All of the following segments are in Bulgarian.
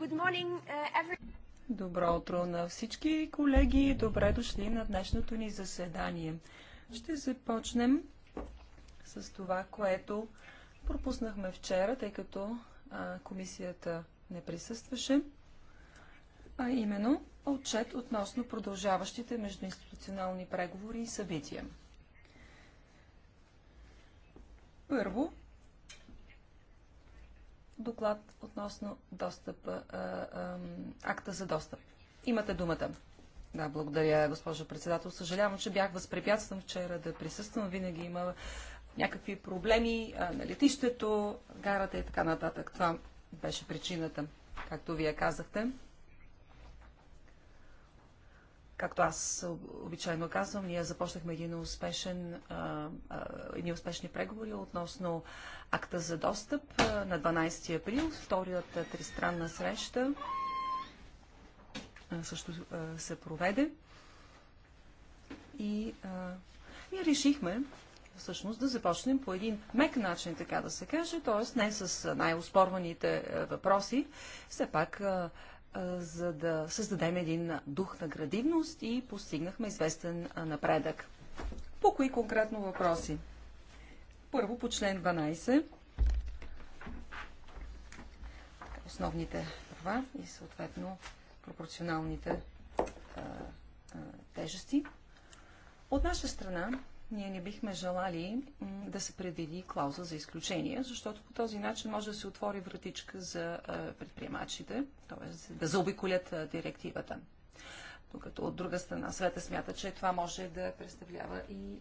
Uh, Добро утро на всички колеги. Добре дошли на днешното ни заседание. Ще започнем с това, което пропуснахме вчера, тъй като а, комисията не присъстваше, а именно отчет относно продължаващите междуинституционални преговори и събития. Първо, доклад относно достъп, а, а, акта за достъп. Имате думата. Да, благодаря, госпожо председател. Съжалявам, че бях възпрепятстван вчера да присъствам. Винаги има някакви проблеми а, на летището, гарата и така нататък. Това беше причината, както вие казахте. Както аз обичайно казвам, ние започнахме един успешен, едни успешни преговори относно акта за достъп на 12 април, вторията тристранна среща също се проведе. И ние решихме всъщност да започнем по един мек начин, така да се каже, т.е. не с най-оспорваните въпроси. Все пак а, за да създадем един дух на градивност и постигнахме известен напредък. По кои конкретно въпроси? Първо по член 12. Основните права и съответно пропорционалните а, а, тежести. От наша страна ние не бихме желали да се предвиди клауза за изключение, защото по този начин може да се отвори вратичка за предприемачите, т.е. да заобиколят директивата. Докато от друга страна света смята, че това може да представлява и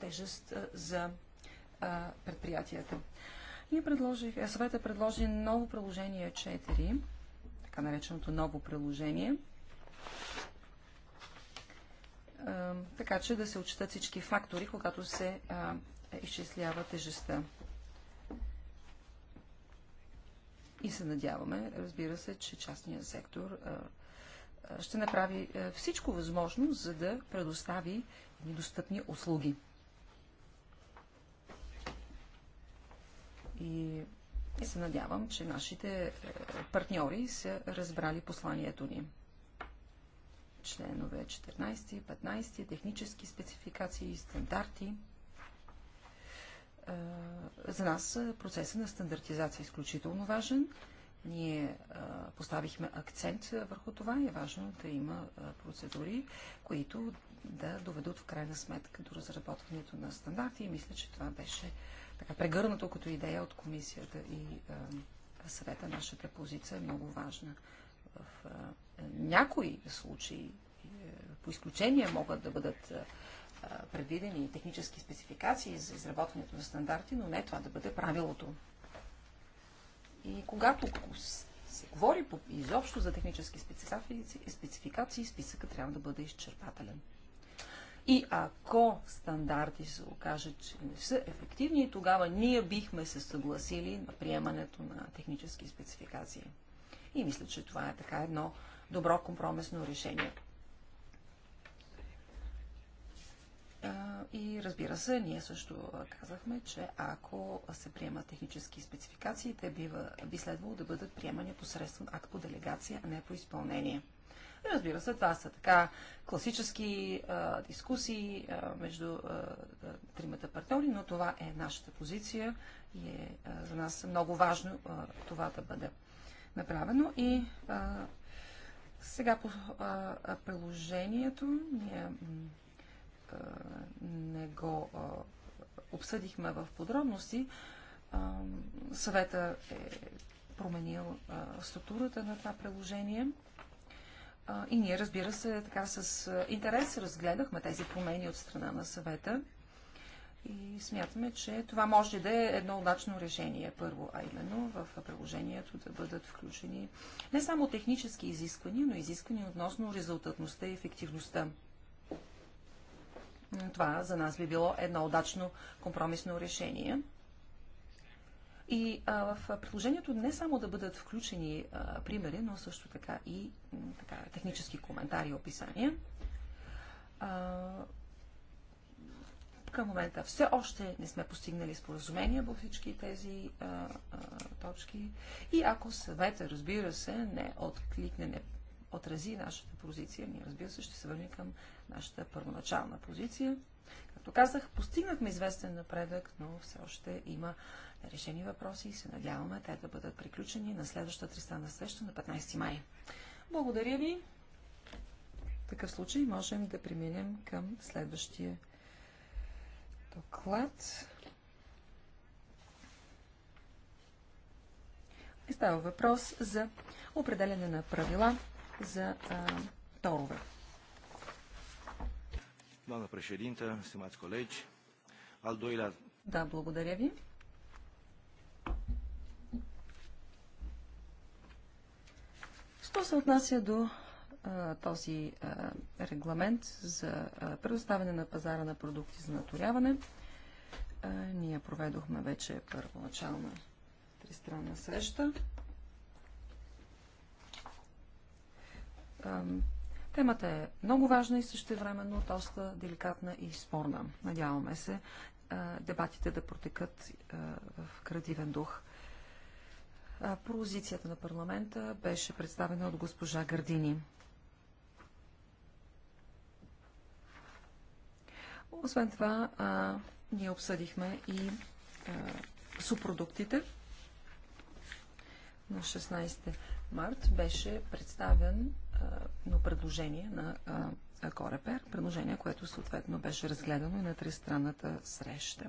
тежест за предприятията. Ние предложих, съвета предложи ново приложение 4, така нареченото ново приложение, така че да се отчитат всички фактори, когато се изчислява тежестта. И се надяваме, разбира се, че частният сектор ще направи всичко възможно, за да предостави недостъпни услуги. И се надявам, че нашите партньори са разбрали посланието ни членове 14 и 15, технически спецификации и стандарти. Е, за нас процесът на стандартизация е изключително важен. Ние е, поставихме акцент върху това и е важно да има е, процедури, които да доведат в крайна сметка до разработването на стандарти и мисля, че това беше така прегърнато като идея от комисията и съвета. Нашата позиция е много важна в някои случаи е, по изключение могат да бъдат е, предвидени технически спецификации за изработването на стандарти, но не това да бъде правилото. И когато се говори изобщо за технически спецификации, списъка трябва да бъде изчерпателен. И ако стандарти се окажат, че не са ефективни, тогава ние бихме се съгласили на приемането на технически спецификации. И мисля, че това е така едно добро компромисно решение. И разбира се, ние също казахме, че ако се приемат технически спецификации, те бива, би следвало да бъдат приемани посредством акт по делегация, а не по изпълнение. Разбира се, това са така класически а, дискусии а, между а, тримата партньори, но това е нашата позиция и е а, за нас е много важно а, това да бъде направено. И а, сега по а, приложението ние а, не го а, обсъдихме в подробности. А, съвета е променил а, структурата на това приложение. А, и ние, разбира се, така с интерес разгледахме тези промени от страна на съвета. И смятаме, че това може да е едно удачно решение първо, а именно в приложението да бъдат включени не само технически изисквания, но изисквания относно резултатността и ефективността. Това за нас би било едно удачно компромисно решение. И а, в приложението не само да бъдат включени а, примери, но също така и така, технически коментари и описания. А, към момента все още не сме постигнали споразумения по всички тези а, а, точки. И ако съвета, разбира се, не откликне, не отрази нашата позиция, ние, разбира се, ще се върнем към нашата първоначална позиция. Както казах, постигнахме известен напредък, но все още има решени въпроси и се надяваме те да бъдат приключени на следващата тристана среща на 15 май. Благодаря ви. В такъв случай можем да преминем към следващия доклад. И става въпрос за определене на правила за а, торове. Doamnă președintă, stimați колеги, al doilea... Да, благодаря ви. Що се отнася до този регламент за предоставяне на пазара на продукти за наторяване. Ние проведохме вече първоначална тристранна среща. Темата е много важна и същевременно доста деликатна и спорна. Надяваме се дебатите да протекат в градивен дух. Позицията на парламента беше представена от госпожа Гардини. Освен това, а, ние обсъдихме и а, супродуктите. На 16 март беше представен а, предложение на а, Корепер, предложение, което съответно беше разгледано и на тристранната среща.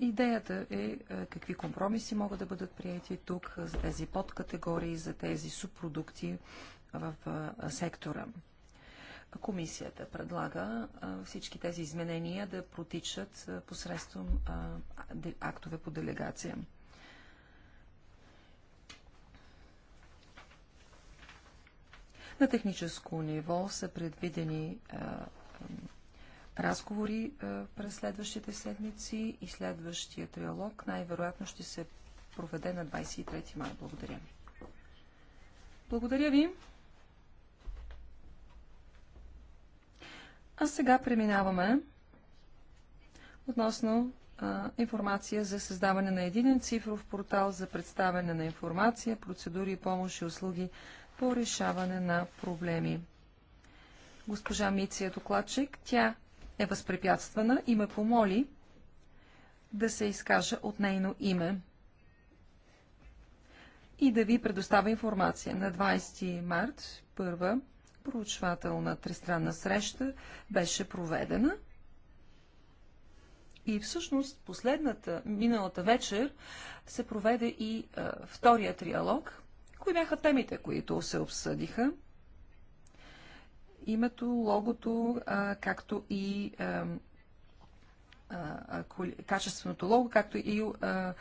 Идеята е какви компромиси могат да бъдат прияти тук за тези подкатегории, за тези субпродукти в сектора. Комисията предлага всички тези изменения да протичат посредством актове по делегация. На техническо ниво са предвидени разговори през следващите седмици и следващия триалог най-вероятно ще се проведе на 23 май. Благодаря. Благодаря ви. А сега преминаваме относно а, информация за създаване на един цифров портал за представяне на информация, процедури, помощ и услуги по решаване на проблеми. Госпожа Миция е докладчик, тя е възпрепятствана и ме помоли да се изкажа от нейно име и да ви предоставя информация. На 20 март, първа проучвателна тристранна среща беше проведена. И всъщност последната, миналата вечер, се проведе и а, втория триалог. Кои бяха темите, които се обсъдиха? Името, логото, а, както и а, а, качественото лого, както и а,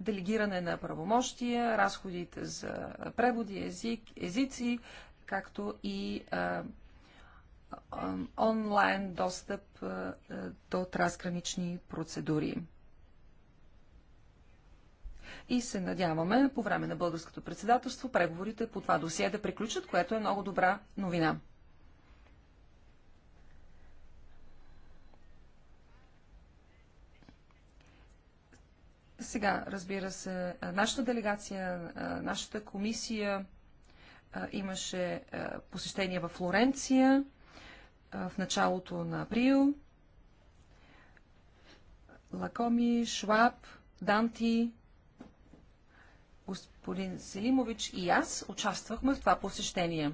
делегиране на правомощия, разходите за преводи, език, езици, както и а, онлайн достъп а, до трансгранични процедури. И се надяваме по време на българското председателство преговорите по това досие да приключат, което е много добра новина. Сега, разбира се, нашата делегация, нашата комисия имаше посещение в Флоренция в началото на април. Лакоми, Шваб, Данти, господин Селимович и аз участвахме в това посещение,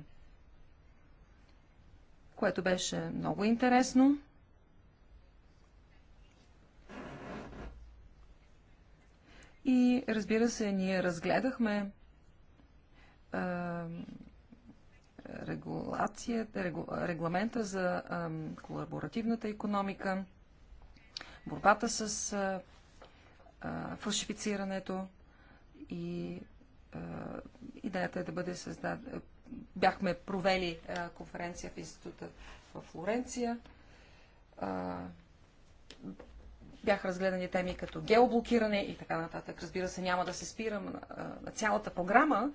което беше много интересно. И разбира се, ние разгледахме регулацията, регламента за колаборативната економика, борбата с фалшифицирането и идеята е да бъде създадена. Бяхме провели конференция в института в Флоренция. Бяха разгледани теми като геоблокиране и така нататък. Разбира се, няма да се спирам на цялата програма,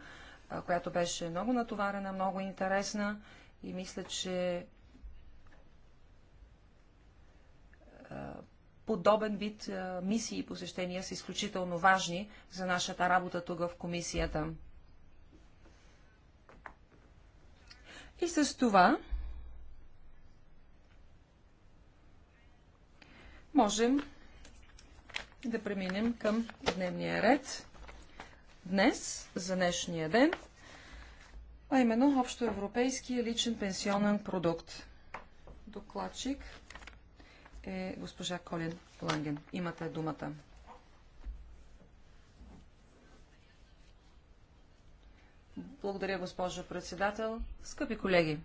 която беше много натоварена, много интересна и мисля, че подобен вид мисии и посещения са изключително важни за нашата работа тук в комисията. И с това можем да преминем към дневния ред днес, за днешния ден, а именно общоевропейския личен пенсионен продукт. Докладчик е госпожа Колин Ланген. Имате думата. Благодаря, госпожо председател. Скъпи колеги,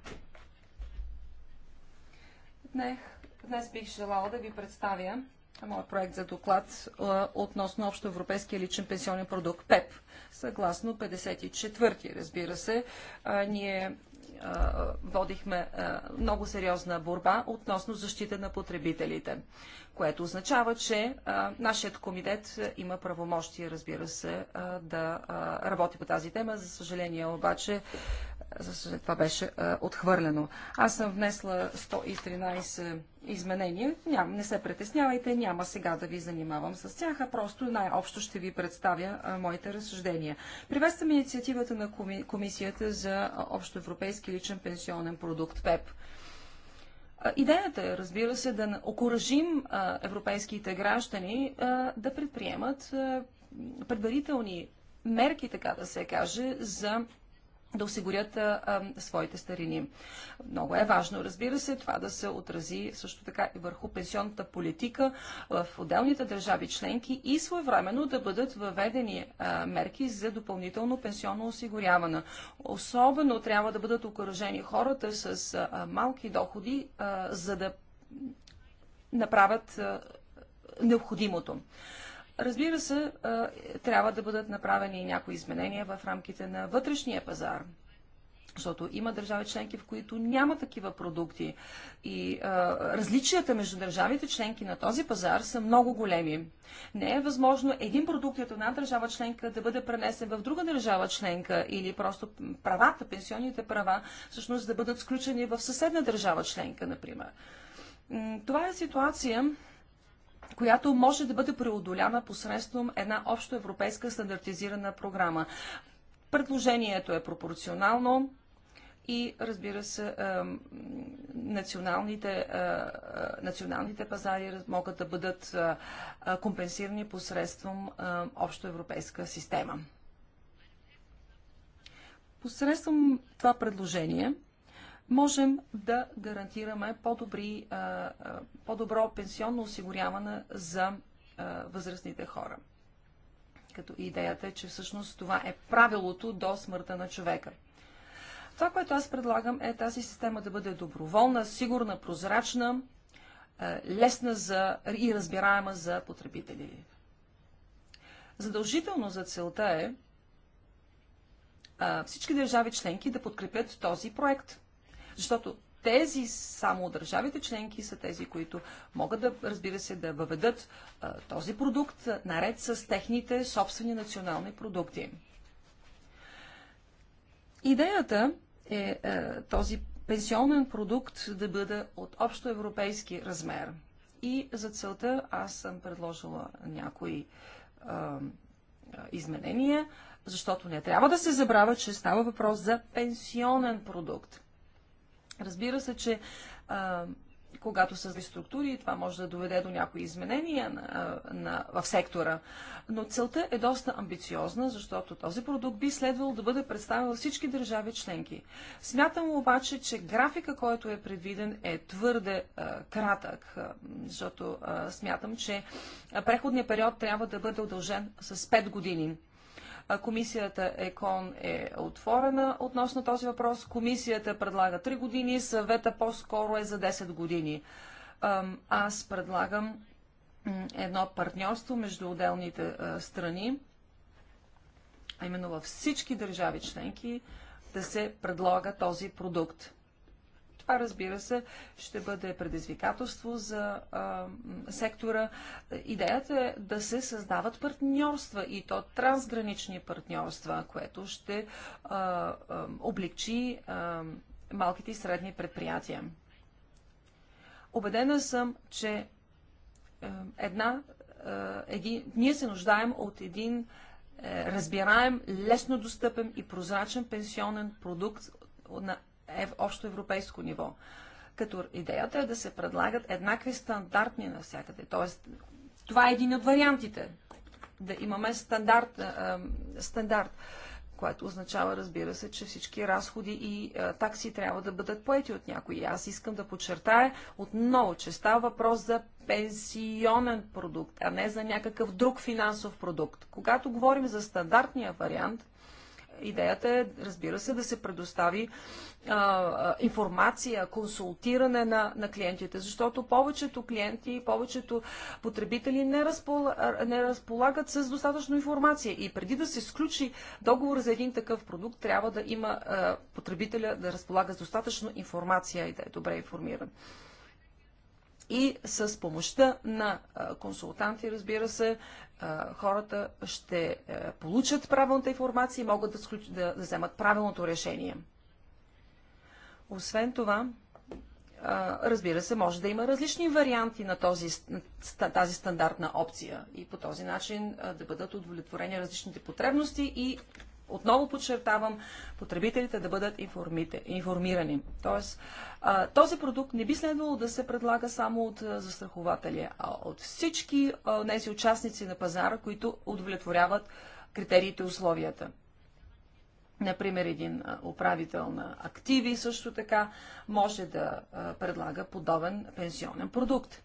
днес, днес бих желала да ви представя моят проект за доклад а, относно общо европейския личен пенсионен продукт ПЕП. Съгласно 54-ти, разбира се, а, ние а, водихме много сериозна борба относно защита на потребителите, което означава, че нашият комитет има правомощие, разбира се, да работи по тази тема. За съжаление обаче за това беше а, отхвърлено. Аз съм внесла 113 изменения. Ням, не се притеснявайте, няма сега да ви занимавам с тях, а просто най-общо ще ви представя а, моите разсъждения. Приветствам инициативата на коми Комисията за общоевропейски личен пенсионен продукт ПЕП. Идеята е, разбира се, да окоръжим европейските граждани а, да предприемат предварителни мерки, така да се каже, за да осигурят а, а, своите старини. Много е важно, разбира се, това да се отрази също така и върху пенсионната политика в отделните държави членки и своевременно да бъдат въведени а, мерки за допълнително пенсионно осигуряване. Особено трябва да бъдат окоръжени хората с а, малки доходи, а, за да направят а, необходимото. Разбира се, трябва да бъдат направени и някои изменения в рамките на вътрешния пазар. Защото има държави членки, в които няма такива продукти. И а, различията между държавите членки на този пазар са много големи. Не е възможно един продукт от една държава членка да бъде пренесен в друга държава членка или просто правата, пенсионните права, всъщност да бъдат сключени в съседна държава членка, например. Това е ситуация, която може да бъде преодоляна посредством една общо европейска стандартизирана програма. Предложението е пропорционално и разбира се, националните, е, е, националните пазари могат да бъдат е, компенсирани посредством общоевропейска система. Посредством това предложение можем да гарантираме по-добри, по-добро пенсионно осигуряване за възрастните хора. Като идеята е, че всъщност това е правилото до смъртта на човека. Това, което аз предлагам е тази система да бъде доброволна, сигурна, прозрачна, лесна за, и разбираема за потребители. Задължително за целта е всички държави членки да подкрепят този проект. Защото тези само държавите членки са тези, които могат да, разбира се, да въведат а, този продукт наред с техните собствени национални продукти. Идеята е а, този пенсионен продукт да бъде от общо европейски размер. И за целта аз съм предложила някои а, изменения, защото не трябва да се забравя, че става въпрос за пенсионен продукт. Разбира се, че а, когато са структури, това може да доведе до някои изменения на, на, в сектора. Но целта е доста амбициозна, защото този продукт би следвало да бъде представен във всички държави членки. Смятам обаче, че графика, който е предвиден, е твърде а, кратък, а, защото а, смятам, че преходният период трябва да бъде удължен с 5 години. Комисията ЕКОН е отворена относно този въпрос. Комисията предлага 3 години, съвета по-скоро е за 10 години. Аз предлагам едно партньорство между отделните страни, а именно във всички държави членки да се предлага този продукт. Това, разбира се, ще бъде предизвикателство за а, сектора. Идеята е да се създават партньорства и то трансгранични партньорства, което ще а, а, облегчи а, малките и средни предприятия. Обедена съм, че една, един, ние се нуждаем от един е, разбираем, лесно достъпен и прозрачен пенсионен продукт на ев, общо европейско ниво. Като идеята е да се предлагат еднакви стандартни навсякъде. Тоест, това е един от вариантите. Да имаме стандарт, а, стандарт което означава, разбира се, че всички разходи и а, такси трябва да бъдат поети от някой. И аз искам да подчертая отново, че става въпрос за пенсионен продукт, а не за някакъв друг финансов продукт. Когато говорим за стандартния вариант, идеята е, разбира се, да се предостави а, информация, консултиране на, на клиентите, защото повечето клиенти и повечето потребители не, разпол, не разполагат с достатъчно информация. И преди да се сключи договор за един такъв продукт, трябва да има а, потребителя да разполага с достатъчно информация и да е добре информиран и с помощта на консултанти, разбира се, хората ще получат правилната информация и могат да, сключ... да вземат правилното решение. Освен това, разбира се, може да има различни варианти на този, тази стандартна опция и по този начин да бъдат удовлетворени различните потребности и отново подчертавам, потребителите да бъдат информирани. Тоест, този продукт не би следвало да се предлага само от застрахователи, а от всички тези участници на пазара, които удовлетворяват критериите и условията. Например, един управител на активи също така може да предлага подобен пенсионен продукт.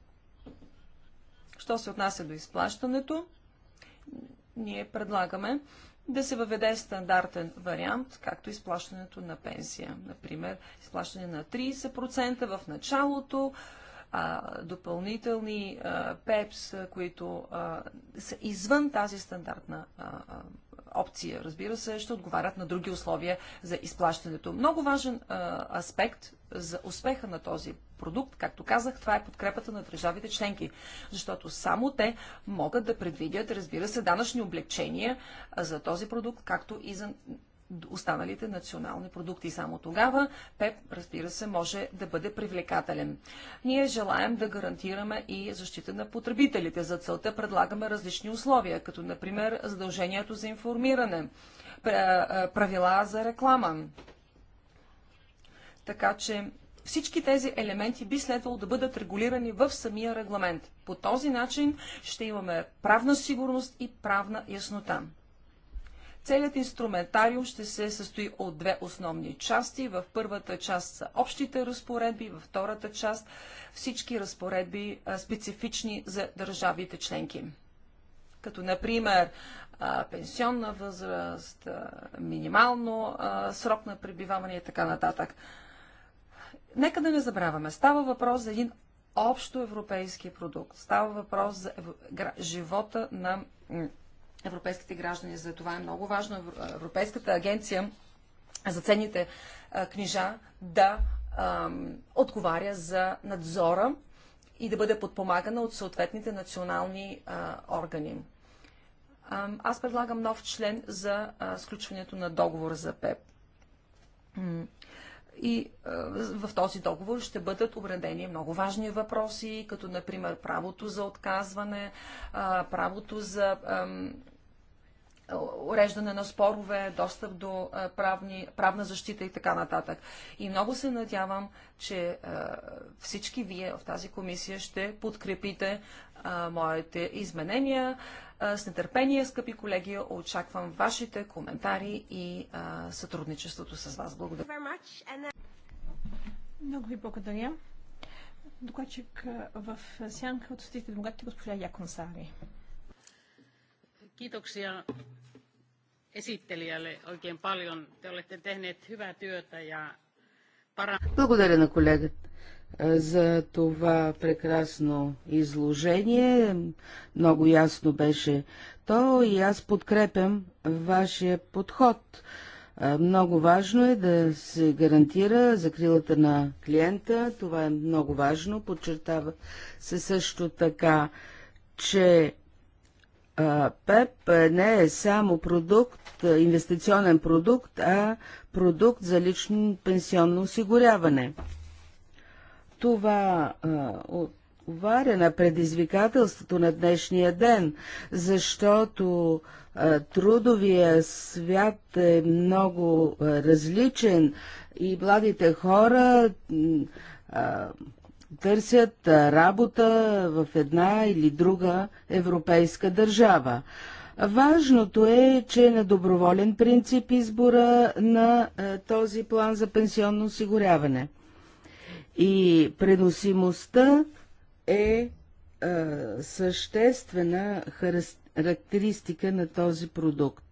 Що се отнася до изплащането, ние предлагаме да се въведе стандартен вариант, както изплащането на пенсия. Например, изплащане на 30% в началото, а, допълнителни а, ПЕПС, които а, са извън тази стандартна а, опция, разбира се, ще отговарят на други условия за изплащането. Много важен а, аспект за успеха на този продукт, както казах, това е подкрепата на държавите членки, защото само те могат да предвидят, разбира се, данъчни облегчения за този продукт, както и за останалите национални продукти. Само тогава ПЕП, разбира се, може да бъде привлекателен. Ние желаем да гарантираме и защита на потребителите. За целта предлагаме различни условия, като например задължението за информиране, правила за реклама. Така че всички тези елементи би следвало да бъдат регулирани в самия регламент. По този начин ще имаме правна сигурност и правна яснота. Целият инструментариум ще се състои от две основни части. В първата част са общите разпоредби, във втората част всички разпоредби специфични за държавите членки. Като, например, пенсионна възраст, минимално срок на пребиваване и така нататък. Нека да не забравяме. Става въпрос за един общо европейски продукт. Става въпрос за живота на европейските граждани. За това е много важно Европейската агенция за ценните книжа да отговаря за надзора и да бъде подпомагана от съответните национални органи. аз предлагам нов член за сключването на договор за ПЕП. И в този договор ще бъдат обредени много важни въпроси, като например правото за отказване, правото за уреждане на спорове, достъп до правни, правна защита и така нататък. И много се надявам, че всички вие в тази комисия ще подкрепите моите изменения. С нетърпение, скъпи колеги, очаквам вашите коментари и сътрудничеството с вас. Благодаря. Много ви благодаря. Докладчик в сянка от светите демократи е госпожа Яконсари. Сари. Kiitoksia esittelijälle oikein paljon. Te olette tehneet hyvää työtä ja Благодаря на колегата за това прекрасно изложение. Много ясно беше то и аз подкрепям вашия подход. Много важно е да се гарантира закрилата на клиента. Това е много важно. Подчертава се също така, че ПЕП не е само продукт, инвестиционен продукт, а продукт за лично пенсионно осигуряване. Това отговаря на предизвикателството на днешния ден, защото трудовия свят е много различен и младите хора търсят работа в една или друга европейска държава. Важното е, че е на доброволен принцип избора на този план за пенсионно осигуряване. И преносимостта е съществена характеристика на този продукт.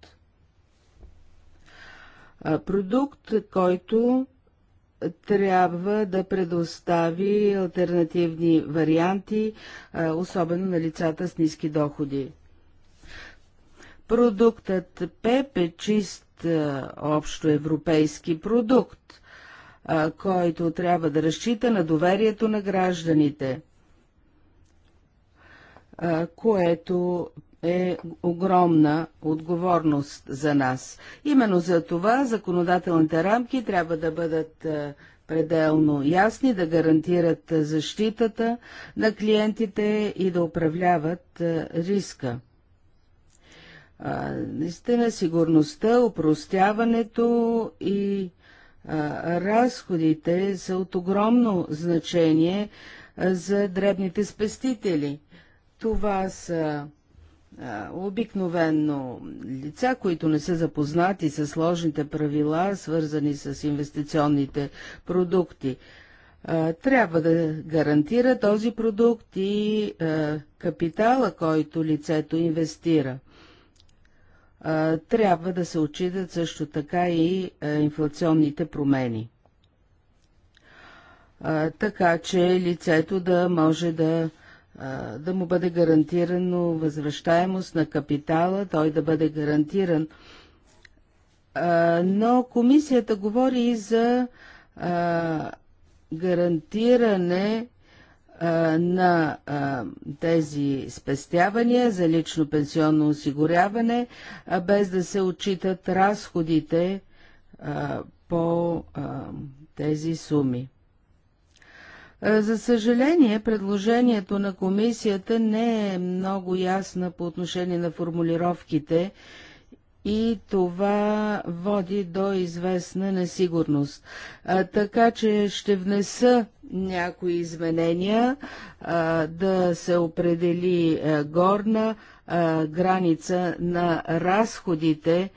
Продукт, който трябва да предостави альтернативни варианти, особено на лицата с ниски доходи. Продуктът ПЕП е чист общо европейски продукт, който трябва да разчита на доверието на гражданите, което е огромна отговорност за нас. Именно за това законодателните рамки трябва да бъдат е, пределно ясни, да гарантират защитата на клиентите и да управляват е, риска. наистина сигурността, упростяването и разходите са от огромно значение за дребните спестители. Това са Обикновено лица, които не са запознати с сложните правила, свързани с инвестиционните продукти, трябва да гарантира този продукт и капитала, който лицето инвестира. Трябва да се отчитат също така и инфлационните промени. Така че лицето да може да да му бъде гарантирано възвръщаемост на капитала, той да бъде гарантиран. Но комисията говори и за гарантиране на тези спестявания за лично пенсионно осигуряване, без да се отчитат разходите по тези суми. Е, за съжаление, предложението на комисията не е много ясна по отношение на формулировките и това води до известна несигурност. А, така че ще внеса някои изменения а, да се определи а, е, горна а, е, граница на разходите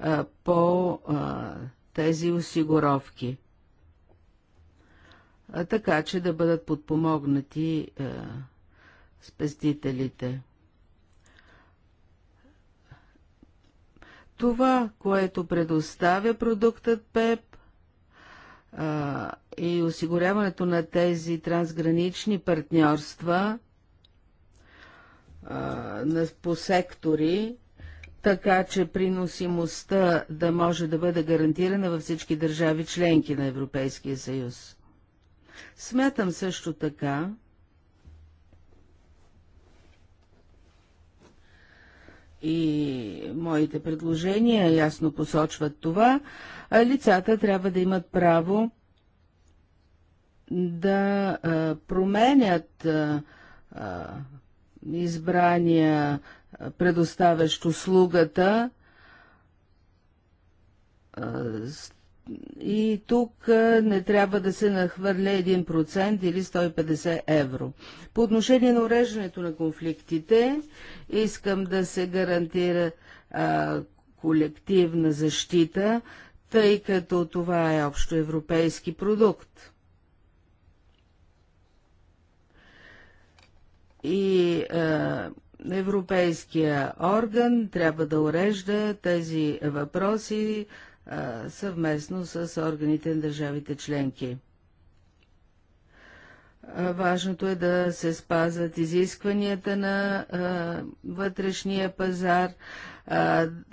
а, по а, тези осигуровки така че да бъдат подпомогнати а, спестителите. Това, което предоставя продуктът ПЕП а, и осигуряването на тези трансгранични партньорства а, на, по сектори, така че приносимостта да може да бъде гарантирана във всички държави членки на Европейския съюз. Смятам също така, и моите предложения ясно посочват това, лицата трябва да имат право да променят избрания предоставящ услугата и тук не трябва да се нахвърля 1% или 150 евро. По отношение на уреждането на конфликтите, искам да се гарантира а, колективна защита, тъй като това е общо европейски продукт. И а, Европейския орган трябва да урежда тези въпроси съвместно с органите на държавите членки. важното е да се спазват изискванията на вътрешния пазар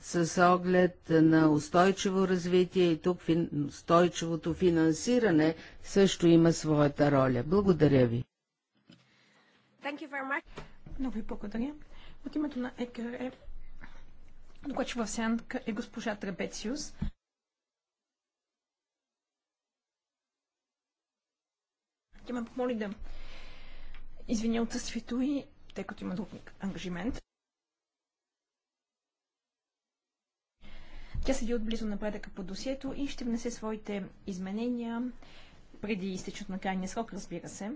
с оглед на устойчиво развитие и тук устойчивото финансиране също има своята роля. Благодаря ви. Много ви благодаря. От името на ЕКР е, докладчик в сянка е госпожа Требециус. Тя ме помоли да извиня отсъствието и тъй като има друг ангажимент. Тя седи отблизо на Предъка по досието и ще внесе своите изменения преди изтичат на крайния срок, разбира се.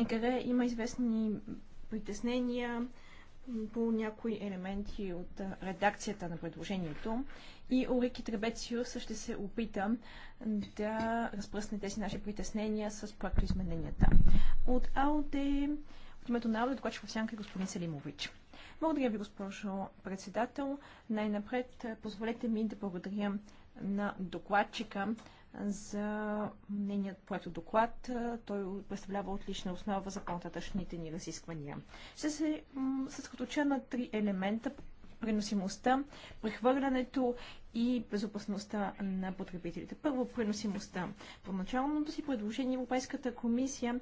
НКР има известни притеснения по някои елементи от редакцията на предложението. И Орики Требециус ще се опита да разпръсне тези наши притеснения с проектоизмененията. От АОДЕ, от името на АОДЕ, докладчик в сянка и е господин Селимович. Благодаря ви, госпожо председател. Най-напред позволете ми да благодаря на докладчика за нейният проект доклад. Той представлява отлична основа за по-нататъчните ни разисквания. Ще се съсредоточа на три елемента преносимостта, прехвърлянето и безопасността на потребителите. Първо, преносимостта. По началното си предложение Европейската комисия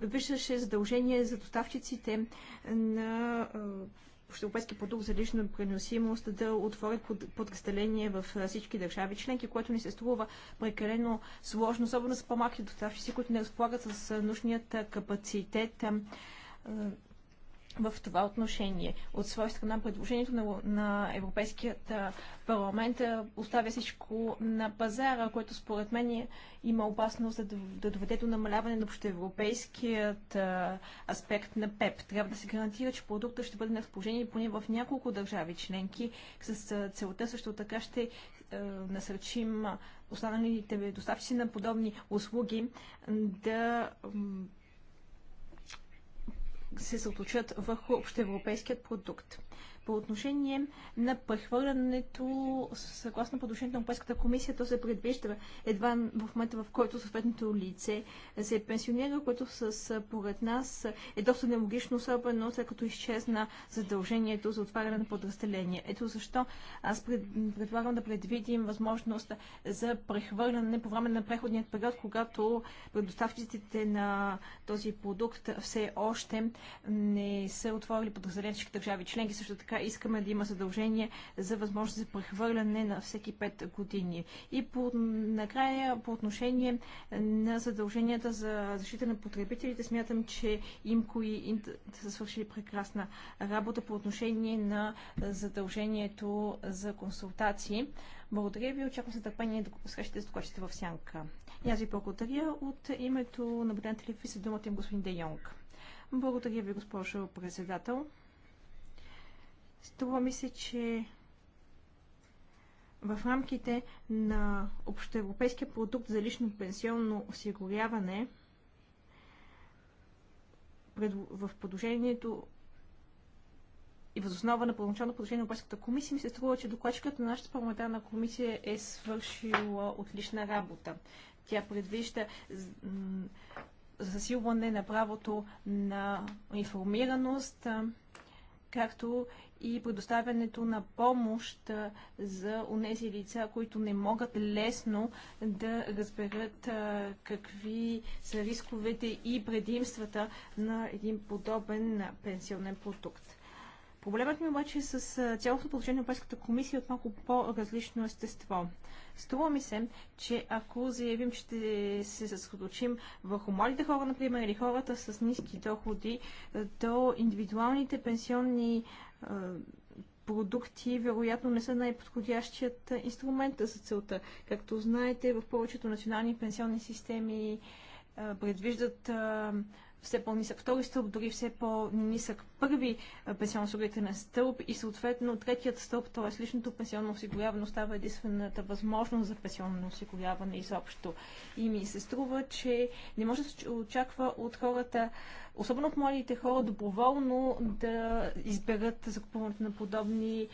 предвиждаше задължение за доставчиците на Европейски продукт за лична преносимост да отворят подразделение в всички държави членки, което ни се струва прекалено сложно, особено с по-малки доставчици, които не разполагат с нужният капацитет в това отношение. От своя страна предложението на, на Европейският парламент оставя всичко на пазара, което според мен е, има опасност да, да доведе до намаляване на общоевропейският а, аспект на ПЕП. Трябва да се гарантира, че продукта ще бъде на разположение поне в няколко държави членки. С целта също така ще а, насърчим останалите доставчици на подобни услуги да се съоточат върху общоевропейският продукт. По отношение на прехвърлянето, съгласно подушението на Европейската комисия, то се предвижда едва в момента, в който съответното лице се пенсионира, което с, поред нас е доста нелогично, особено след като изчезна задължението за отваряне на подразделение. Ето защо аз предлагам да предвидим възможност за прехвърляне по време на преходният период, когато предоставчиците на този продукт все още не са отворили в държави членки. Също така така искаме да има задължение за възможност за прехвърляне на всеки 5 години. И по, накрая по отношение на задълженията за защита на потребителите, смятам, че имко и Инт са свършили прекрасна работа по отношение на задължението за консултации. Благодаря ви, очаквам се търпение да срещате с докладчите в сянка. И аз ви благодаря от името на наблюдателите ви се думата им господин Де Йонг. Благодаря ви, госпожо председател. Струва ми се, че в рамките на общоевропейския продукт за лично пенсионно осигуряване в подложението и възоснова на първоначално подложение на Европейската комисия ми се струва, че докладчиката на нашата парламентарна комисия е свършила отлична работа. Тя предвижда засилване на правото на информираност, както и предоставянето на помощ за онези лица, които не могат лесно да разберат какви са рисковете и предимствата на един подобен пенсионен продукт. Проблемът ми обаче е с цялото положение на Европейската комисия е от малко по-различно естество. Струва ми се, че ако заявим, че ще се съсредоточим върху младите хора, например, или хората с ниски доходи, то индивидуалните пенсионни продукти вероятно не са най-подходящият инструмент за целта. Както знаете, в повечето национални пенсионни системи предвиждат все по-нисък втори стълб, дори все по-нисък първи е, пенсионно-осигурителен стълб и съответно третият стълб, т.е. личното пенсионно осигуряване, остава единствената възможност за пенсионно осигуряване изобщо. И ми се струва, че не може да се очаква от хората, особено от младите хора, доброволно да изберат закупуването на подобни е,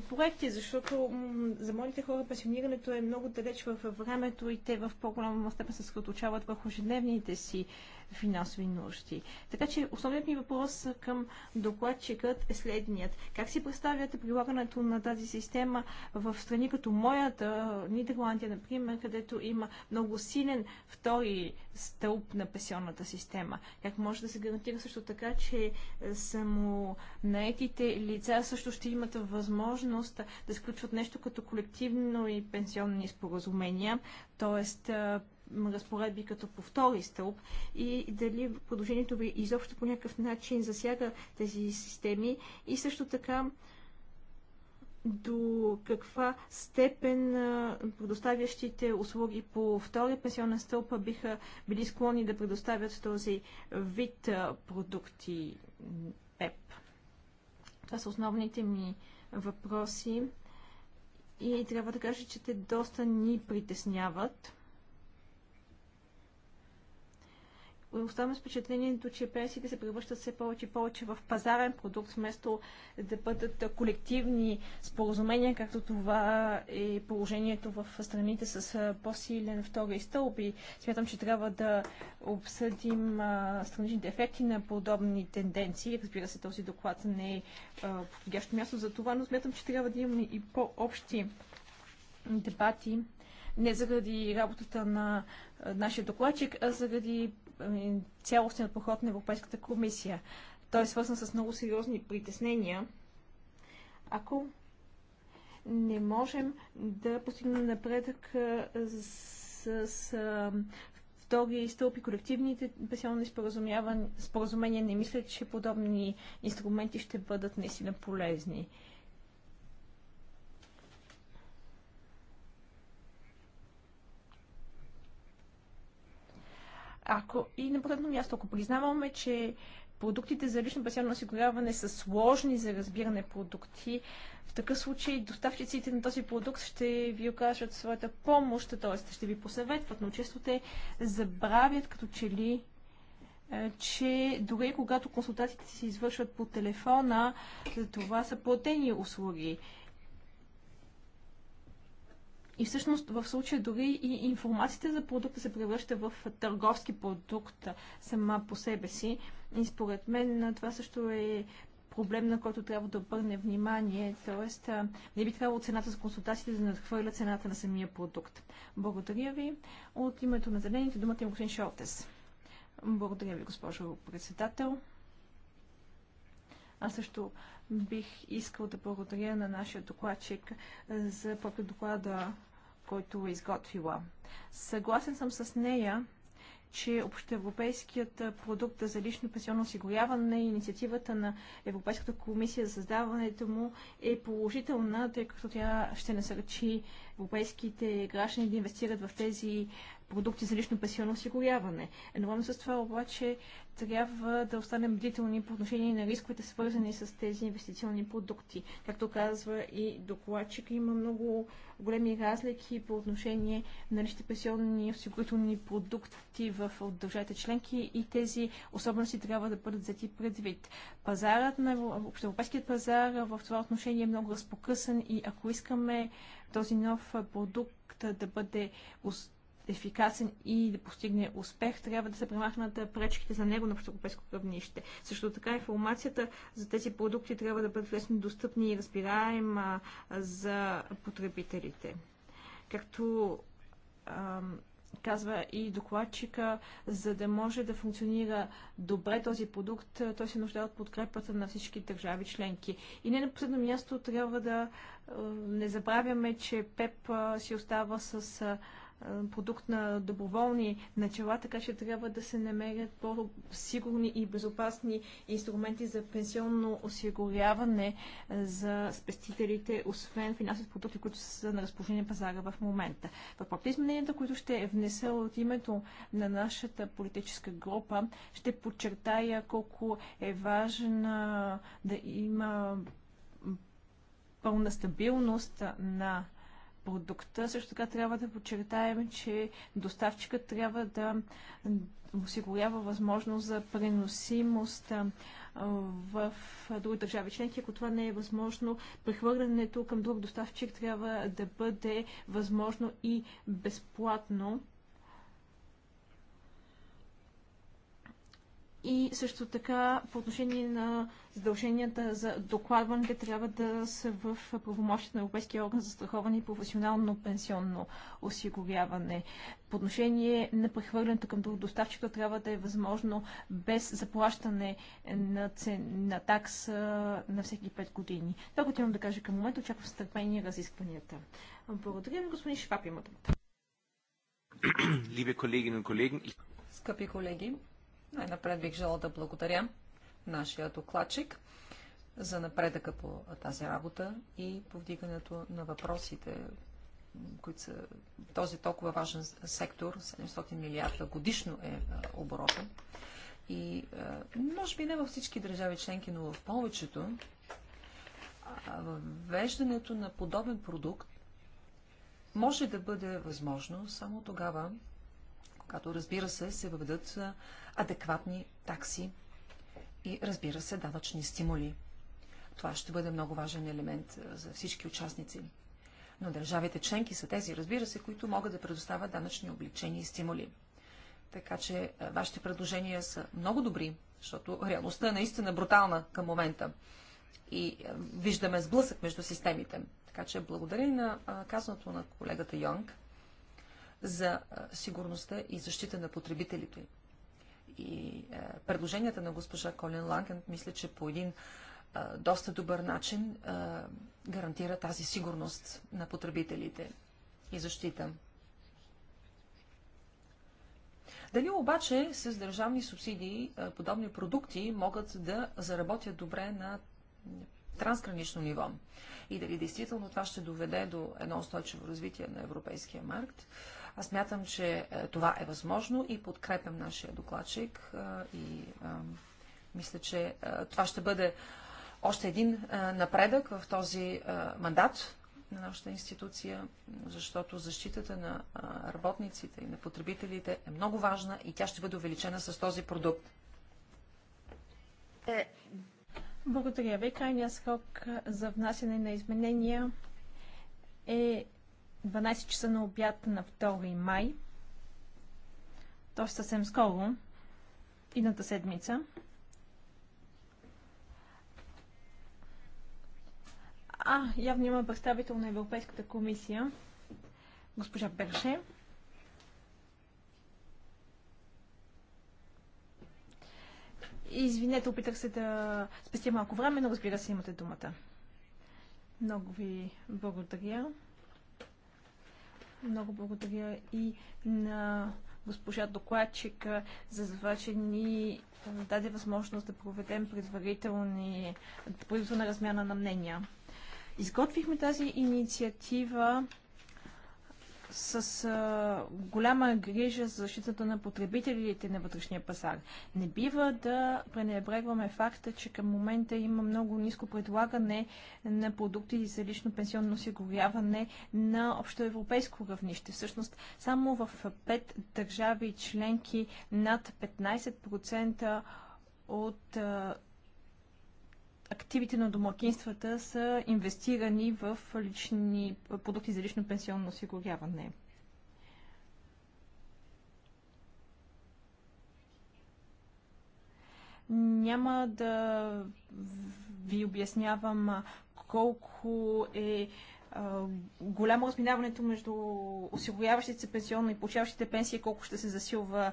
проекти, защото за младите хора пенсионирането е много далеч във времето и те в по-голяма степен се съсредоточават върху ежедневните си финансови нужди. Така че основният ми въпрос към докладчикът е следният. Как си представяте прилагането на тази система в страни като моята, Нидерландия, например, където има много силен втори стълб на пенсионната система? Как може да се гарантира също така, че само наетите лица също ще имат възможност да сключват нещо като колективно и пенсионни споразумения, т.е разпоредби като по втори стълб и дали продължението ви изобщо по някакъв начин засяга тези системи и също така до каква степен предоставящите услуги по втория пенсионна стълб биха били склонни да предоставят този вид продукти ПЕП. Това са основните ми въпроси и трябва да кажа, че те доста ни притесняват. оставам с впечатлението, че пенсиите се превръщат все повече и повече в пазарен продукт, вместо да бъдат колективни споразумения, както това е положението в страните с по-силен втори стълб. И смятам, че трябва да обсъдим страничните ефекти на подобни тенденции. Разбира се, този доклад не е подходящо място за това, но смятам, че трябва да имаме и по-общи дебати не заради работата на нашия докладчик, а заради Ами, цялостният поход на Европейската комисия. Той е свързан с много сериозни притеснения. Ако не можем да постигнем напредък с, с втори стълб и колективните пенсионни споразумения, не мисля, че подобни инструменти ще бъдат наистина полезни. Ако и на последно място, ако признаваме, че продуктите за лично пенсионно осигуряване са сложни за разбиране продукти, в такъв случай доставчиците на този продукт ще ви окажат своята помощ, т.е. ще ви посъветват, но често те забравят като че ли е, че дори когато консултациите се извършват по телефона, за това са платени услуги. И всъщност в случая дори и информацията за продукта се превръща в търговски продукт сама по себе си. И според мен това също е проблем, на който трябва да обърне внимание. Тоест, не би трябвало цената за консултациите да надхвърля цената на самия продукт. Благодаря ви. От името на Зелените думата е господин Шолтес. Благодаря ви, госпожо председател. Аз също бих искал да благодаря на нашия докладчик за първи доклада, който е изготвила. Съгласен съм с нея, че общоевропейският продукт за лично пенсионно осигуряване и инициативата на Европейската комисия за създаването му е положителна, тъй като тя ще насърчи европейските граждани да инвестират в тези продукти за лично пасионно осигуряване. Едновременно с това обаче трябва да останем бдителни по отношение на рисковете, свързани с тези инвестиционни продукти. Както казва и докладчик, има много големи разлики по отношение на личните пенсионни осигурителни продукти в държавите членки и тези особености трябва да бъдат взети предвид. Пазарът на общевропейският пазар в това отношение е много разпокъсан и ако искаме този нов продукт да бъде ефикасен и да постигне успех, трябва да се премахнат пречките за него на европейско равнище. Също така информацията за тези продукти трябва да бъде лесно достъпни и разбираема за потребителите. Както ам, казва и докладчика, за да може да функционира добре този продукт, той се нуждае от подкрепата на всички държави членки. И не на последно място трябва да не забравяме, че ПЕП си остава с е, продукт на доброволни начала, така че трябва да се намерят по-сигурни и безопасни инструменти за пенсионно осигуряване е, за спестителите, освен финансови продукти, които са на разположение пазара в момента. В проекта измененията, които ще е внеса от името на нашата политическа група, ще подчертая колко е важна да има пълна стабилност на продукта. Също така трябва да подчертаем, че доставчикът трябва да осигурява възможност за преносимост в други държави членки. Ако това не е възможно, прехвърлянето към друг доставчик трябва да бъде възможно и безплатно. и също така по отношение на задълженията за докладване, трябва да са в правомощите на Европейския орган за страховане и професионално пенсионно осигуряване. По отношение на прехвърлянето към друг доставчик, то трябва да е възможно без заплащане на, цен, на такса на всеки 5 години. Това, което имам да кажа към момента, очаквам с търпение разискванията. Благодаря ви, господин Шваб, има думата. Скъпи колеги, най-напред бих желала да благодаря нашия докладчик за напредъка по тази работа и повдигането на въпросите, които са този толкова важен сектор, 700 милиарда годишно е, е оборота. И е, може би не във всички държави членки, но в повечето, веждането на подобен продукт може да бъде възможно само тогава, като разбира се се въведат адекватни такси и разбира се данъчни стимули. Това ще бъде много важен елемент за всички участници. Но държавите членки са тези, разбира се, които могат да предоставят данъчни обличения и стимули. Така че вашите предложения са много добри, защото реалността е наистина брутална към момента. И виждаме сблъсък между системите. Така че благодаря и на казаното на колегата Йонг за сигурността и защита на потребителите. И предложенията на госпожа Колен Ланген, мисля, че по един доста добър начин гарантира тази сигурност на потребителите и защита. Дали обаче с държавни субсидии подобни продукти могат да заработят добре на трансгранично ниво? И дали действително това ще доведе до едно устойчиво развитие на европейския маркт? Аз мятам, че е, това е възможно и подкрепям нашия докладчик е, и е, мисля, че това ще бъде още един напредък в този мандат на нашата институция, защото защитата на работниците и на потребителите е много важна и тя ще бъде увеличена с този продукт. Благодаря ви. Крайният срок за внасяне на изменения е 12 часа на обяд на 2 май. ще съвсем скоро, идната седмица. А, явно има представител на Европейската комисия, госпожа Берше. Извинете, опитах се да спестя малко време, но разбира се, имате думата. Много ви благодаря. Много благодаря и на госпожа докладчик за това, че ни даде възможност да проведем предварителни, предварителна размяна на мнения. Изготвихме тази инициатива с а, голяма грижа за защитата на потребителите на вътрешния пазар. Не бива да пренебрегваме факта, че към момента има много ниско предлагане на продукти за лично пенсионно осигуряване на общоевропейско равнище. Всъщност, само в пет държави членки над 15% от а, активите на домакинствата са инвестирани в лични продукти за лично пенсионно осигуряване. Няма да ви обяснявам колко е голямо разминаването между осигуряващите се пенсионно и получаващите пенсии, колко ще се засилва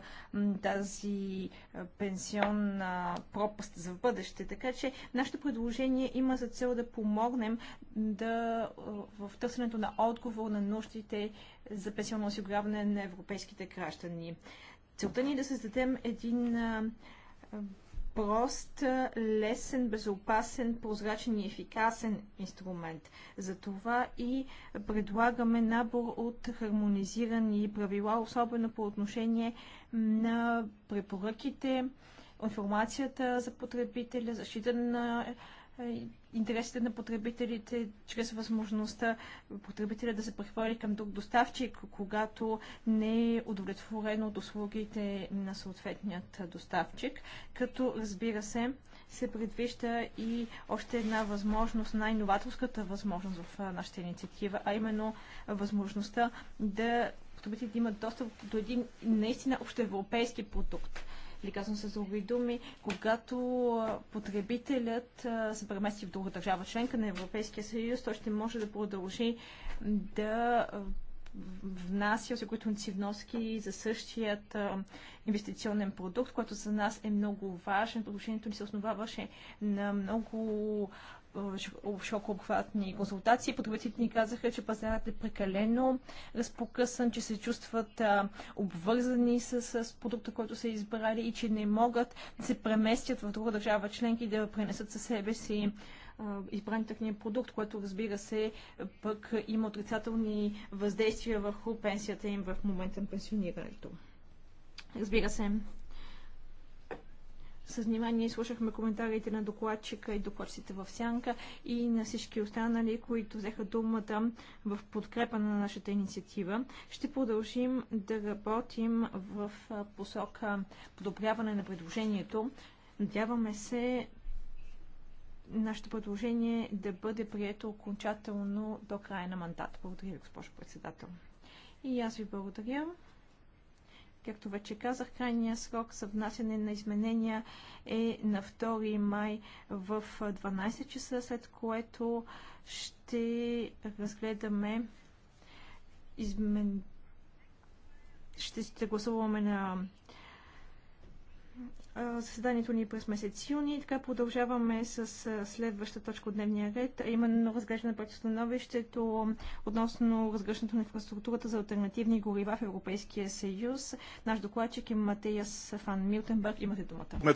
тази пенсионна пропаст за бъдеще. Така че нашето предложение има за цел да помогнем да, в търсенето на отговор на нуждите за пенсионно осигуряване на европейските граждани. Целта ни е да създадем един прост, лесен, безопасен, прозрачен и ефикасен инструмент. Затова и предлагаме набор от хармонизирани правила, особено по отношение на препоръките, информацията за потребителя, защита на е, интересите на потребителите, чрез възможността потребителя да се прехвърли към друг доставчик, когато не е удовлетворен от услугите на съответният доставчик, като разбира се, се предвижда и още една възможност, най-новаторската възможност в нашата инициатива, а именно възможността да потребителите имат достъп до един наистина общоевропейски продукт. Или казвам с други думи, когато потребителят се премести в друга държава, членка на Европейския съюз, той ще може да продължи да внася осигурителници вноски за същият а, инвестиционен продукт, който за нас е много важен. Продължението ни се основаваше на много обхватни консултации. Потребителите ни казаха, че пазарът е прекалено разпокъсан, че се чувстват а, обвързани с, с продукта, който са избрали и че не могат да се преместят в друга държава членки и да пренесат със себе си избран техния продукт, което разбира се пък има отрицателни въздействия върху пенсията им в момента на пенсионирането. Разбира се, с внимание слушахме коментарите на докладчика и докладчите в Сянка и на всички останали, които взеха думата в подкрепа на нашата инициатива. Ще продължим да работим в посока подобряване на предложението. Надяваме се нашето предложение да бъде прието окончателно до края на мандата. Благодаря ви, госпожо председател. И аз ви благодаря. Както вече казах, крайният срок за внасяне на изменения е на 2 май в 12 часа, след което ще разгледаме измен... ще гласуваме на заседанието ни е през месец юни. Така продължаваме с следваща точка от дневния ред, а именно разглеждане на становището относно разгръщането на инфраструктурата за альтернативни горива в Европейския съюз. Наш докладчик е Матеяс Фан Милтенберг. Имате думата.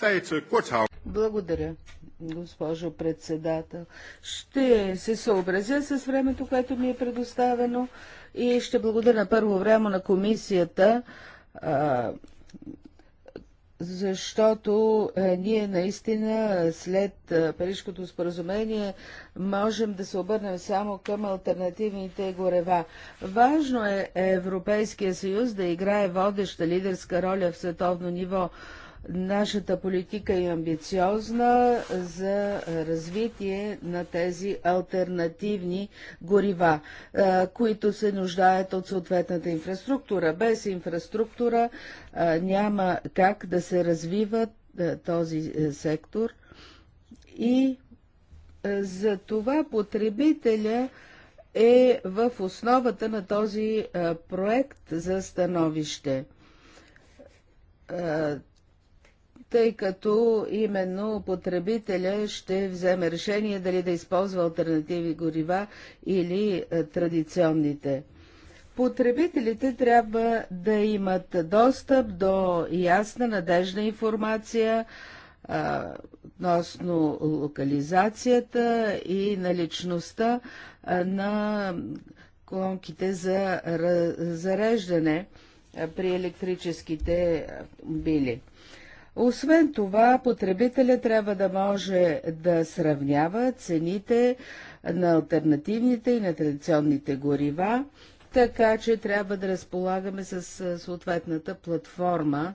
Eh, благодаря, госпожо председател. Ще се съобразя с времето, което ми е предоставено и ще благодаря на първо време на комисията защото е, ние наистина е, след е, Парижкото споразумение можем да се обърнем само към альтернативните горева. Важно е Европейския съюз да играе водеща лидерска роля в световно ниво, Нашата политика е амбициозна за развитие на тези альтернативни горива, които се нуждаят от съответната инфраструктура. Без инфраструктура няма как да се развива този сектор и за това потребителя е в основата на този проект за становище тъй като именно потребителя ще вземе решение дали да използва альтернативи горива или е, традиционните. Потребителите трябва да имат достъп до ясна, надежна информация е, относно локализацията и наличността е, на колонките за зареждане при електрическите автомобили. Освен това, потребителя трябва да може да сравнява цените на альтернативните и на традиционните горива, така че трябва да разполагаме с съответната платформа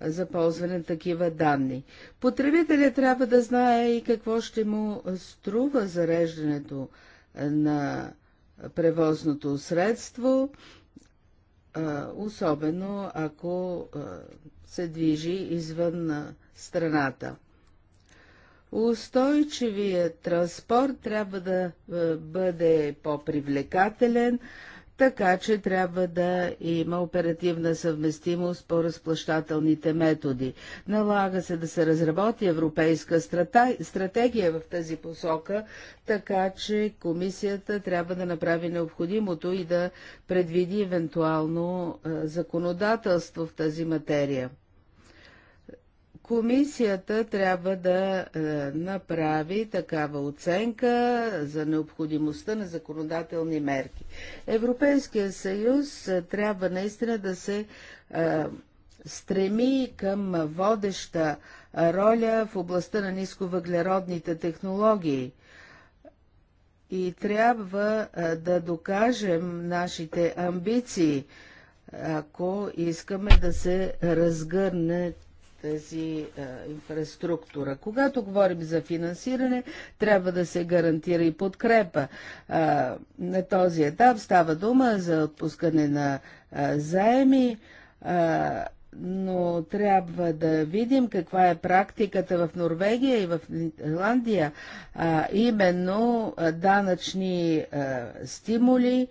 за ползване на такива данни. Потребителя трябва да знае и какво ще му струва зареждането на превозното средство, особено ако се движи извън страната. Устойчивият транспорт трябва да бъде по-привлекателен, така че трябва да има оперативна съвместимост по разплащателните методи. Налага се да се разработи европейска стратегия в тази посока, така че комисията трябва да направи необходимото и да предвиди евентуално законодателство в тази материя. Комисията трябва да е, направи такава оценка за необходимостта на законодателни мерки. Европейския съюз е, трябва наистина да се е, стреми към водеща роля в областта на нисковъглеродните технологии. И трябва е, да докажем нашите амбиции, ако искаме да се разгърне тази а, инфраструктура. Когато говорим за финансиране, трябва да се гарантира и подкрепа. А, на този етап става дума за отпускане на а, заеми, а, но трябва да видим каква е практиката в Норвегия и в Нидерландия, а, именно данъчни а, стимули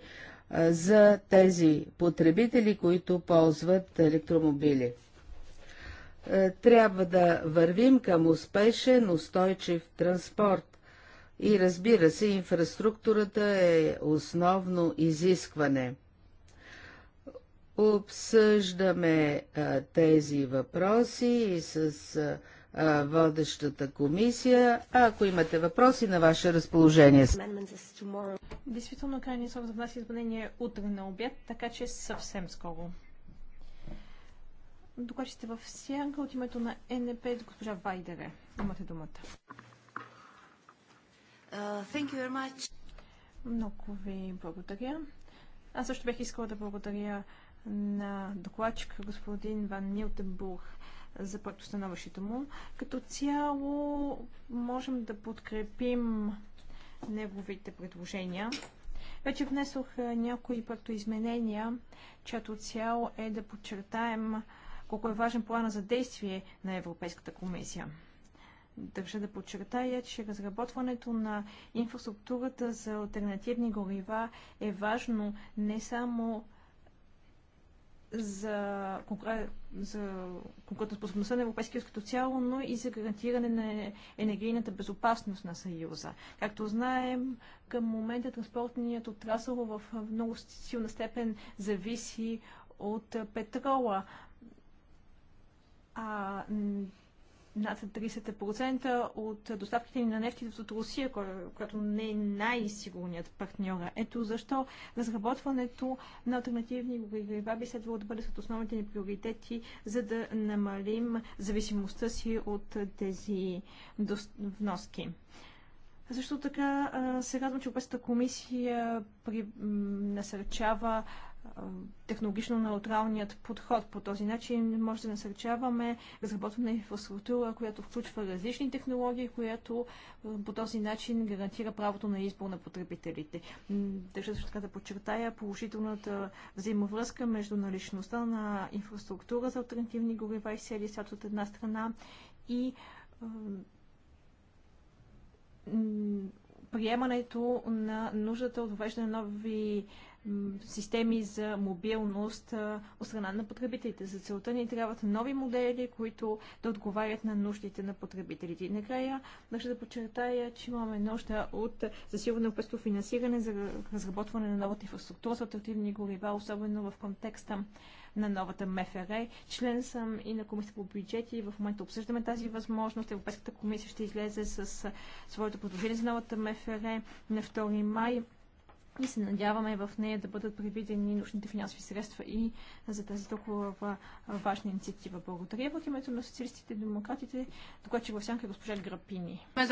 а, за тези потребители, които ползват електромобили. Е, трябва да вървим към успешен, устойчив транспорт. И разбира се, инфраструктурата е основно изискване. Обсъждаме а, е, тези въпроси и с а, е, водещата комисия. А ако имате въпроси, на ваше разположение. Действително, крайният срок за нас изменение утре на обяд, така че съвсем скоро докладчите в Сянка от името на НП госпожа Вайдере. Имате думата. Uh, Много ви благодаря. Аз също бях искала да благодаря на докладчик господин Ван Милтенбург за проектостановището му. Като цяло можем да подкрепим неговите предложения. Вече внесох някои проектоизменения, чиято цяло е да подчертаем колко е важен плана за действие на Европейската комисия. Държа да подчертая, че разработването на инфраструктурата за альтернативни горива е важно не само за, за конкурентоспособността на Европейския съюз като цяло, но и за гарантиране на енергийната безопасност на Съюза. Както знаем, към момента транспортният отрасъл в много силна степен зависи от петрола, а над 30% от доставките ни на нефти от Русия, която не е най-сигурният партньор. Ето защо разработването на альтернативни горива би следвало да бъде сред основните ни приоритети, за да намалим зависимостта си от тези вноски. Също така се радвам, че Европейската комисия при, насърчава технологично неутралният подход. По този начин може да насърчаваме разработване на инфраструктура, която включва различни технологии, която по този начин гарантира правото на избор на потребителите. Държа също така да подчертая положителната взаимовръзка между наличността на инфраструктура за альтернативни горива и сели от една страна и приемането на нуждата от въвеждане на нови системи за мобилност от страна на потребителите. За целта ни трябват нови модели, които да отговарят на нуждите на потребителите. И накрая държа да подчертая, че имаме нужда от засилване на финансиране за разработване на новата инфраструктура за альтернативни горива, особено в контекста на новата МФР. Член съм и на Комисията по бюджети. В момента обсъждаме тази възможност. Европейската комисия ще излезе с своето предложение за новата МФР на 2 май и се надяваме в нея да бъдат предвидени нужните финансови средства и за тази толкова важна инициатива. Благодаря от името на социалистите и демократите, докладчик в сянка е госпожа Грапини. Е,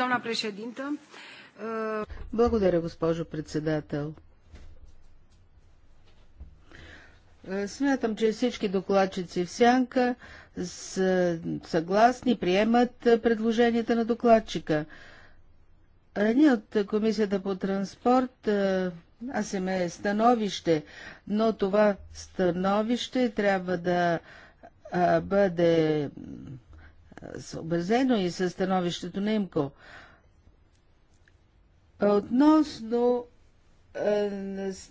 Благодаря, госпожо председател. Е, смятам, че всички докладчици в сянка са съгласни, приемат предложенията на докладчика. Ние от Комисията по транспорт е, аз имаме становище, но това становище трябва да е, бъде е, съобразено и със становището на ИМКО. Относно е,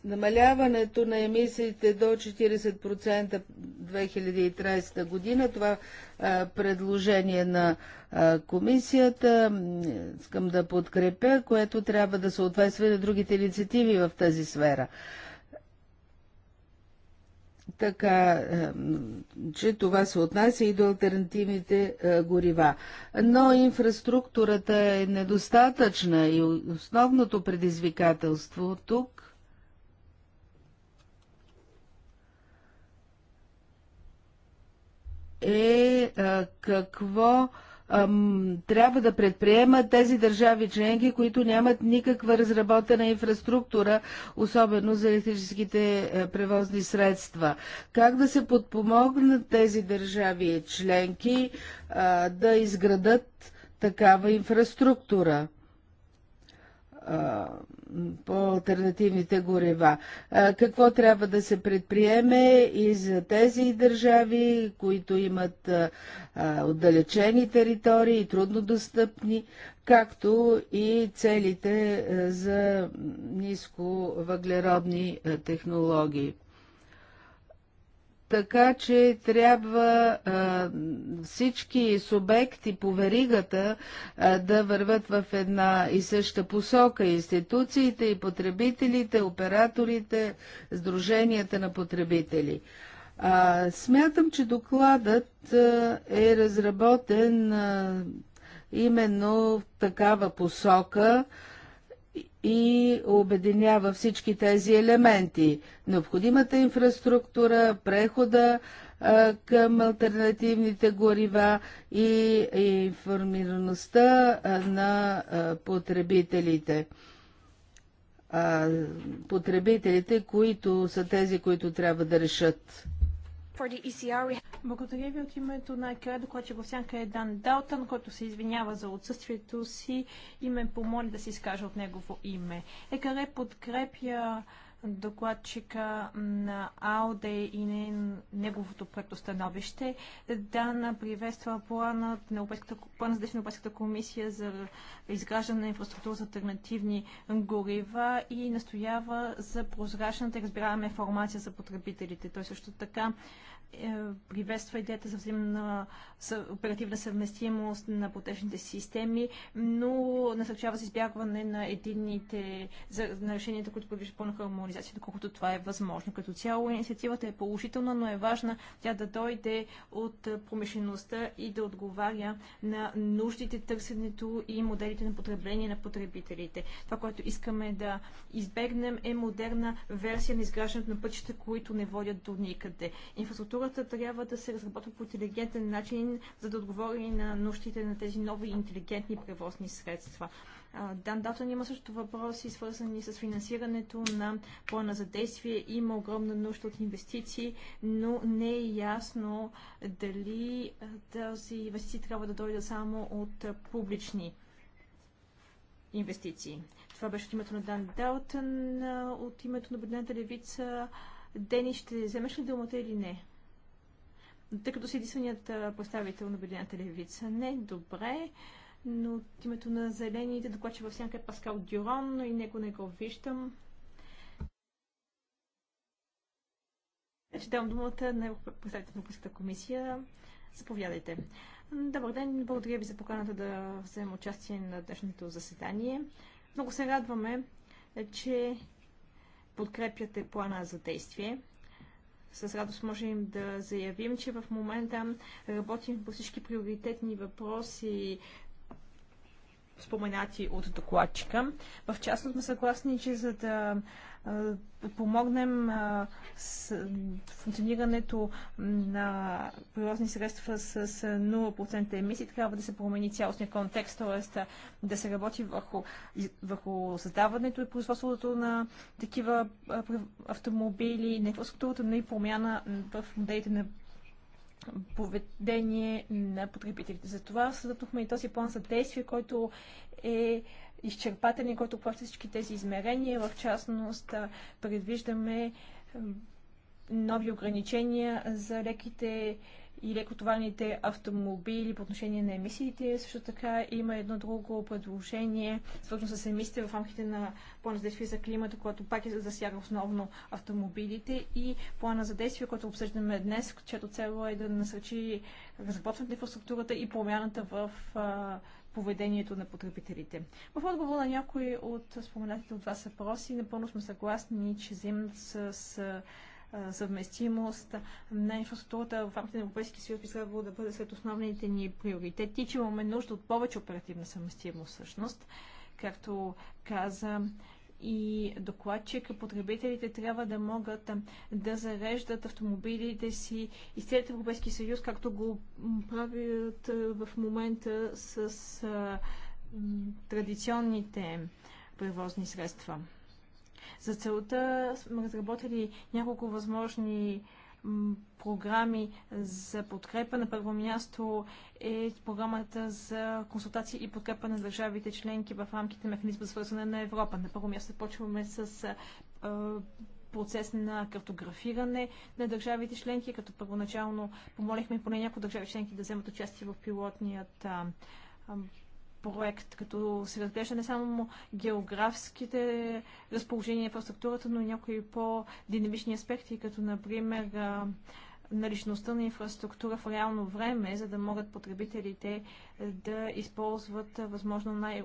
намаляването на емисиите до 40% 2030 година. Това е, предложение на е, комисията искам да подкрепя, което трябва да съответства и на другите инициативи в тази сфера така че това се отнася и до альтернативните е, горива. Но инфраструктурата е недостатъчна и основното предизвикателство тук е, е какво трябва да предприемат тези държави членки, които нямат никаква разработена инфраструктура, особено за електрическите е, превозни средства. Как да се подпомогнат тези държави членки да изградат такава инфраструктура? по альтернативните горева. Какво трябва да се предприеме и за тези държави, които имат отдалечени територии и труднодостъпни, както и целите за ниско въглеродни технологии. Така че трябва а, всички субекти по веригата а, да върват в една и съща посока. Институциите и потребителите, операторите, сдруженията на потребители. А, смятам, че докладът а, е разработен а, именно в такава посока. А, и обединява всички тези елементи. Необходимата инфраструктура, прехода а, към альтернативните горива и, и информираността а, на а, потребителите. Потребителите, които са тези, които трябва да решат E Благодаря ви от името на ЕКР, докладчик в сянка е Дан Далтън, който се извинява за отсъствието си и ме помоли да се изкажа от негово име. ЕКР подкрепя докладчика на АОД и не, неговото предостановище. Дана приветства планът на Европейската, план на Европейската комисия за изграждане на инфраструктура за альтернативни горива и настоява за прозрачната и разбираема информация за потребителите. Той също така е, приветства идеята за взаимна за оперативна съвместимост на платежните системи, но насърчава за избягване на единните за, на решенията, които предвижда пълна хармонизация, доколкото това е възможно. Като цяло инициативата е положителна, но е важна тя да дойде от промишлеността и да отговаря на нуждите, търсенето и моделите на потребление на потребителите. Това, което искаме да избегнем е модерна версия на изграждането на пътища, които не водят до никъде. Инфраструктура културата трябва да се разработва по интелигентен начин, за да отговори на нуждите на тези нови интелигентни превозни средства. Дан Далтън има също въпроси, свързани с финансирането на плана за действие. Има огромна нужда от инвестиции, но не е ясно дали тази инвестиции трябва да дойдат само от публични инвестиции. Това беше от името на Дан Далтън, от името на Обединената левица. Дени, ще вземеш ли думата или не? тъй като си единственият представител на Обединената левица. Не, добре, но от името на зелените докладчи в сянка е Паскал Дюрон, но и него не го виждам. Ще дам думата на представител на Европейската комисия. Заповядайте. Добър ден, благодаря ви за поканата да вземем участие на днешното заседание. Много се радваме, че подкрепяте плана за действие с радост можем да заявим, че в момента работим по всички приоритетни въпроси споменати от докладчика. В частност сме съгласни, че за да помогнем с функционирането на природни средства с 0% емисии, трябва да се промени цялостния контекст, т.е. да се работи върху, върху създаването и производството на такива автомобили, не инфраструктурата, но и промяна в моделите на поведение на потребителите. Затова създадохме и този план за действие, който е изчерпателен, който обхваща всички тези измерения. В частност, предвиждаме нови ограничения за леките и лекотоварните автомобили по отношение на емисиите. Също така има едно друго предложение, свързано с емисиите в рамките на плана за действие за климата, което пак е засяга основно автомобилите и плана за действие, който обсъждаме днес, чето цел е да насърчи разработването на инфраструктурата и промяната в поведението на потребителите. В отговор на някои от споменатите от вас въпроси, напълно сме съгласни, че взаимно с съвместимост на инфраструктурата в рамките на Европейския съюз би следвало да бъде сред основните ни приоритети, че имаме нужда от повече оперативна съвместимост всъщност. Както каза и докладчик, потребителите трябва да могат да зареждат автомобилите си из целият Европейски съюз, както го правят в момента с традиционните превозни средства. За целта сме разработили няколко възможни програми за подкрепа. На първо място е програмата за консултации и подкрепа на държавите членки в рамките на механизма свързване на Европа. На първо място почваме с процес на картографиране на държавите членки, като първоначално помолихме поне някои държави членки да вземат участие в пилотният проект, като се разглежда не само географските разположения в инфраструктурата, но и някои по-динамични аспекти, като например наличността на инфраструктура в реално време, за да могат потребителите да използват възможно най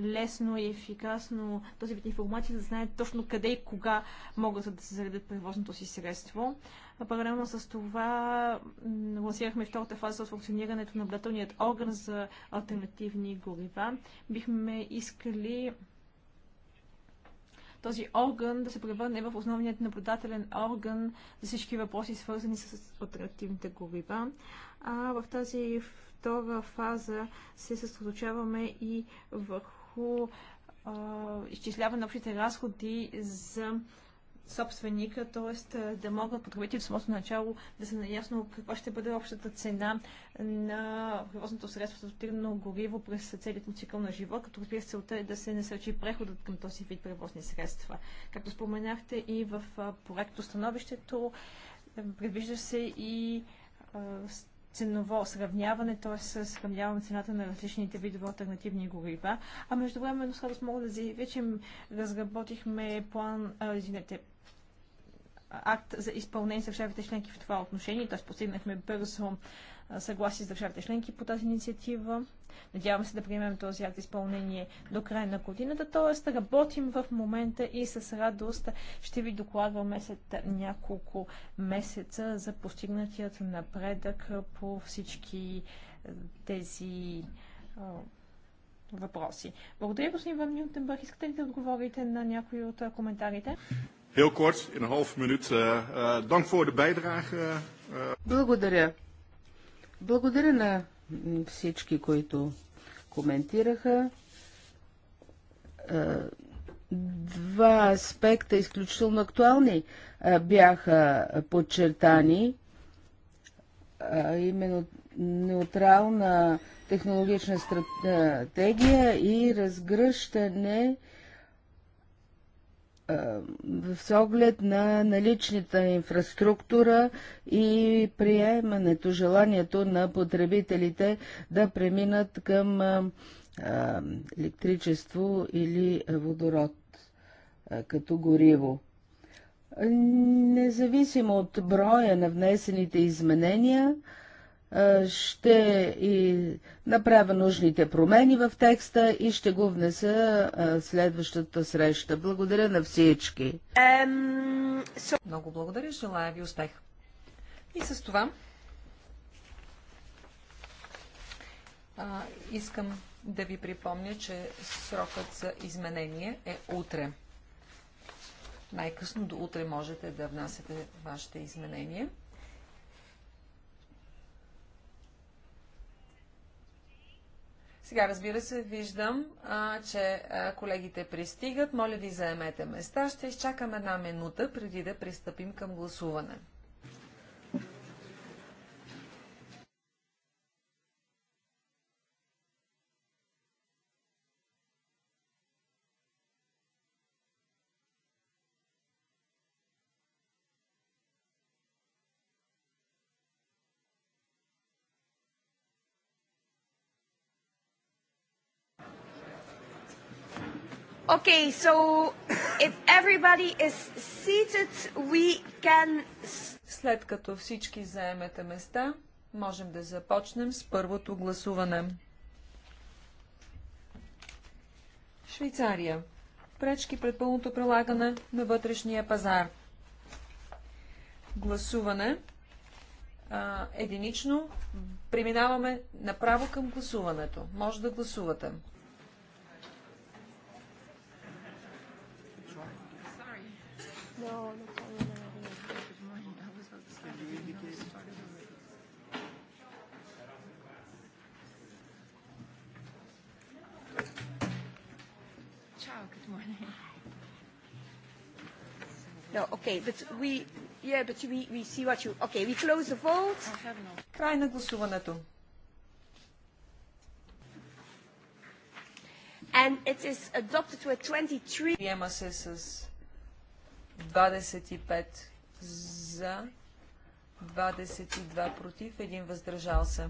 лесно и ефикасно този вид информация, за да знаят точно къде и кога могат да се заредят превозното си средство. А паралелно с това лансирахме втората фаза от функционирането на наблюдателният орган за альтернативни горива. Бихме искали този орган да се превърне в основният наблюдателен орган за всички въпроси, свързани с альтернативните горива. А в тази втора фаза се съсредоточаваме и върху върху а, изчисляване на общите разходи за собственика, т.е. да могат потребителите в самото начало да са наясно каква ще бъде общата цена на превозното средство за тирно гориво през целият му цикъл на живот, като разбира се целта е да се насърчи преходът към този вид превозни средства. Както споменахте и в проекто становището, предвижда се и а, ценово сравняване, т.е. сравняваме цената на различните видове альтернативни горива. А между време, но сега мога да заявя, че разработихме план, а, извинете, акт за изпълнение с държавите членки в това отношение, т.е. постигнахме бързо съгласие с държавите членки по тази инициатива. Надявам се да приемем този акт изпълнение до края на годината, т.е. работим в момента и с радост ще ви докладваме след няколко месеца за постигнатият напредък по всички е, тези въпроси. Благодаря, господин Ван Нютенбърг. Искате ли да отговорите на някои от коментарите? Heel kort, in een half minuut. Uh, uh, dank voor de bijdrage. Uh... Благодаря. Благодаря на всички, които коментираха. Е, два аспекта, изключително актуални, е, бяха подчертани. Е, именно неутрална технологична стратегия и разгръщане е, с оглед на наличната инфраструктура и приемането, желанието на потребителите да преминат към е, е, електричество или водород като гориво. Независимо от броя на внесените изменения, ще и направя нужните промени в текста и ще го внеса следващата среща. Благодаря на всички. Много благодаря, желая ви успех. И с това а, искам да ви припомня, че срокът за изменение е утре. Най-късно до утре можете да внасяте вашите изменения. Сега, разбира се, виждам, а, че а, колегите пристигат. Моля ви, заемете места. Ще изчакам една минута, преди да пристъпим към гласуване. Okay, so if everybody is seated, we can... След като всички заемете места, можем да започнем с първото гласуване. Швейцария. Пречки пред пълното прилагане на вътрешния пазар. Гласуване. А, единично преминаваме направо към гласуването. Може да гласувате. No, no problem. Good morning. I was outside. Did you indicate? Ciao, good morning. No, okay, but we, yeah, but we, we see what you, okay, we close the vote. I have no. Край на гласуването. And it is adopted with 23. Приема се с 25 за, 22 против, 1 въздържал се.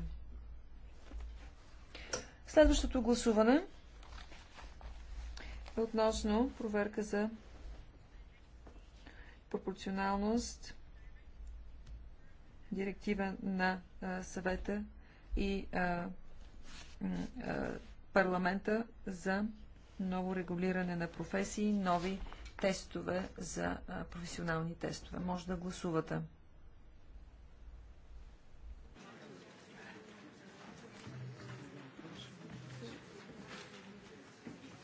Следващото гласуване е относно проверка за пропорционалност, директива на а, съвета и а, а, парламента за ново регулиране на професии, нови тестове за професионални тестове. Може да гласувате.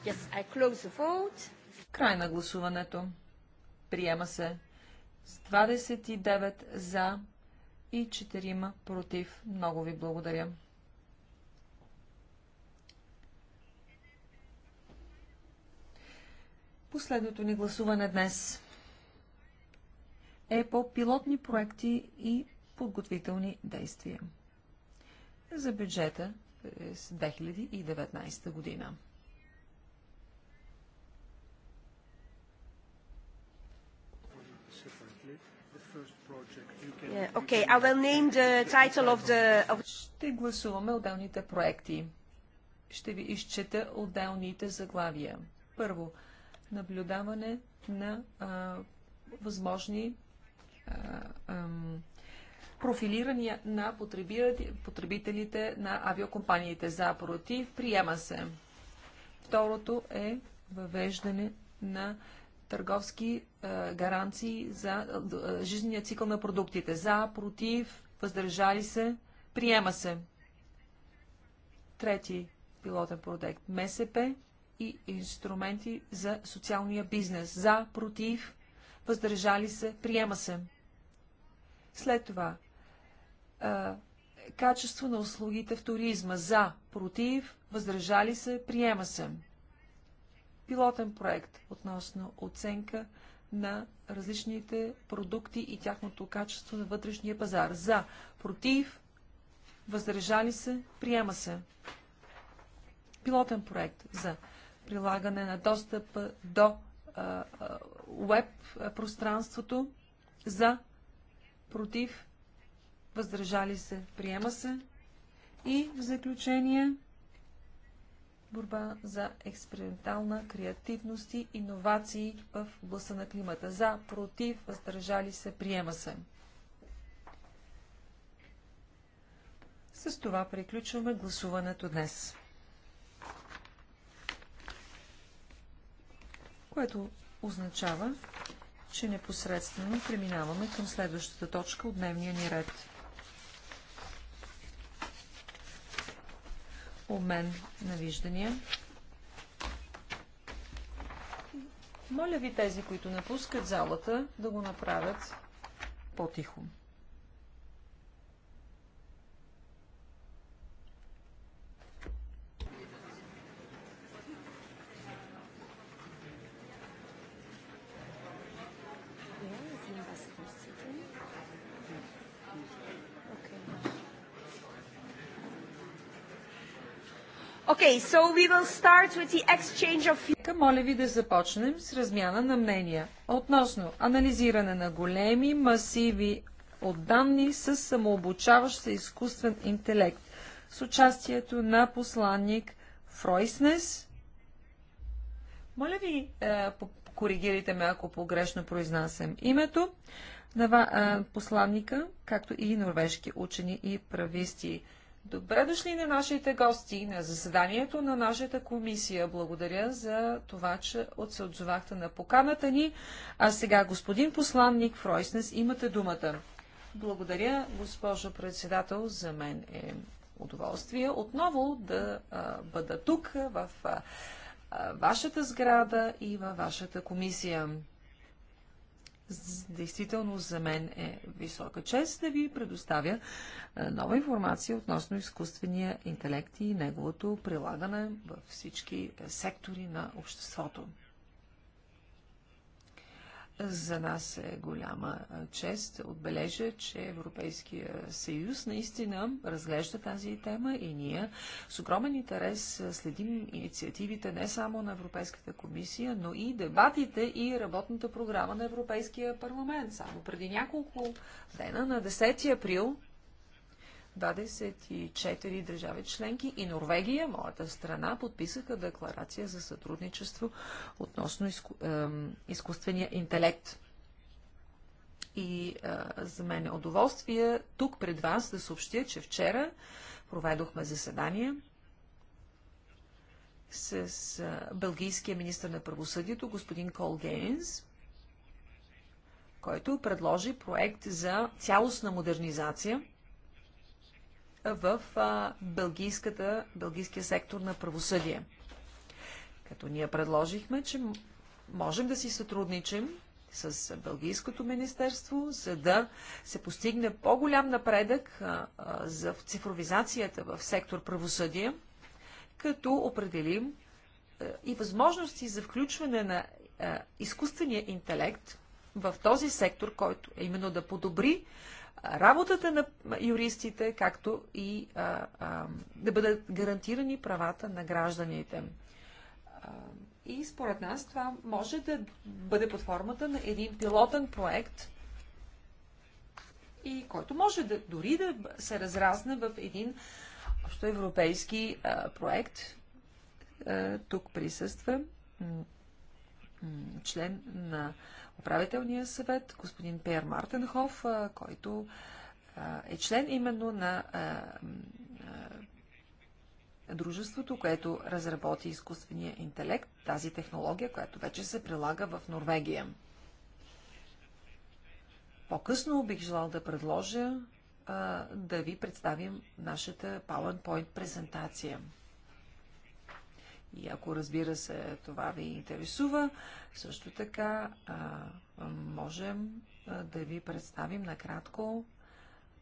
Yes, I close the vote. Край на гласуването. Приема се с 29 за и 4 против. Много ви благодаря. Последното ни гласуване днес е по пилотни проекти и подготвителни действия за бюджета с 2019 година. Ще гласуваме отделните проекти. Ще ви изчета отделните заглавия. Първо, наблюдаване на а, възможни а, а, профилирания на потребителите на авиокомпаниите за против. Приема се. Второто е въвеждане на търговски а, гаранции за а, жизнения цикъл на продуктите. За, против, въздържали се, приема се. Трети пилотен проект МСП и инструменти за социалния бизнес. За, против, въздържали се, приема се. След това, а, качество на услугите в туризма. За, против, въздържали се, приема се. Пилотен проект относно оценка на различните продукти и тяхното качество на вътрешния пазар. За, против, въздържали се, приема се. Пилотен проект за прилагане на достъп до веб пространството за, против, въздържали се, приема се. И в заключение борба за експериментална креативност и иновации в областта на климата. За, против, въздържали се, приема се. С това приключваме гласуването днес. което означава, че непосредствено преминаваме към следващата точка от дневния ни ред. Обмен на виждания. Моля ви тези, които напускат залата, да го направят по-тихо. Okay, so we will start with the exchange of... Към моля ви да започнем с размяна на мнения относно анализиране на големи масиви от данни с самообучаващ се изкуствен интелект с участието на посланник Фройснес. Моля ви, е, коригирайте ме, ако погрешно произнасям името на е, посланника, както и норвежки учени и прависти. Добре дошли на нашите гости на заседанието на нашата комисия. Благодаря за това, че се отзовахте на поканата ни. А сега, господин посланник Фройснес, имате думата. Благодаря, госпожо председател. За мен е удоволствие отново да а, бъда тук в а, вашата сграда и във вашата комисия действително за мен е висока чест да ви предоставя е, нова информация относно изкуствения интелект и неговото прилагане във всички е, сектори на обществото. За нас е голяма чест отбележа, че Европейския съюз наистина разглежда тази тема и ние с огромен интерес следим инициативите не само на Европейската комисия, но и дебатите и работната програма на Европейския парламент. Само преди няколко дена, на 10 април, 24 държави членки и Норвегия, моята страна, подписаха декларация за сътрудничество относно изку... Е, изкуствения интелект. И е, за мен е удоволствие тук пред вас да съобщя, че вчера проведохме заседание с а, е, бългийския министр на правосъдието, господин Кол Гейнс, който предложи проект за цялостна модернизация – в бългийската, бългийския сектор на правосъдие. Като ние предложихме, че можем да си сътрудничим с Бългийското министерство, за да се постигне по-голям напредък а, а, за цифровизацията в сектор правосъдие, като определим а, и възможности за включване на изкуствения интелект в този сектор, който е именно да подобри работата на юристите, както и а, а, да бъдат гарантирани правата на гражданите. А, и според нас това може да бъде под формата на един пилотен проект, и който може да, дори да се разразне в един общоевропейски а, проект. А, тук присъства член на управителния съвет, господин Пер Мартенхоф, който е член именно на дружеството, което разработи изкуствения интелект, тази технология, която вече се прилага в Норвегия. По-късно бих желал да предложа да ви представим нашата PowerPoint презентация. И ако разбира се това ви интересува, също така а, можем а, да ви представим накратко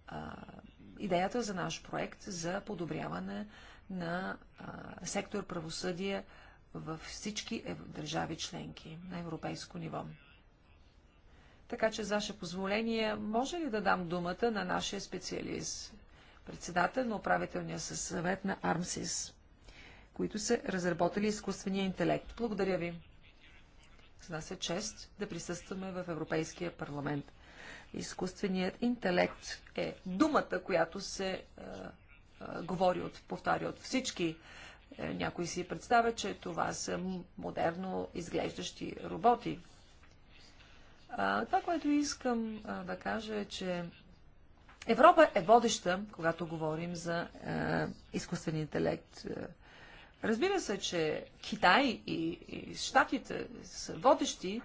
а, идеята за наш проект за подобряване на а, сектор правосъдие във всички ев... държави членки на европейско ниво. Така че, за ваше позволение, може ли да дам думата на нашия специалист, председател на управителния съвет на Армсис? които са разработили изкуствения интелект. Благодаря ви. С нас е чест да присъстваме в Европейския парламент. Изкуственият интелект е думата, която се е, е говори от, повтаря от всички. Е, Някои си представя, че това са модерно изглеждащи роботи. А, това, което искам а, да кажа е, че Европа е водеща, когато говорим за е, изкуствен интелект. Е, Разбира се, че Китай и, и Штатите са водещи,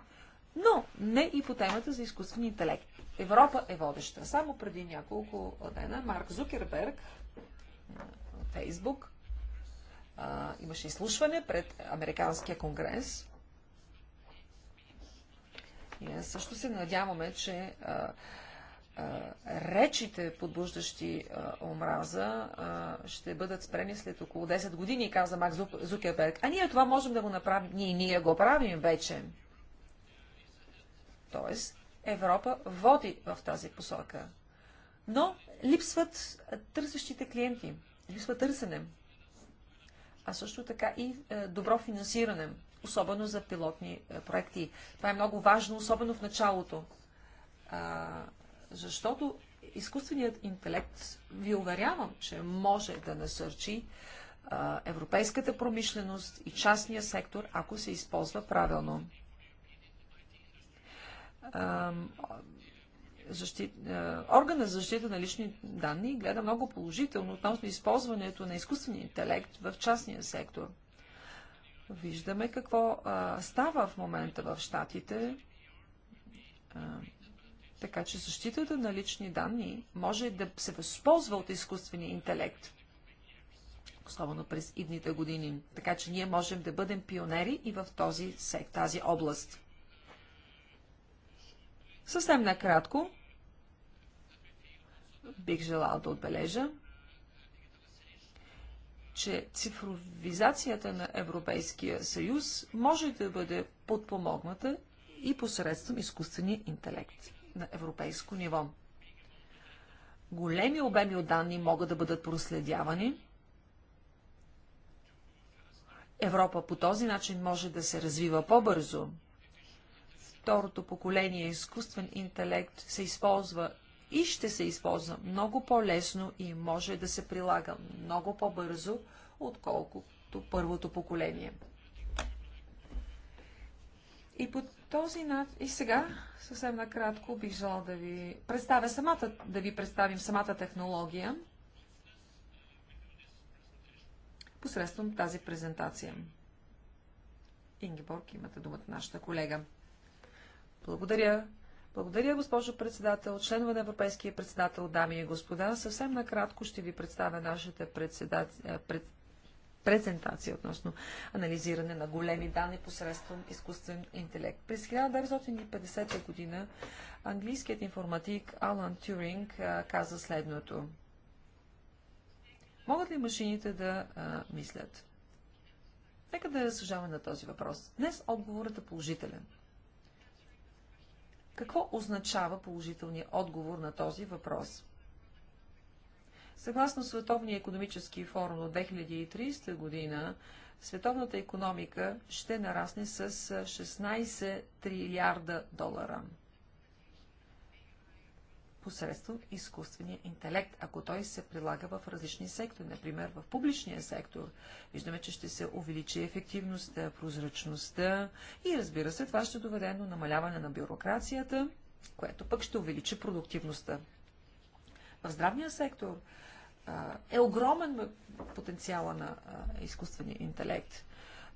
но не и по темата за изкуствен интелект. Европа е водеща. Само преди няколко дена Марк Зукерберг, Фейсбук, а, имаше изслушване пред Американския конгрес. И също се надяваме, че а, речите, подбуждащи омраза, ще бъдат спрени след около 10 години, каза Мак Зукерберг. А ние това можем да го направим. Ние, ние го правим вече. Тоест, Европа води в тази посока. Но липсват търсещите клиенти. Липсва търсене. А също така и е, добро финансиране, особено за пилотни е, проекти. Това е много важно, особено в началото. Защото изкуственият интелект, ви уверявам, че може да насърчи а, европейската промишленост и частния сектор, ако се използва правилно. защит... Органа за защита на лични данни гледа много положително относно използването на изкуствения интелект в частния сектор. Виждаме какво а, става в момента в Штатите. Така че защитата на лични данни може да се възползва от изкуствения интелект, особено през идните години. Така че ние можем да бъдем пионери и в този, тази област. Съвсем накратко бих желал да отбележа, че цифровизацията на Европейския съюз може да бъде подпомогната и посредством изкуствения интелект на европейско ниво. Големи обеми от данни могат да бъдат проследявани. Европа по този начин може да се развива по-бързо. Второто поколение изкуствен интелект се използва и ще се използва много по-лесно и може да се прилага много по-бързо, отколкото първото поколение. И под този начин... И сега, съвсем накратко, бих желал да ви представя самата, да ви представим самата технология посредством тази презентация. Ингеборг, имате думата нашата колега. Благодаря. Благодаря, госпожо председател, членове на Европейския председател, дами и господа. Съвсем накратко ще ви представя нашата председат... пред презентация относно анализиране на големи данни посредством изкуствен интелект. През 1950 г. английският информатик Алан Тюринг каза следното. Могат ли машините да а, мислят? Нека да разсъждаваме на този въпрос. Днес отговорът е положителен. Какво означава положителният отговор на този въпрос? Съгласно Световния економически форум от 2030 година, световната економика ще нарасне с 16 трилиарда долара посредством изкуствения интелект, ако той се прилага в различни сектори, например в публичния сектор. Виждаме, че ще се увеличи ефективността, прозрачността и разбира се, това ще доведе до намаляване на бюрокрацията, което пък ще увеличи продуктивността. В здравния сектор е огромен потенциала на изкуствения интелект.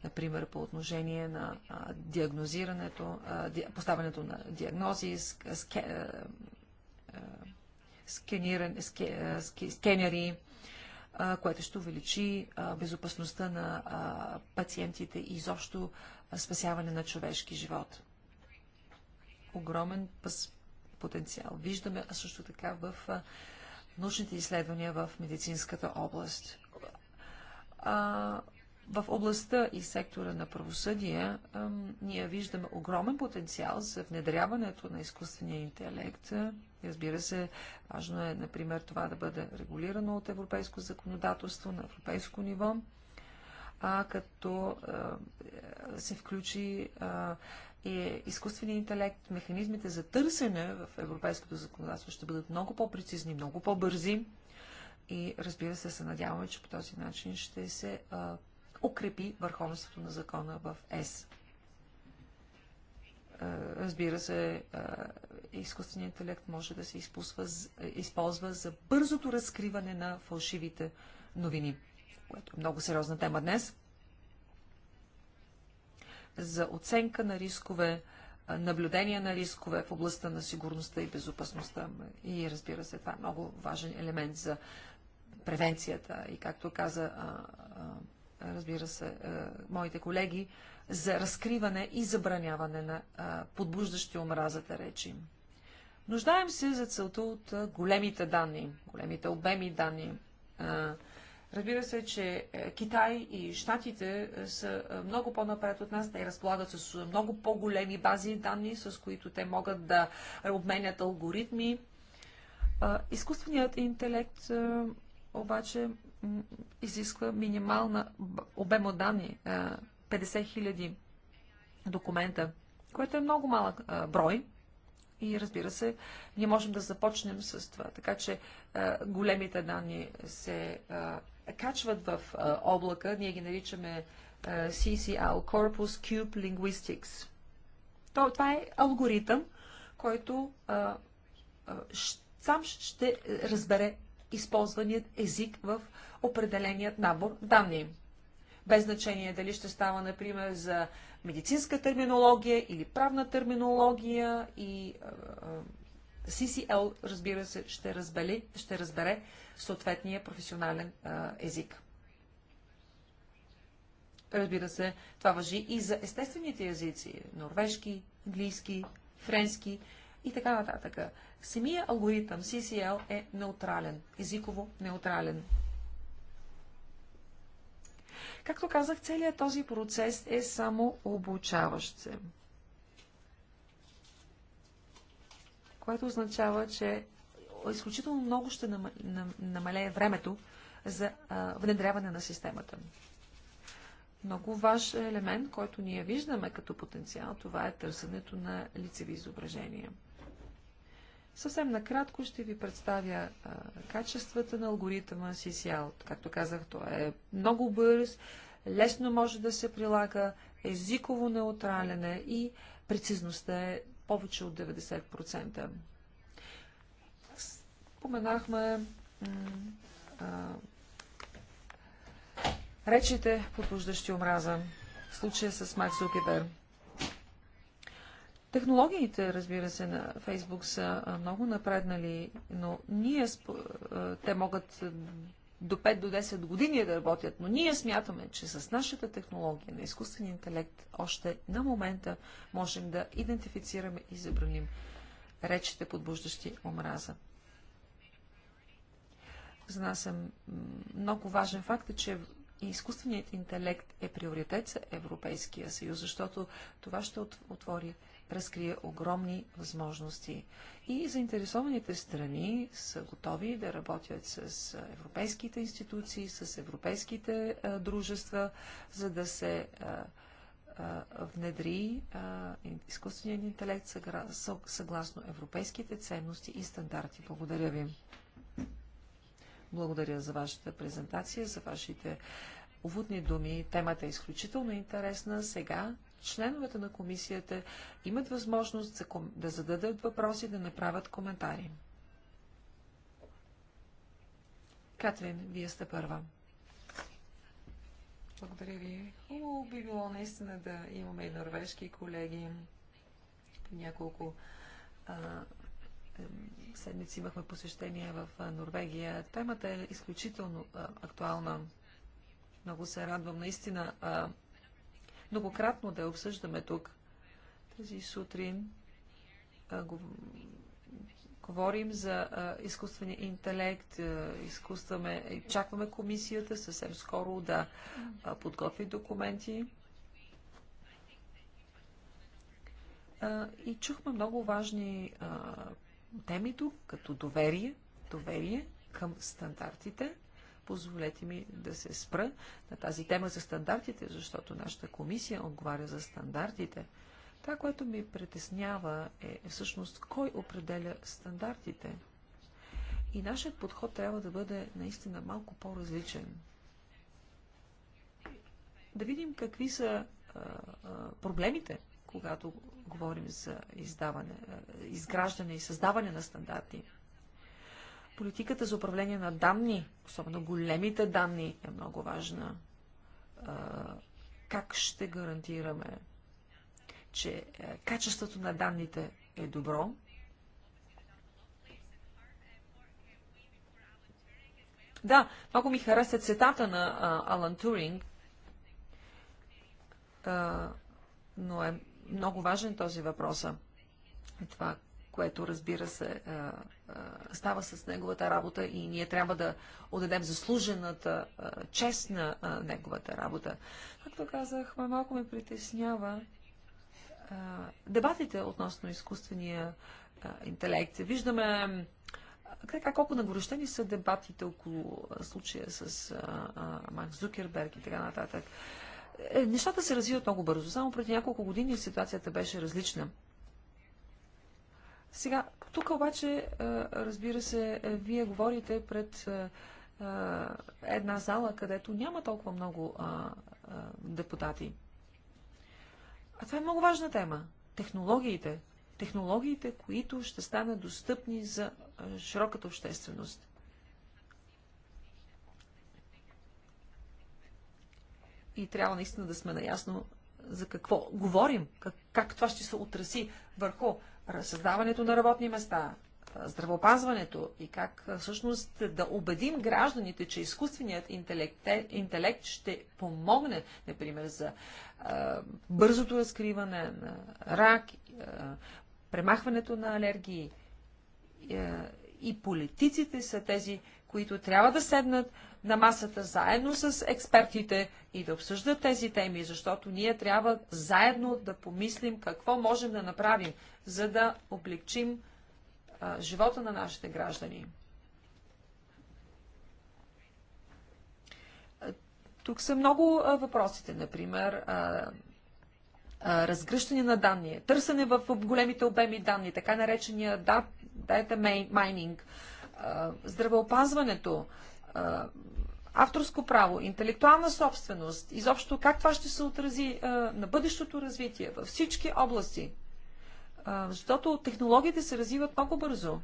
Например, по отношение на диагнозирането, поставянето на диагнози, скенери, което ще увеличи безопасността на пациентите и изобщо спасяване на човешки живот. Огромен потенциал. Виждаме също така в научните изследвания в медицинската област. А, в областта и сектора на правосъдие ние виждаме огромен потенциал за внедряването на изкуствения интелект. Разбира се, важно е, например, това да бъде регулирано от европейско законодателство на европейско ниво, а като а, се включи а, и е изкуственият интелект, механизмите за търсене в европейското законодателство ще бъдат много по-прецизни, много по-бързи и разбира се, се надяваме, че по този начин ще се а, укрепи върховенството на закона в ЕС. А, разбира се, изкуственият интелект може да се изпусва, използва за бързото разкриване на фалшивите новини, което е много сериозна тема днес за оценка на рискове, наблюдение на рискове в областта на сигурността и безопасността. И разбира се, това е много важен елемент за превенцията. И както каза, разбира се, моите колеги, за разкриване и забраняване на подбуждащи омразата речи. Нуждаем се за целта от големите данни, големите обеми данни, Разбира се, че е, Китай и Штатите е, са е, много по-напред от нас. Те разполагат с много по-големи бази данни, с които те могат да обменят алгоритми. Изкуственият интелект обаче изисква минимална обема данни 50 000 документа, което е много малък брой. И разбира се, ние можем да започнем с това. Така че големите данни се качват в облака, ние ги наричаме CCL, Corpus Cube Linguistics. То, това е алгоритъм, който а, а, сам ще разбере използваният език в определеният набор данни. Без значение дали ще става, например, за медицинска терминология или правна терминология и а, CCL, разбира се, ще, разбели, ще разбере съответния професионален а, език. Разбира се, това въжи и за естествените езици – норвежки, английски, френски и така нататък. Самия алгоритъм CCL е неутрален, езиково неутрален. Както казах, целият този процес е само обучаващ се. което означава, че изключително много ще намалее времето за внедряване на системата. Много ваш елемент, който ние виждаме като потенциал, това е търсенето на лицеви изображения. Съвсем накратко ще ви представя а, качествата на алгоритъма CCL. Както казах, той е много бърз, лесно може да се прилага, езиково неутрален е и прецизността е повече от 90%. Споменахме речите, подбуждащи омраза, в случая с Марк Зукебер. Технологиите, разбира се, на Фейсбук са много напреднали, но ние, те могат до 5 до 10 години да работят, но ние смятаме, че с нашата технология на изкуствен интелект още на момента можем да идентифицираме и забраним речите, подбуждащи омраза. За нас е много важен факт, е, че изкуственият интелект е приоритет за Европейския съюз, защото това ще отвори разкрие огромни възможности. И заинтересованите страни са готови да работят с европейските институции, с европейските а, дружества, за да се а, а, внедри изкуственият интелект съгласно европейските ценности и стандарти. Благодаря ви. Благодаря за вашата презентация, за вашите уводни думи. Темата е изключително интересна. Сега членовете на комисията имат възможност да зададат въпроси, да направят коментари. Катрин, вие сте първа. Благодаря ви. Хубаво би било наистина да имаме и норвежки колеги. Няколко а, седмици имахме посещение в Норвегия. Темата е изключително а, актуална. Много се радвам наистина а, многократно да я обсъждаме тук. Тази сутрин а, го, говорим за а, изкуствения интелект, а, изкустваме, чакваме комисията съвсем скоро да а, подготви документи. А, и чухме много важни а, теми тук, като доверие, доверие към стандартите – позволете ми да се спра на тази тема за стандартите, защото нашата комисия отговаря за стандартите. Това, което ми притеснява е всъщност кой определя стандартите. И нашият подход трябва да бъде наистина малко по-различен. Да видим какви са а, проблемите, когато говорим за издаване, изграждане и създаване на стандарти. Политиката за управление на данни, особено големите данни, е много важна. Как ще гарантираме, че е, качеството на данните е добро? Да, много ми хареса цитата на Алан Туринг, но е много важен този въпрос. Това което разбира се е, е, става с неговата работа и ние трябва да отдадем заслужената е, чест на неговата работа. Както казах, малко ме притеснява дебатите относно изкуствения интелект. Виждаме така колко нагорещени са дебатите около случая с Макс Зукерберг и така нататък. Нещата се развиват много бързо. Само преди няколко години ситуацията беше различна. Сега, тук обаче, е, разбира се, вие говорите пред е, е, една зала, където няма толкова много депутати. А това е много важна тема. Технологиите. Технологиите, които ще станат достъпни за широката общественост. И трябва наистина да сме наясно за какво говорим, как, как това ще се отраси върху създаването на работни места, здравеопазването и как всъщност да убедим гражданите, че изкуственият интелект, интелект ще помогне, например, за а, бързото разкриване на рак, а, премахването на алергии. А, и политиците са тези, които трябва да седнат на масата заедно с експертите и да обсъждат тези теми, защото ние трябва заедно да помислим какво можем да направим, за да облегчим а, живота на нашите граждани. Тук са много а, въпросите, например, а, разгръщане на данни, търсене в големите обеми данни, така наречения data mining, здравеопазването, авторско право, интелектуална собственост, изобщо как това ще се отрази на бъдещото развитие във всички области. Защото технологиите се развиват много бързо.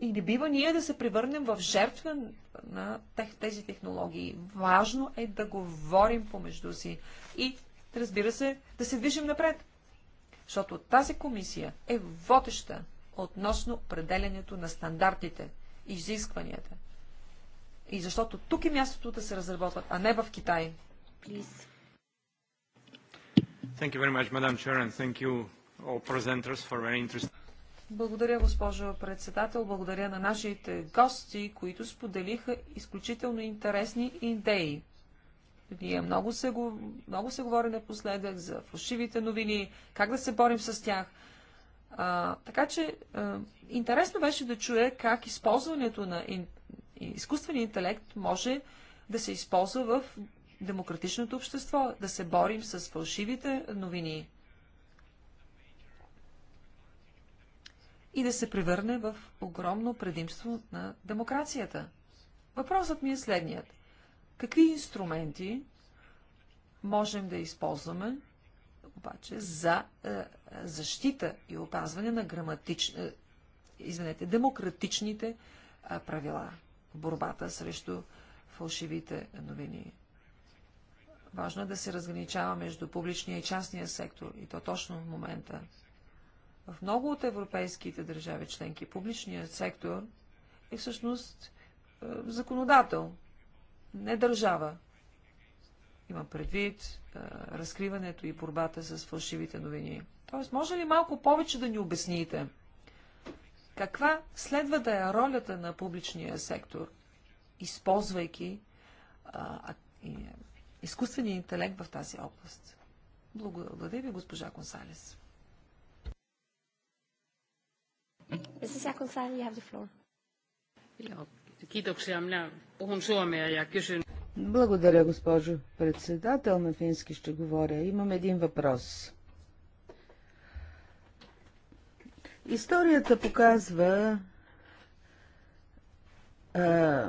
И не бива ние да се превърнем в жертва на тези технологии. Важно е да говорим помежду си и, разбира се, да се движим напред. Защото тази комисия е водеща относно определенето на стандартите, изискванията. И защото тук е мястото да се разработват, а не в Китай. Please. Thank you very much, Madam Chair, and thank you all presenters for very interesting... Благодаря, госпожо председател. Благодаря на нашите гости, които споделиха изключително интересни идеи. Ние много се, много се говори напоследък за фалшивите новини, как да се борим с тях. А, така че а, интересно беше да чуя как използването на ин, изкуствения интелект може да се използва в демократичното общество, да се борим с фалшивите новини и да се превърне в огромно предимство на демокрацията. Въпросът ми е следният. Какви инструменти можем да използваме, обаче за е, защита и опазване на граматич... Е, извинете, демократичните е, правила в борбата срещу фалшивите новини. Важно е да се разграничава между публичния и частния сектор, и то точно в момента. В много от европейските държави членки публичният сектор е всъщност законодател, не държава. Има предвид а, е, разкриването и борбата с фалшивите новини. Тоест, може ли малко повече да ни обясните? Каква следва да е ролята на публичния сектор, използвайки а, и, изкуствения интелект в тази област? Благодаря ви, госпожа Консалес. Mrs. Благодаря, госпожо председател. На фински ще говоря. Имам един въпрос. Историята показва а,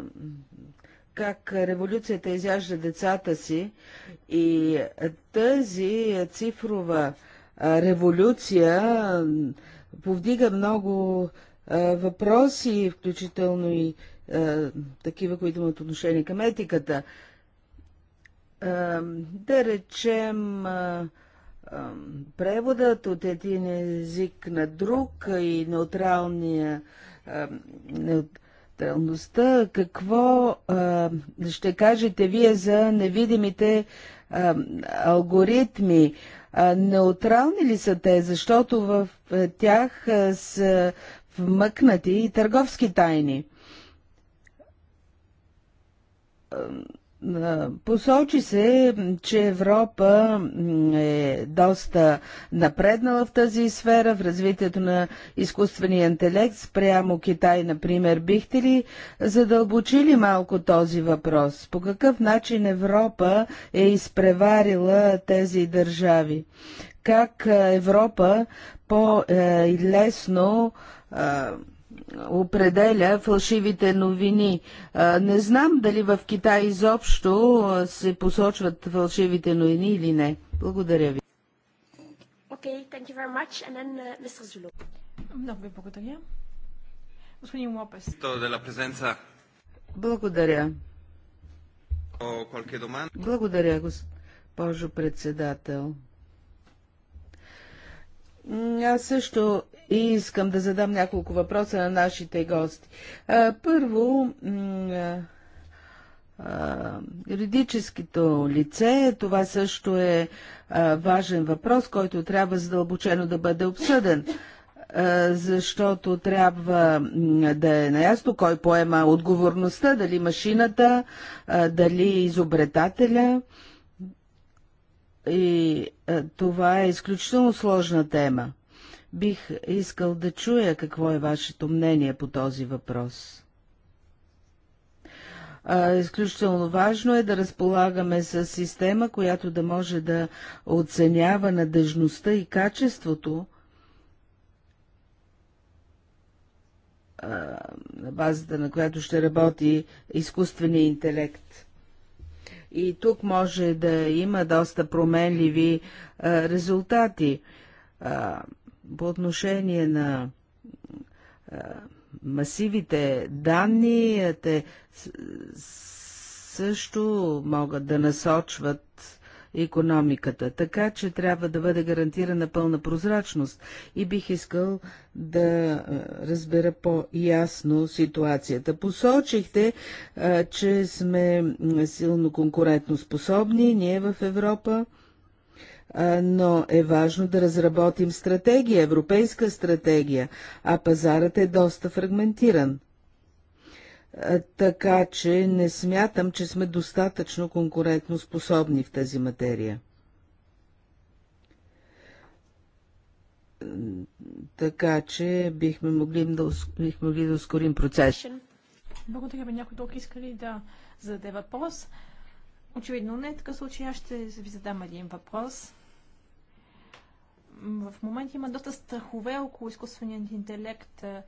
как революцията изяжда децата си и тази цифрова революция повдига много въпроси, включително и е, такива, които имат отношение към етиката. Е, да речем, е, преводът от един език на друг и неутралния, неутралността, какво ще кажете вие за невидимите алгоритми? Неутрални ли са те, защото в тях са вмъкнати и търговски тайни? Посочи се, че Европа е доста напреднала в тази сфера, в развитието на изкуствения интелект спрямо Китай, например. Бихте ли задълбочили малко този въпрос? По какъв начин Европа е изпреварила тези държави? Как е, Европа по-лесно е, определя фалшивите новини. Не знам дали в Китай изобщо се посочват фалшивите новини или не. Благодаря ви. Okay, thank you very much. And then, uh, Mr. Zulu. Много ви благодаря. Господин Лопес. Благодаря. Благодаря, госпожо председател. Аз също искам да задам няколко въпроса на нашите гости. Първо, юридическото лице, това също е важен въпрос, който трябва задълбочено да бъде обсъден защото трябва да е наясно кой поема отговорността, дали машината, дали изобретателя. И е, това е изключително сложна тема. Бих искал да чуя какво е вашето мнение по този въпрос. Изключително важно е да разполагаме с система, която да може да оценява надежността и качеството на базата на която ще работи изкуственият интелект. И тук може да има доста променливи а, резултати а, по отношение на а, масивите данни. Те също могат да насочват економиката, така че трябва да бъде гарантирана пълна прозрачност и бих искал да е, разбера по-ясно ситуацията. Посочихте, е, че сме силно конкурентно способни, ние в Европа, е, но е важно да разработим стратегия, европейска стратегия, а пазарът е доста фрагментиран. Е, така че не смятам, че сме достатъчно конкурентно способни в тази материя. Така че бихме могли да, бихме могли да ускорим процес. Благодаря ви. Някой друг иска ли да зададе въпрос? Очевидно не. така случай аз ще ви задам един въпрос. В момента има доста страхове около изкуственият интелект е,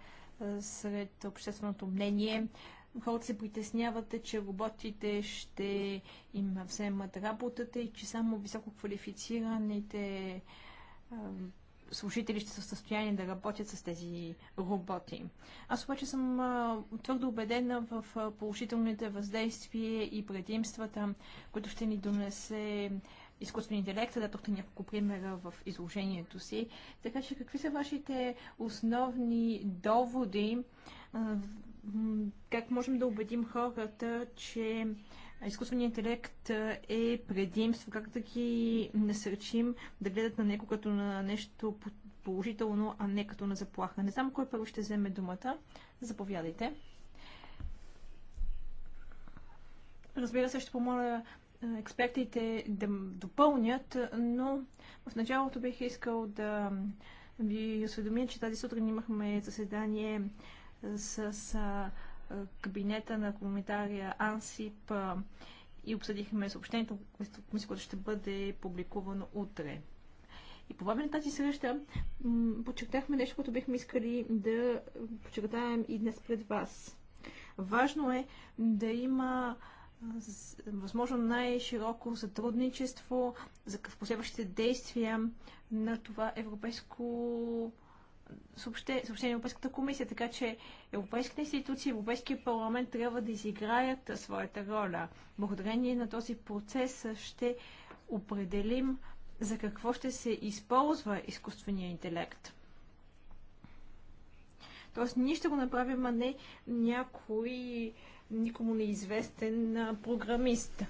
сред общественото мнение хората се притесняват, че роботите ще им вземат работата и че само високо квалифицираните служители ще са в състояние да работят с тези роботи. Аз обаче съм твърдо убедена в положителните въздействия и предимствата, които ще ни донесе изкуствен интелект. тук няколко примера в изложението си. Така че какви са вашите основни доводи как можем да убедим хората, че изкуственият интелект е предимство, как да ги насърчим да гледат на него като на нещо положително, а не като на заплаха. Не знам кой първо ще вземе думата. Заповядайте. Разбира се, ще помоля експертите да допълнят, но в началото бих искал да ви осведомя, че тази сутрин имахме заседание с кабинета на коментария АНСИП и обсъдихме съобщението, което ще бъде публикувано утре. И по време на тази среща подчертахме нещо, което бихме искали да подчертаем и днес пред вас. Важно е да има възможно най-широко сътрудничество за последващите действия на това европейско съобщение на Европейската комисия, така че европейските институции, Европейския парламент трябва да изиграят своята роля. Благодарение на този процес ще определим за какво ще се използва изкуствения интелект. Тоест, ние ще го направим, а не някои никому неизвестен програмист.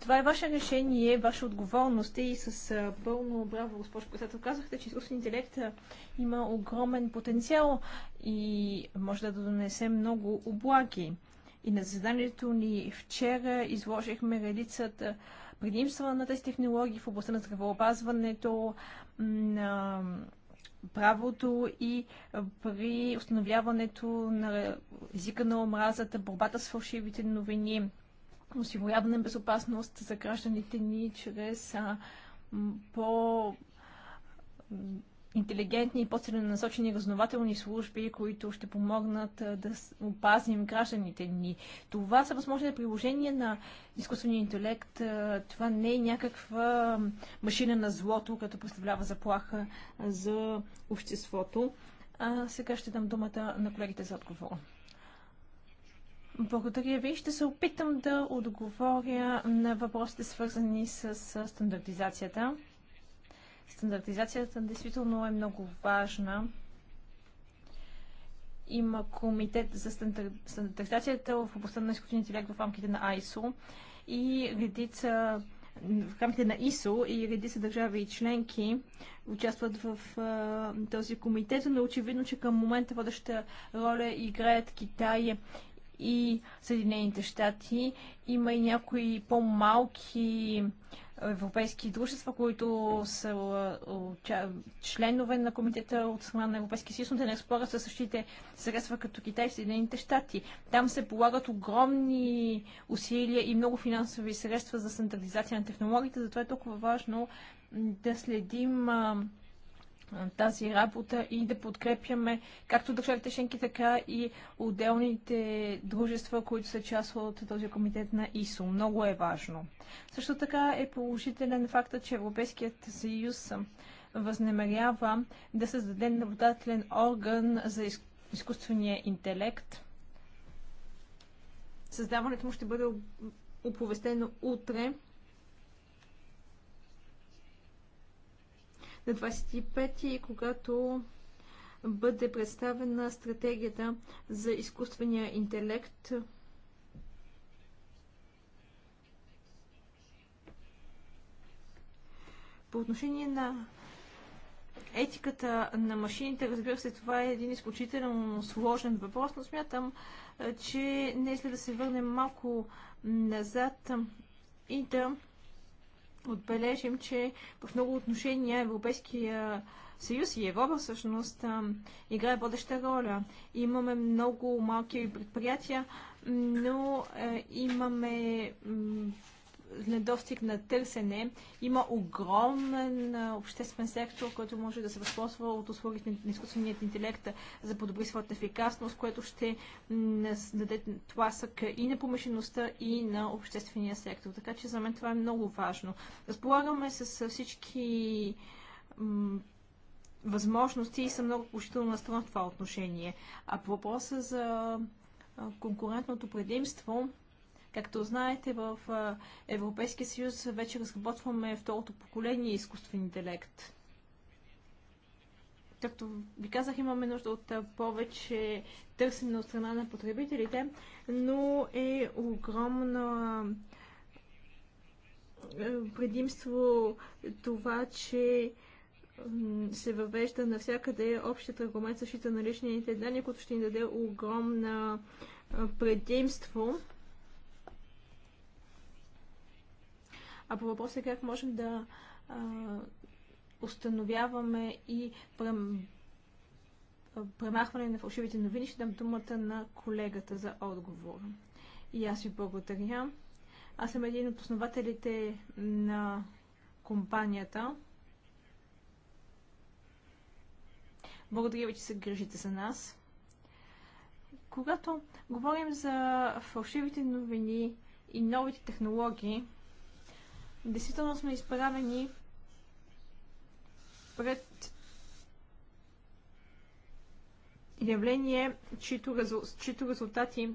Това е ваше решение, ваша отговорност и с пълно браво, госпожо председател, казахте, че изкуствен интелект има огромен потенциал и може да донесе много облаки. И на заседанието ни вчера изложихме редицата предимства на тези технологии в областта на здравеопазването, на правото и при установяването на езика на омразата, борбата с фалшивите новини, осигуряване на безопасност за гражданите ни чрез по интелигентни и по-целенасочени разнователни служби, които ще помогнат да опазим гражданите ни. Това са възможни приложения на изкуствения интелект. Това не е някаква машина на злото, като представлява заплаха за обществото. А сега ще дам думата на колегите за отговор. Благодаря ви. Ще се опитам да отговоря на въпросите, свързани с стандартизацията. Стандартизацията действително е много важна. Има комитет за стандартизацията в областта на изкуствения интелект в рамките на ISO и редица в рамките на ИСО и редица държави и членки участват в а, този комитет, но очевидно, че към момента водеща роля играят Китай и Съединените щати. Има и някои по-малки европейски дружества, които са членове на комитета от страна на Европейския съюз, но те не спорят със същите средства като Китай и Съединените щати. Там се полагат огромни усилия и много финансови средства за централизация на технологиите, затова е толкова важно да следим тази работа и да подкрепяме както държавите членки, така и отделните дружества, които са част от този комитет на ИСО. Много е важно. Също така е положителен факта, че Европейският съюз възнамерява да създаде наблюдателен орган за изкуствения интелект. Създаването му ще бъде оповестено утре на 25-ти, когато бъде представена стратегията за изкуствения интелект. По отношение на етиката на машините, разбира се, това е един изключително сложен въпрос, но смятам, че не е след да се върнем малко назад и да отбележим, че в много отношения Европейския съюз и Европа всъщност играе водеща роля. Имаме много малки предприятия, но е, имаме недостиг на търсене. Има огромен обществен сектор, който може да се възползва от услугите на изкуственият интелект за подобри своята ефикасност, което ще даде тласък и на помешеността, и на обществения сектор. Така че за мен това е много важно. Разполагаме с всички възможности и съм много положително настроен в това отношение. А по въпроса за конкурентното предимство, Както знаете, в Европейския съюз вече разработваме второто поколение изкуствен интелект. Както ви казах, имаме нужда от повече търсене от страна на потребителите, но е огромно предимство това, че се въвежда навсякъде общият аргумент защита на личните данни, който ще ни даде огромна предимство А по въпроса е как можем да а, установяваме и прем... премахване на фалшивите новини, ще дам думата на колегата за отговор. И аз ви благодаря. Аз съм един от основателите на компанията. Благодаря ви, че се грижите за нас. Когато говорим за фалшивите новини и новите технологии, действително сме изправени пред явление, чието, резу... чието резултати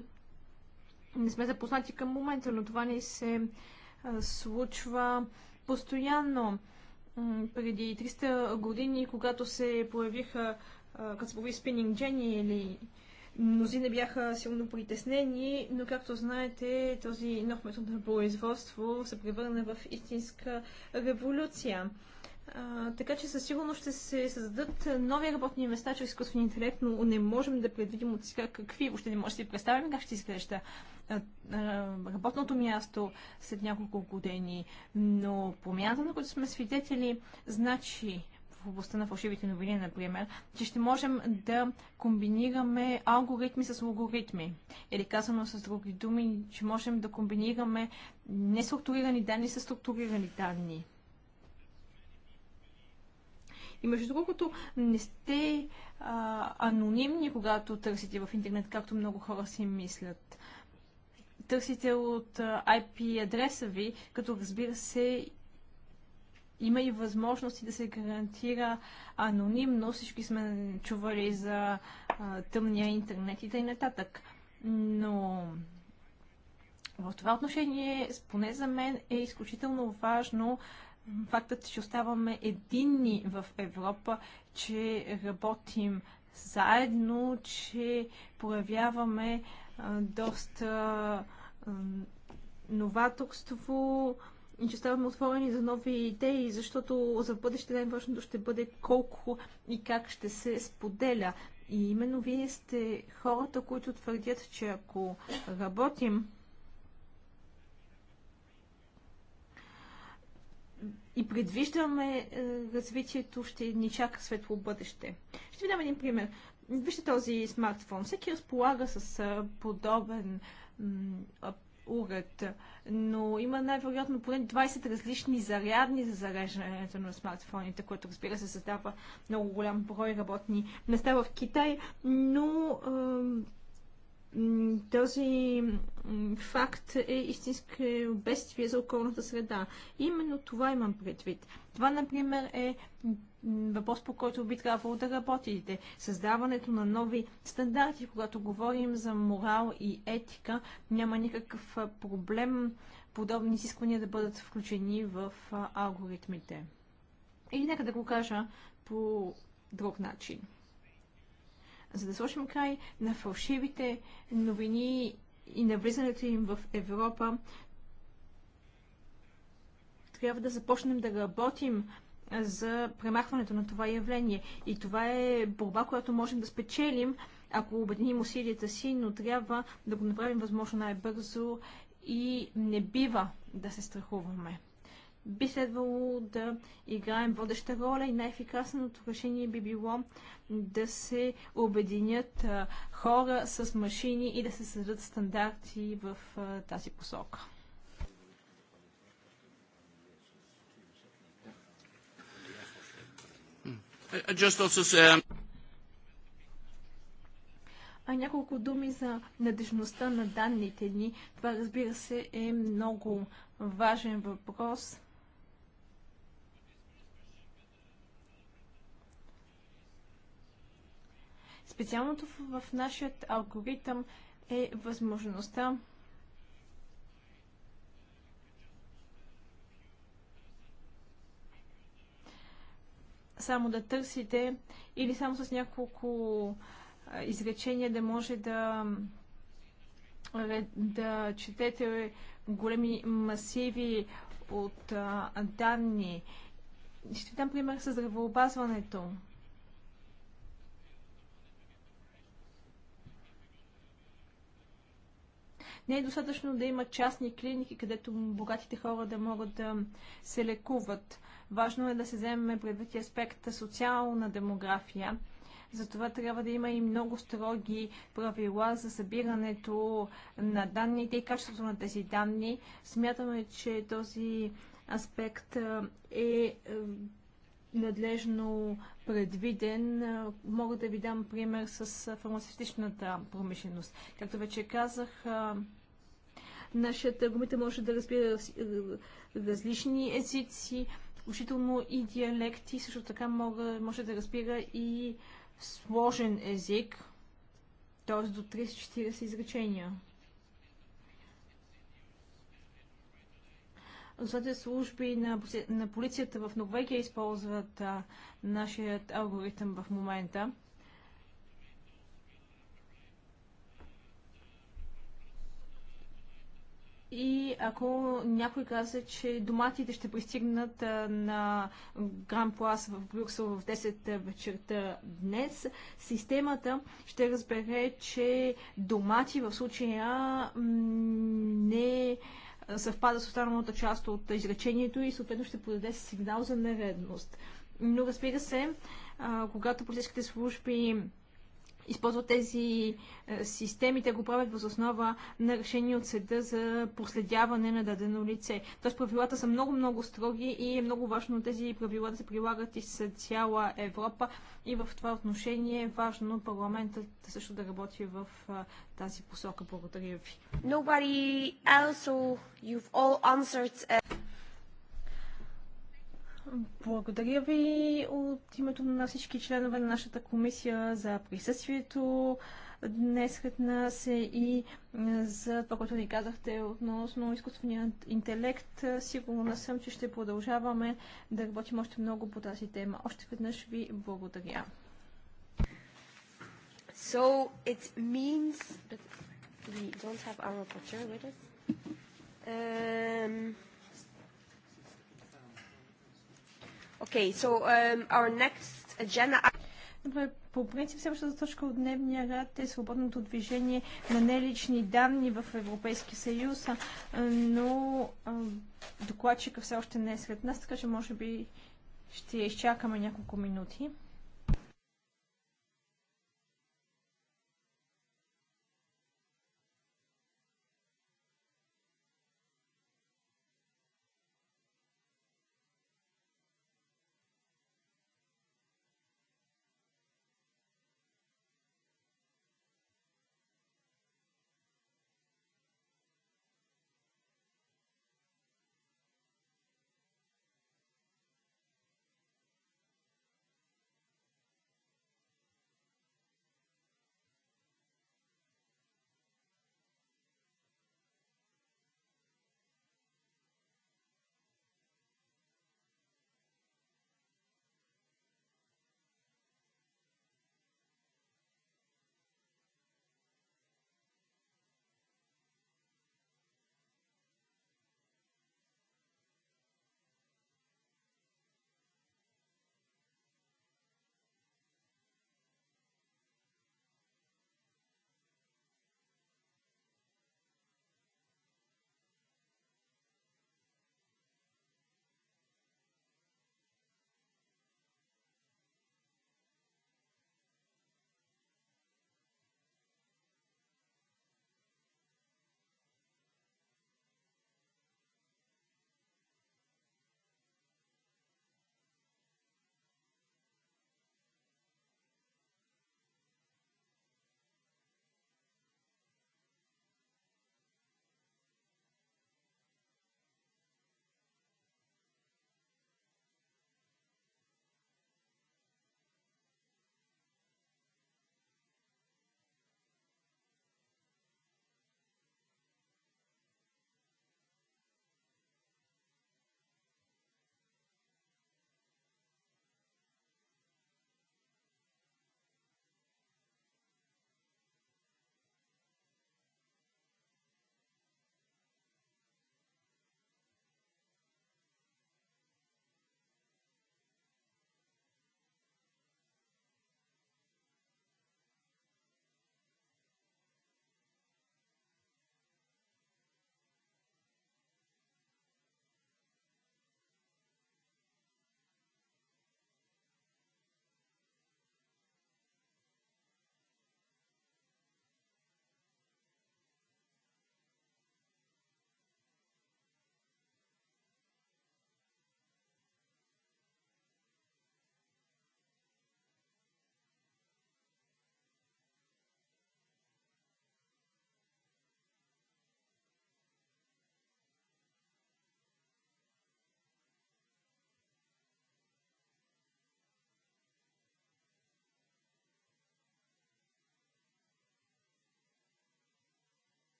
не сме запознати към момента, но това ни се случва постоянно. преди 300 години, когато се появиха, като се появи спининг джени или Мнози не бяха силно притеснени, но както знаете, този нов метод на производство се превърна в истинска революция. А, така че със сигурност ще се създадат нови работни места чрез изкуствен интелект, но не можем да предвидим от сега какви. още не може да си представим как ще изглежда работното място след няколко години. Но промяната, на която сме свидетели, значи в областта на фалшивите новини, например, че ще можем да комбинираме алгоритми с логоритми. Или казано с други думи, че можем да комбинираме неструктурирани данни с структурирани данни. И между другото, не сте а, анонимни, когато търсите в интернет, както много хора си мислят. Търсите от IP адреса ви, като разбира се има и възможности да се гарантира анонимно. Всички сме чували за а, тъмния интернет и т.н. Но в това отношение, поне за мен, е изключително важно фактът, че оставаме единни в Европа, че работим заедно, че проявяваме а, доста а, новаторство, а, и че ставаме отворени за нови идеи, защото за бъдеще най-важното ще бъде колко и как ще се споделя. И именно вие сте хората, които твърдят, че ако работим и предвиждаме е, развитието, ще ни чака светло бъдеще. Ще ви дам един пример. Вижте този смартфон. Всеки разполага с е, подобен уред, но има най-вероятно поне 20 различни зарядни за зареждането на смартфоните, което разбира се създава много голям брой работни места в Китай, но този факт е истинско бедствие за околната среда. Именно това имам предвид. Това, например, е въпрос, по който би трябвало да работите. Създаването на нови стандарти, когато говорим за морал и етика, няма никакъв проблем подобни изисквания да бъдат включени в алгоритмите. Или нека да го кажа по друг начин. За да сложим край на фалшивите новини и навлизането им в Европа, трябва да започнем да работим за премахването на това явление. И това е борба, която можем да спечелим, ако обединим усилията си, но трябва да го направим възможно най-бързо и не бива да се страхуваме. Би следвало да играем водеща роля и най-ефикасното решение би било да се обединят хора с машини и да се създадат стандарти в тази посока. just also say... Um, а няколко думи за надежността на данните ни. Това, разбира се, е много важен въпрос. Специалното в, в нашия алгоритъм е възможността само да търсите или само с няколко изречения да може да, да четете големи масиви от данни. Ще ви дам пример с здравеопазването. Не е достатъчно да има частни клиники, където богатите хора да могат да се лекуват. Важно е да се вземе предвид аспекта социална демография. Затова трябва да има и много строги правила за събирането на данните и качеството на тези данни. Смятаме, че този аспект е, е надлежно предвиден. Мога да ви дам пример с фармацевтичната промишленост. Както вече казах, е, Нашата гумита може да разбира е, различни езици, включително и диалекти. Също така мога, може да разбира и сложен език, т.е. до 30-40 изречения. Двете служби на, на полицията в Норвегия използват а, нашият алгоритъм в момента. И ако някой каза, че доматите ще пристигнат на Гран Плас в Брюксел в 10 вечерта днес, системата ще разбере, че домати в случая не съвпада с останалата част от изречението и съответно ще подаде сигнал за нередност. Но разбира се, когато полицейските служби използват тези е, системи, те го правят въз основа на решение от съда за последяване на дадено лице. Тоест правилата са много-много строги и е много важно тези правила да се прилагат и с цяла Европа. И в това отношение е важно парламентът също да работи в е, тази посока. Благодаря ви. Nobody else, you've all answered. Uh, благодаря ви от името на всички членове на нашата комисия за присъствието днес сред нас е и за това, което ни казахте относно изкуствения интелект. Сигурна съм, че ще продължаваме да работим още много по тази тема. Още веднъж ви благодаря. So it means that we don't have our with us. Um... Okay, so um, our next agenda... Добре, по принцип следващата точка от дневния ряд е свободното движение на нелични данни в Европейския съюз, но докладчика все още не е сред нас, така че може би ще изчакаме няколко минути.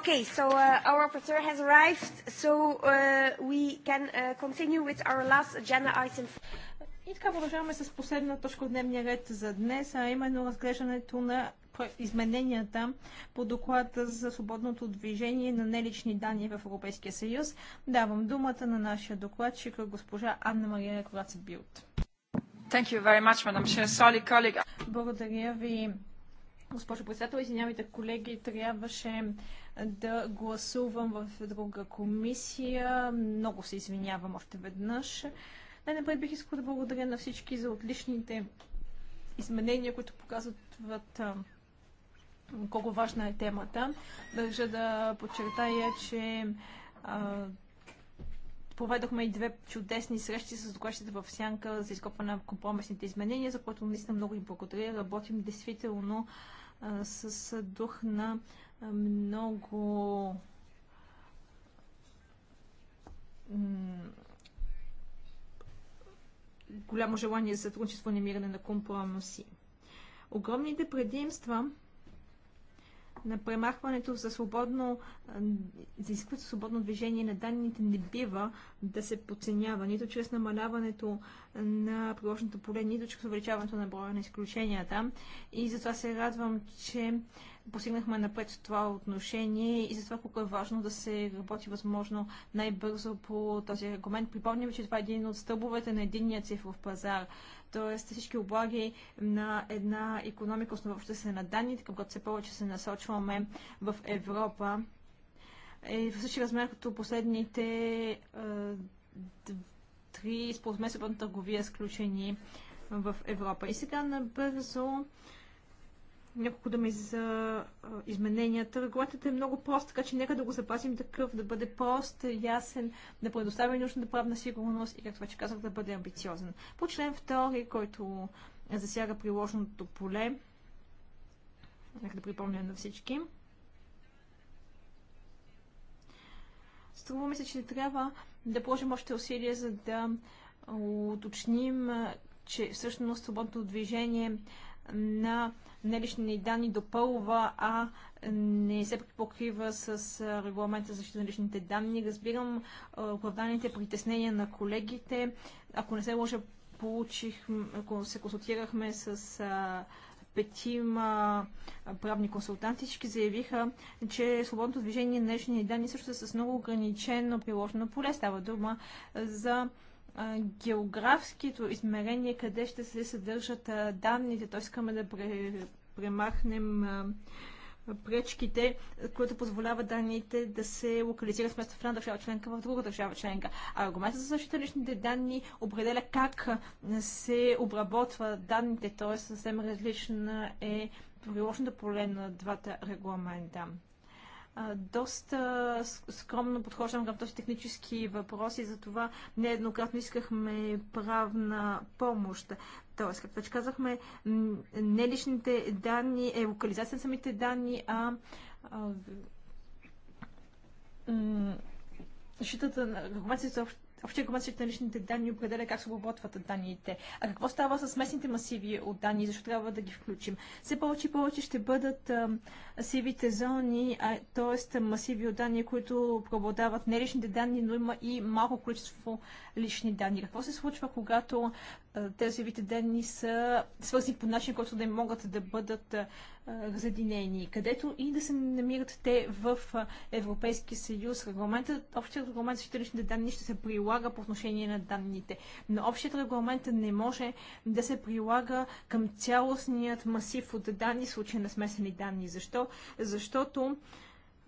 Okay, so uh, our rapporteur has arrived, so uh, we can uh, continue with our last agenda item. И така продължаваме с последна точка от дневния ред за днес, а именно разглеждането на измененията по доклада за свободното движение на нелични данни в Европейския съюз. Давам думата на нашия докладчик госпожа Анна Мария Кораца Билт. Благодаря ви, Госпожо председател, извинявайте, колеги, трябваше да гласувам в друга комисия. Много се извинявам още веднъж. Най-напред бих искал да благодаря на всички за отличните изменения, които показват колко важна е темата. Държа да подчертая, че а, проведохме и две чудесни срещи с докладчите в Сянка за изкопване на компромисните изменения, за което наистина много им благодаря. Работим действително с дух на много голямо желание за сътрудничество и намиране на компромиси. Огромните предимства на премахването за свободно, за изискването свободно движение на данните не бива да се подценява нито чрез намаляването на приложното поле, нито чрез увеличаването на броя на изключенията. И затова се радвам, че постигнахме напред в това отношение и за това колко е важно да се работи възможно най-бързо по този регламент. Припомням, че това е един от стълбовете на единния цифров пазар. Тоест всички облаги на една економика, основаваща се на данните, към се повече се насочваме в Европа, и е в същия размер като последните три споразумения за търговия, сключени в Европа. И сега набързо няколко думи за измененията. Регулацията е много прост, така че нека да го запазим такъв, да бъде прост, ясен, да предоставя нужната правна сигурност и, както вече казах, да бъде амбициозен. По член 2, който засяга приложното поле, нека да припомня на всички. Струва ми се, че трябва да положим още усилия, за да уточним, че всъщност свободното движение на нелични данни допълва, а не се покрива с регламента за защита на личните данни. Разбирам оправданите притеснения на колегите. Ако не се лъжа, получих, се консултирахме с а, петима правни консултанти, всички заявиха, че свободното движение на личните данни също е с много ограничено приложено поле. Става дума за географското измерение, къде ще се съдържат данните. Т.е. искаме да премахнем пречките, които позволяват данните да се локализират с в една държава членка в друга държава членка. А аргументът за защита личните данни определя как се обработват данните, т.е. съвсем различна е приложното поле на двата регламента доста скромно подхождам към този технически въпрос и това нееднократно искахме правна помощ. Тоест, както вече казахме, не личните данни е локализация на самите данни, а, а защитата на аргументите за общия граматичен на личните данни определя как се обработват данните. А какво става с местните масиви от данни? Защо трябва да ги включим? Все повече и повече ще бъдат а, сивите зони, т.е. масиви от данни, които преобладават не личните данни, но има и малко количество лични данни. Какво се случва, когато тези вите данни са свързани по начин, който да могат да бъдат разединени. Където и да се намират те в Европейския съюз, регламентът, общият регламент за личните данни ще се прилага по отношение на данните. Но общият регламент не може да се прилага към цялостният масив от данни, случая случай на смесени данни. Защо? Защото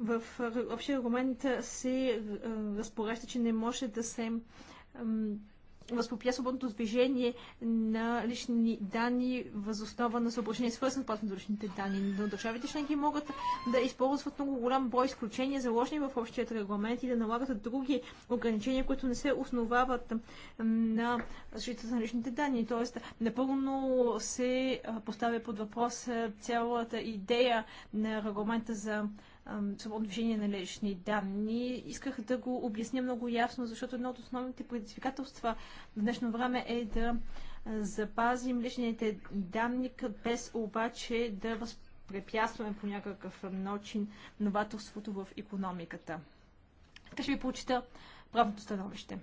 в общия регламент се разпорежда, че не може да се възпопия свободното движение на лични данни възоснова на съображение, свързано с на личните данни. Но държавите членки могат да използват много голям брой изключения, заложени в общият регламент и да налагат други ограничения, които не се основават на защитата на личните данни. Тоест, напълно се поставя под въпрос цялата идея на регламента за свободно движение на лични данни. Исках да го обясня много ясно, защото едно от основните предизвикателства в днешно време е да запазим личните данни, без обаче да възпрепятстваме по някакъв начин новаторството в економиката. Така ще ви получите правното становище.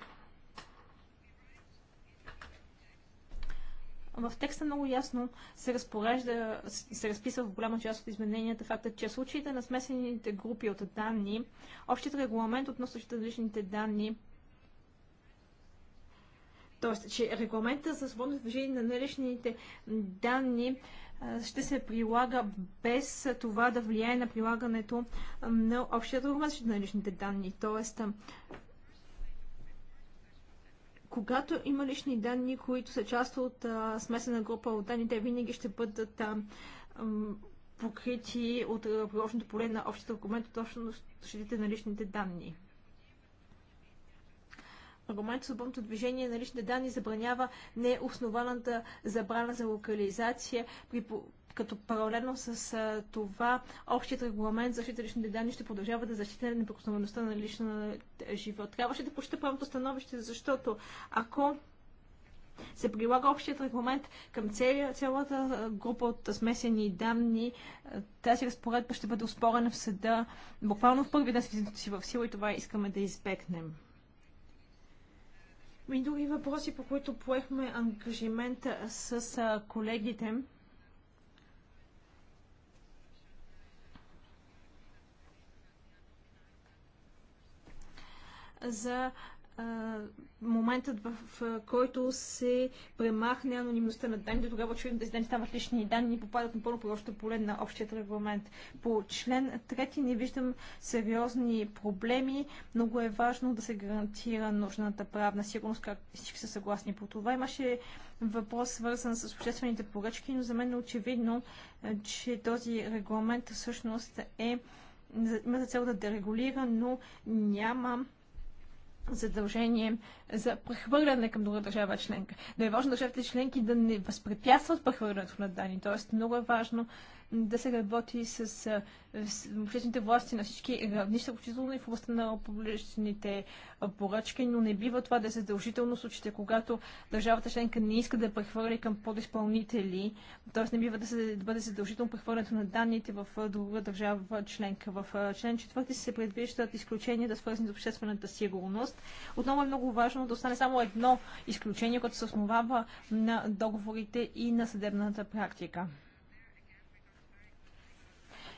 в текста много ясно се разпорежда и се разписва в голяма част от измененията факта, че в случаите на смесените групи от данни, общият регламент относно личните данни т.е. че регламента за свободно движение на наличните данни ще се прилага без това да влияе на прилагането на общия регламент на личните данни. Тоест, когато има лични данни, които са част от а, смесена група от данни, те винаги ще бъдат а, м, покрити от приложното поле на общия документ точно защитите на личните данни. Аргумент свободното движение на личните данни забранява неоснованата забрана за локализация при като паралелно с това общият регламент за защита личните данни ще продължава да защита неприкосновеността на личния е, живот. Трябваше да почита правото становище, защото ако се прилага общият регламент към целия, цялата група от смесени данни. Тази разпоредба ще бъде успорена в съда буквално в първи ден си в сила и това искаме да избегнем. И други въпроси, по които поехме ангажимента с колегите. за моментът, в, който се премахне анонимността на данните, тогава чуем тези данни стават лични данни и попадат напълно по поле на общият регламент. По член 3 не виждам сериозни проблеми. Много е важно да се гарантира нужната правна сигурност, как всички са съгласни по това. Имаше въпрос, свързан с обществените поръчки, но за мен е очевидно, че този регламент всъщност е има за цел да дерегулира, но няма задължение за прехвърляне към друга държава членка. Но е важно държавите членки да не възпрепятстват прехвърлянето на данни. Тоест много е важно да се работи с обществените власти на всички равнища, включително и в областта на публичните поръчки, но не бива това да е задължително случаите, когато държавата членка не иска да прехвърли към подизпълнители, т.е. не бива да, се, да бъде задължително прехвърлянето на данните в друга държава членка. В член 4 се предвиждат изключенията, да свързани с обществената сигурност. Отново е много важно да остане само едно изключение, което се основава на договорите и на съдебната практика.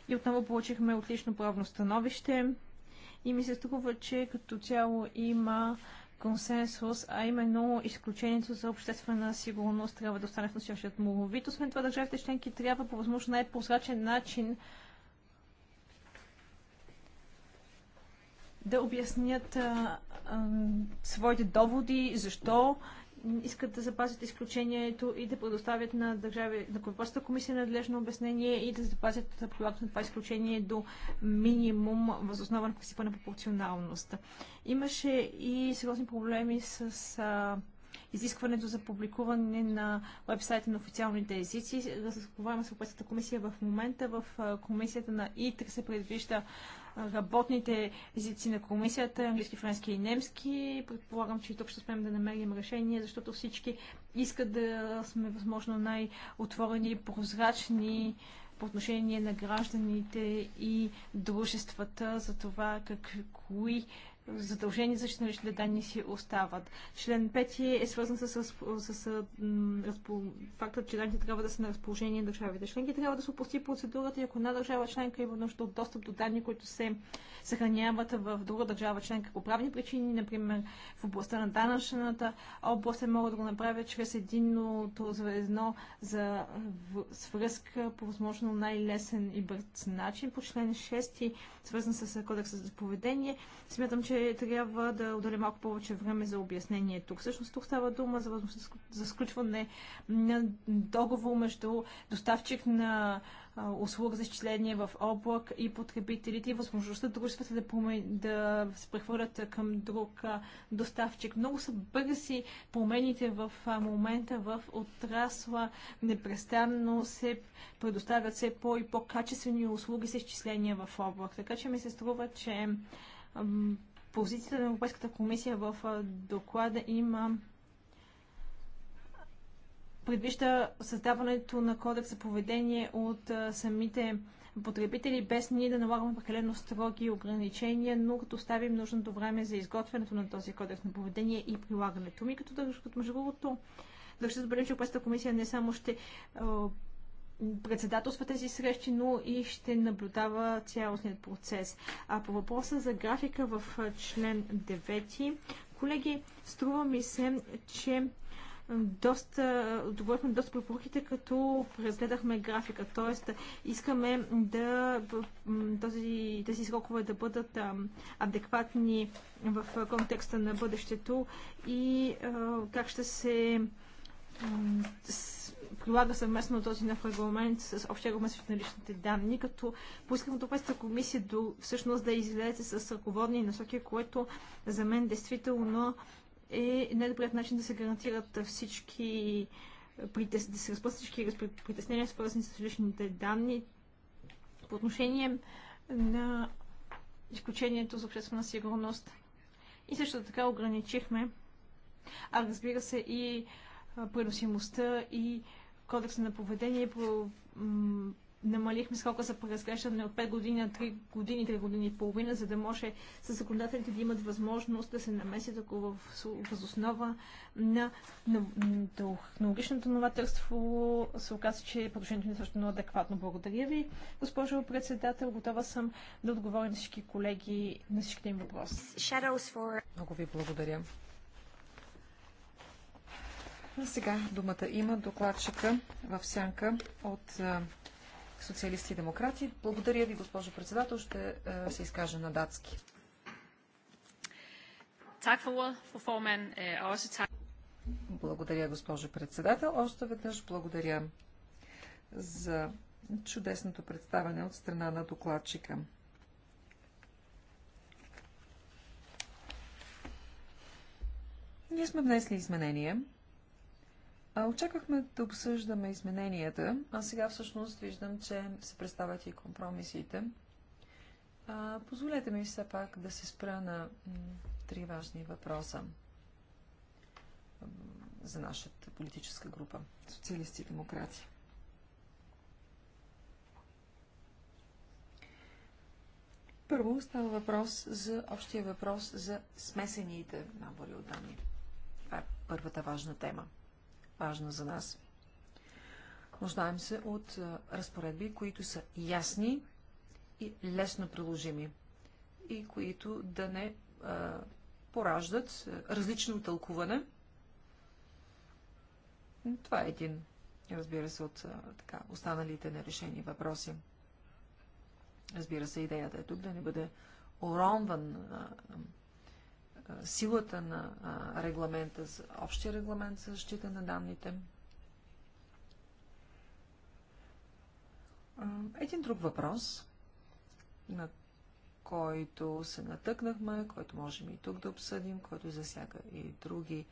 И отново получихме отлично правно становище. И ми се струва, че като цяло има консенсус, а именно изключението за обществена сигурност трябва да остане в настоящият му вид. Освен това, държавите членки трябва по възможно най-прозрачен начин да обяснят а, а, своите доводи, защо искат да запазят изключението и да предоставят на държави, на Корпорацията комисия надлежно обяснение и да запазят прилагането на това изключение до минимум възоснова на принципа на пропорционалност. Имаше и сериозни проблеми с а, изискването за публикуване на вебсайта на официалните езици. Разговаряме с Европейската комисия в момента. В комисията на ИТР се предвижда работните езици на комисията, английски, френски и немски. Предполагам, че и тук ще успеем да намерим решение, защото всички искат да сме възможно най-отворени и прозрачни по отношение на гражданите и дружествата за това как, кои задължени за на личните данни си остават. Член 5 е свързан с, с, с разпо... факта, че данните трябва да са на разположение на държавите членки. Трябва да се опусти процедурата и ако една държава членка има нужда от достъп до данни, които се съхраняват в друга държава членка по правни причини, например в областта на данъчната област, се могат да го направят чрез единното звездно за свръзка по възможно най-лесен и бърз начин по член 6, свързан с кодекса за поведение. Смятам, че че трябва да отделя малко повече време за обяснение тук. Всъщност тук става дума за възможност за сключване на договор между доставчик на услуга за изчисление в облак и потребителите и възможността дружествата да, да се прехвърлят към друг доставчик. Много са бързи промените в момента в отрасла. Непрестанно се предоставят все по- и по-качествени услуги за изчисления в облак. Така че ми се струва, че позицията на Европейската комисия в доклада има предвижда създаването на кодекс за поведение от самите потребители, без ние да налагаме прекалено строги ограничения, но като ставим нужното време за изготвянето на този кодекс на поведение и прилагането ми, като държат, между другото, държа да че Европейската комисия не само ще председателства тези срещи, но и ще наблюдава цялостният процес. А по въпроса за графика в член 9, колеги, струва ми се, че доста, отговорихме доста препоръките, като разгледахме графика. Тоест, искаме да този, тези срокове да бъдат адекватни в контекста на бъдещето и как ще се прилага съвместно този нов регламент с общия регламент на личните данни, като поискам от Европейската комисия до, всъщност да излезе с ръководни насоки, което за мен действително е най-добрият начин да се гарантират всички притес... да се разпъснат всички притеснения, свързани с личните данни. По отношение на изключението за обществена сигурност и също така ограничихме, а разбира се и преносимостта и кодекса на поведение. По, намалихме срока за преразглеждане от 5 години на 3 години, 3 години и половина, за да може с законодателите да имат възможност да се намесят, ако в възоснова на, технологичното нователство се оказа, че положението ни е също адекватно. Благодаря ви, госпожо председател. Готова съм да отговоря на всички колеги на всичките им въпроси. Много ви благодаря сега думата има докладчика в сянка от социалисти и демократи. Благодаря ви, госпожо председател. Ще се изкажа на датски. Благодаря, госпожо председател. Още веднъж благодаря за чудесното представяне от страна на докладчика. Ние сме внесли изменения Очаквахме да обсъждаме измененията, а сега всъщност виждам, че се представят и компромисите. А, позволете ми все пак да се спра на три важни въпроса за нашата политическа група социалисти и демократи. Първо става въпрос за общия въпрос за смесените набори от данни. Това е първата важна тема. Важно за нас. Нуждаем се от разпоредби, които са ясни и лесно приложими и които да не а, пораждат различно тълкуване. Това е един, разбира се, от а, така, останалите нерешени въпроси. Разбира се, идеята е тук да не бъде уронван а, силата на регламента, общия регламент за защита на данните. Един друг въпрос, на който се натъкнахме, който можем и тук да обсъдим, който засяга и други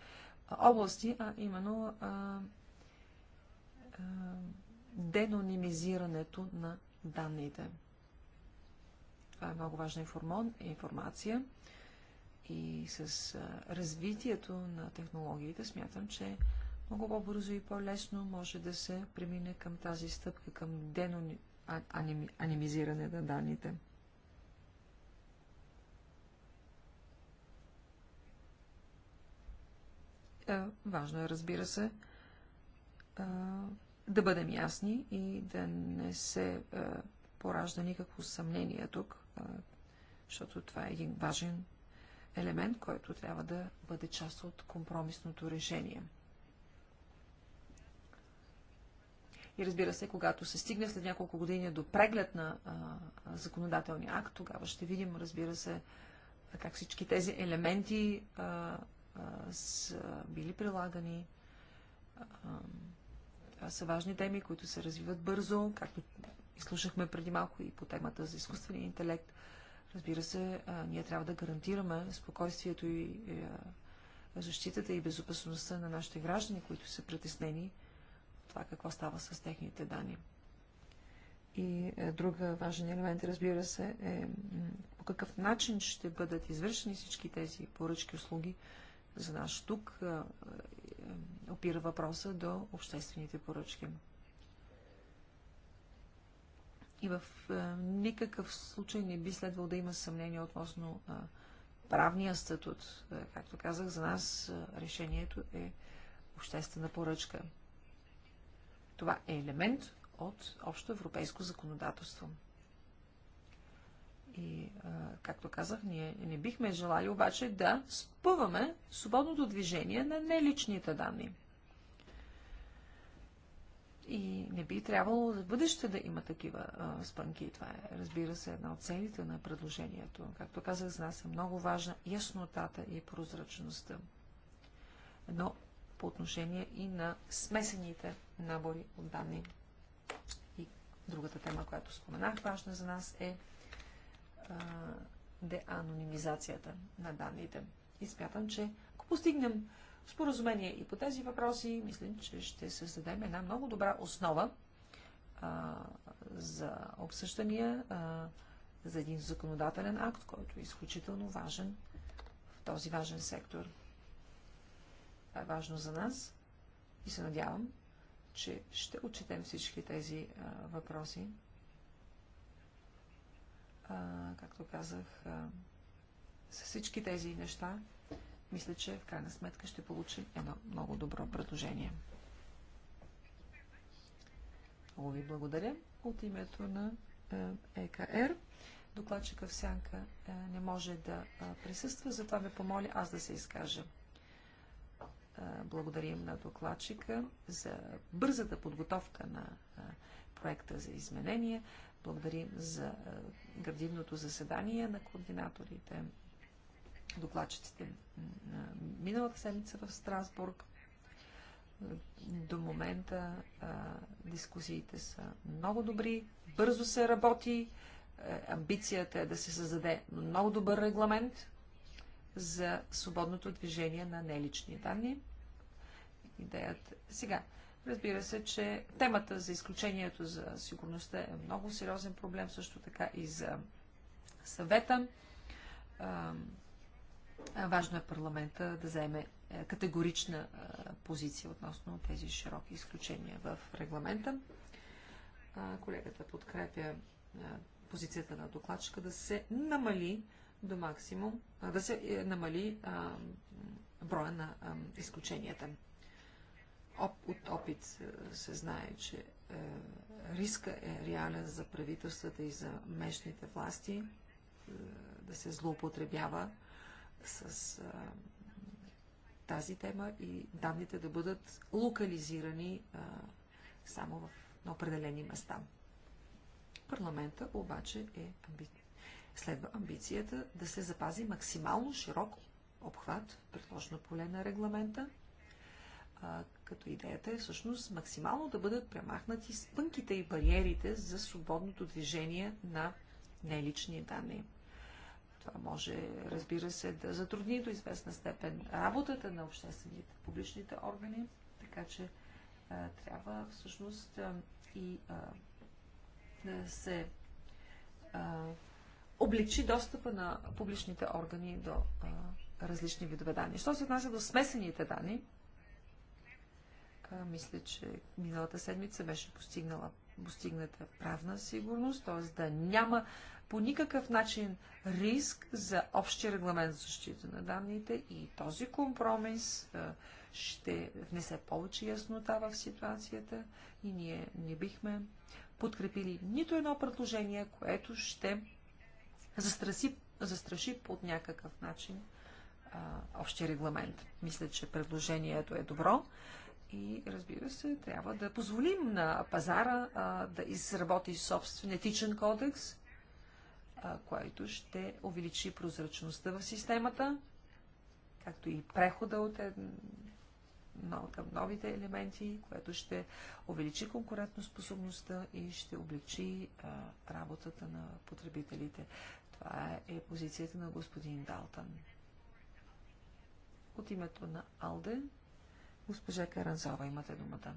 области, а именно а, а, денонимизирането на данните. Това е много важна информация. И с развитието на технологиите смятам, че много по-бързо и по-лесно може да се премине към тази стъпка, към денони... анимизиране на данните. Е, важно е, разбира се, да бъдем ясни и да не се поражда никакво съмнение тук, защото това е един важен елемент, който трябва да бъде част от компромисното решение. И разбира се, когато се стигне след няколко години до преглед на а, законодателния акт, тогава ще видим, разбира се, как всички тези елементи а, а, са били прилагани. А, това са важни теми, които се развиват бързо, както изслушахме преди малко и по темата за изкуствения интелект. Разбира се, ние трябва да гарантираме спокойствието и, е, защитата и безопасността на нашите граждани, които са притеснени това какво става с техните данни. И е, друга важен елемент, разбира се, е по какъв начин ще бъдат извършени всички тези поръчки, услуги за наш тук, е, опира въпроса до обществените поръчки и в е, никакъв случай не би следвало да има съмнение относно е, правния статут. Е, както казах, за нас решението е обществена поръчка. Това е елемент от общо европейско законодателство. И, както казах, ние не бихме желали обаче да спъваме свободното движение на неличните данни. И не би трябвало за бъдеще да има такива а, спънки. Това е, разбира се, една от целите на предложението. Както казах, за нас е много важна яснотата и прозрачността. Но по отношение и на смесените набори от данни. И другата тема, която споменах, важна за нас е а, деанонимизацията на данните. И смятам, че ако постигнем споразумение и по тези въпроси. Мислим, че ще създадем една много добра основа а, за обсъждания, а, за един законодателен акт, който е изключително важен в този важен сектор. Това е важно за нас и се надявам, че ще отчетем всички тези а, въпроси. А, както казах, а, с всички тези неща мисля, че в крайна сметка ще получим едно много добро предложение. Много ви благодаря от името на ЕКР. Е докладчика в сянка е, не може да е, присъства, затова ви помоля аз да се изкажа. Благодарим на докладчика за бързата подготовка на проекта за изменение. Благодарим за градивното заседание на координаторите докладчиците миналата седмица в Страсбург. До момента а, дискусиите са много добри, бързо се работи, амбицията е да се създаде много добър регламент за свободното движение на нелични данни. Идеята е сега. Разбира се, че темата за изключението за сигурността е много сериозен проблем, също така и за съвета. Важно е парламента да заеме е, категорична позиция относно тези широки изключения в регламента. Колегата подкрепя позицията на докладчика да се намали до максимум, да се е, намали броя на изключенията. От опит се знае, че е, риска е реален за правителствата и за местните власти да се злоупотребява с а, тази тема и данните да бъдат локализирани а, само в, на определени места. Парламента обаче е амби... следва амбицията да се запази максимално широк обхват, предложено поле на регламента, а, като идеята е всъщност максимално да бъдат премахнати спънките и бариерите за свободното движение на нелични данни. Това може, разбира се, да затрудни до известна степен работата на обществените, публичните органи, така че а, трябва всъщност а, и а, да се а, обличи достъпа на публичните органи до а, различни видове данни. Що се отнася до смесените данни, а, мисля, че миналата седмица беше постигнала, постигната правна сигурност, т.е. да няма по никакъв начин риск за общия регламент за защита на данните и този компромис ще внесе повече яснота в ситуацията и ние не бихме подкрепили нито едно предложение, което ще застраси, застраши под някакъв начин а, общия регламент. Мисля, че предложението е добро и разбира се, трябва да позволим на пазара а, да изработи собствен етичен кодекс, което ще увеличи прозрачността в системата, както и прехода от едно към новите елементи, което ще увеличи конкурентоспособността и ще облегчи работата на потребителите. Това е позицията на господин Далтан. От името на Алде, госпожа Каранзова, имате думата.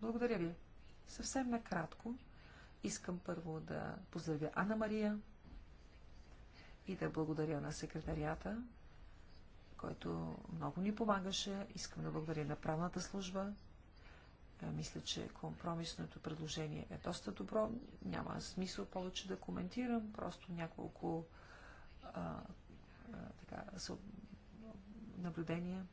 Благодаря ви. Съвсем накратко искам първо да поздравя Анна Мария и да благодаря на секретарията, който много ни помагаше. Искам да благодаря на правната служба. Е, мисля, че компромисното предложение е доста добро. Няма смисъл повече да коментирам. Просто няколко а, а, така, наблюдения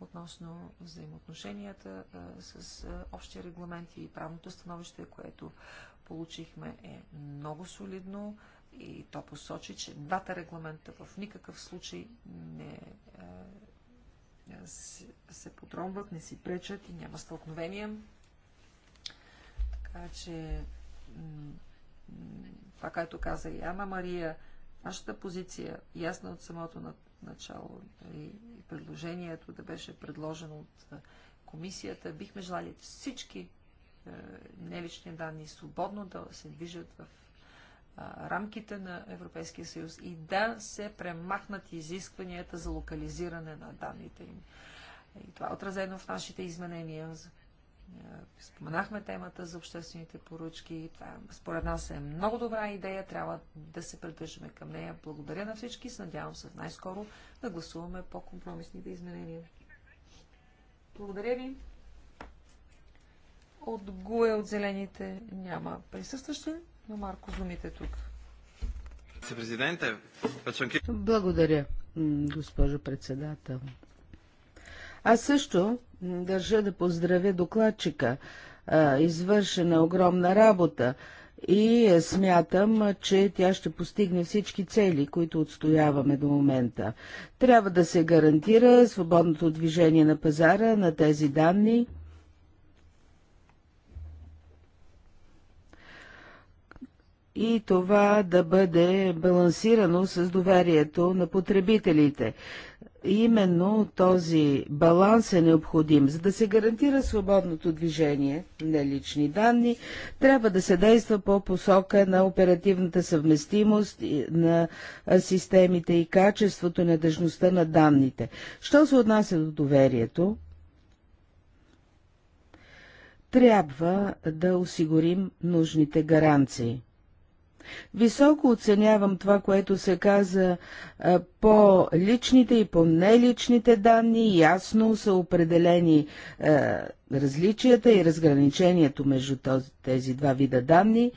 относно взаимоотношенията а, с а, общия регламент и правното становище, което получихме е много солидно. И то посочи, че двата регламента в никакъв случай не е, е, се потромват, не си пречат и няма стълкновения. Така че това, което каза и Ана Мария, нашата позиция, ясна от самото начало нали, и предложението да беше предложено от е, комисията, бихме желали всички нелични данни свободно да се движат в рамките на Европейския съюз и да се премахнат изискванията за локализиране на данните им. И това е отразено в нашите изменения. Споменахме темата за обществените поръчки. Това според нас е много добра идея. Трябва да се придържаме към нея. Благодаря на всички. надявам се най-скоро да гласуваме по компромисните изменения. Благодаря ви. От ГУЕ от зелените няма присъстващи. Но Марко, думите тук. Благодаря, госпожо председател. Аз също държа да поздравя докладчика. Извършена огромна работа и е, смятам, че тя ще постигне всички цели, които отстояваме до момента. Трябва да се гарантира свободното движение на пазара на тези данни – и това да бъде балансирано с доверието на потребителите. Именно този баланс е необходим. За да се гарантира свободното движение на лични данни, трябва да се действа по посока на оперативната съвместимост на системите и качеството на дъжността на данните. Що се отнася до доверието? Трябва да осигурим нужните гаранции. Високо оценявам това, което се каза по личните и по неличните данни. Ясно са определени различията и разграничението между тези два вида данни.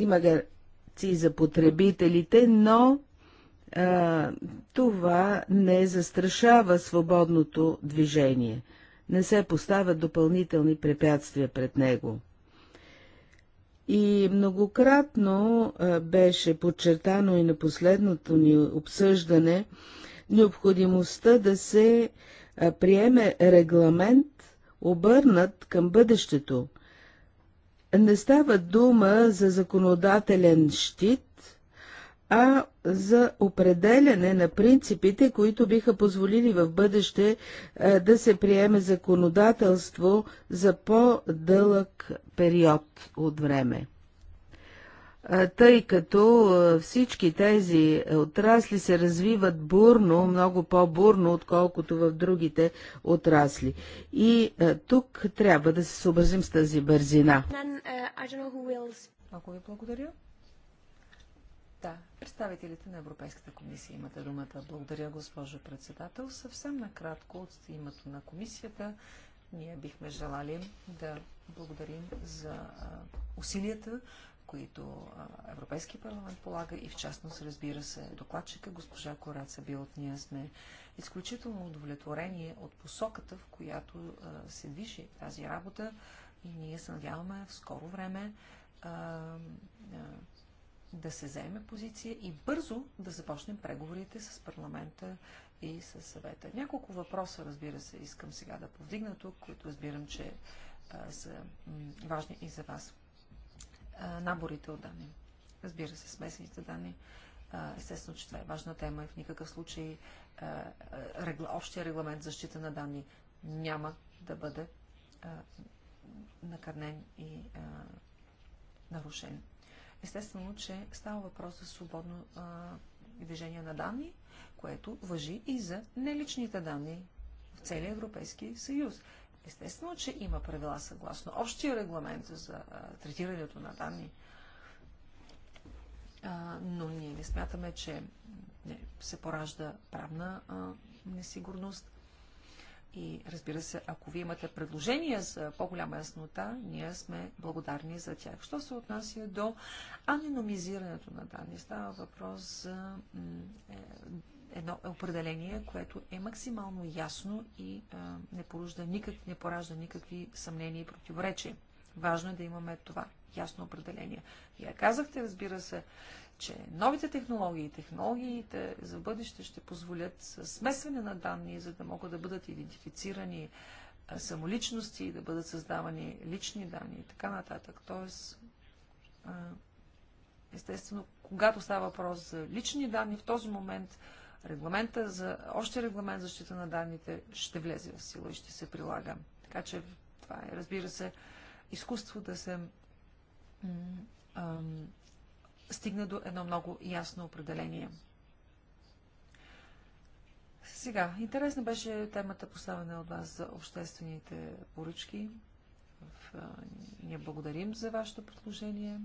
Има гаранции за потребителите, но това не застрашава свободното движение. Не се поставят допълнителни препятствия пред него. И многократно беше подчертано и на последното ни обсъждане необходимостта да се приеме регламент, обърнат към бъдещето. Не става дума за законодателен щит, а за определяне на принципите, които биха позволили в бъдеще е, да се приеме законодателство за по-дълъг период от време. тъй като е, всички тези отрасли се развиват бурно, много по-бурно, отколкото в другите отрасли. И е, тук трябва да се съобразим с тази бързина. ако ви благодаря. Да, представителите на Европейската комисия имате думата. Благодаря, госпожо председател. Съвсем накратко от името на комисията ние бихме желали да благодарим за усилията, които Европейски парламент полага и в частност, разбира се, докладчика госпожа Кораца от Ние сме изключително удовлетворени от посоката, в която се движи тази работа и ние се надяваме в скоро време да се заеме позиция и бързо да започнем преговорите с парламента и с съвета. Няколко въпроса, разбира се, искам сега да повдигна тук, които разбирам, че а, са важни и за вас. А, наборите от данни. Разбира се, смесените данни. А, естествено, че това е важна тема и в никакъв случай а, регла, общия регламент защита на данни няма да бъде а, накърнен и а, нарушен. Естествено, че става въпрос за свободно а, движение на данни, което въжи и за неличните данни в целия Европейски съюз. Естествено, че има правила съгласно общия регламент за а, третирането на данни, а, но ние не смятаме, че не, се поражда правна а, несигурност и разбира се, ако ви имате предложения за по-голяма яснота, ние сме благодарни за тях. Що се отнася до анонимизирането на данни, става въпрос за е, едно определение, което е максимално ясно и не, поружда никак, не поражда никакви съмнения и противоречия. Важно е да имаме това ясно определение. Вие казахте, разбира се, че новите технологии и технологиите за бъдеще ще позволят смесване на данни, за да могат да бъдат идентифицирани самоличности, да бъдат създавани лични данни и така нататък. Тоест, естествено, когато става въпрос за лични данни, в този момент регламента за, още регламент за защита на данните ще влезе в сила и ще се прилага. Така че това е, разбира се, изкуство да се стигна до едно много ясно определение. Сега, интересна беше темата поставена от вас за обществените поръчки. Ние благодарим за вашето предложение.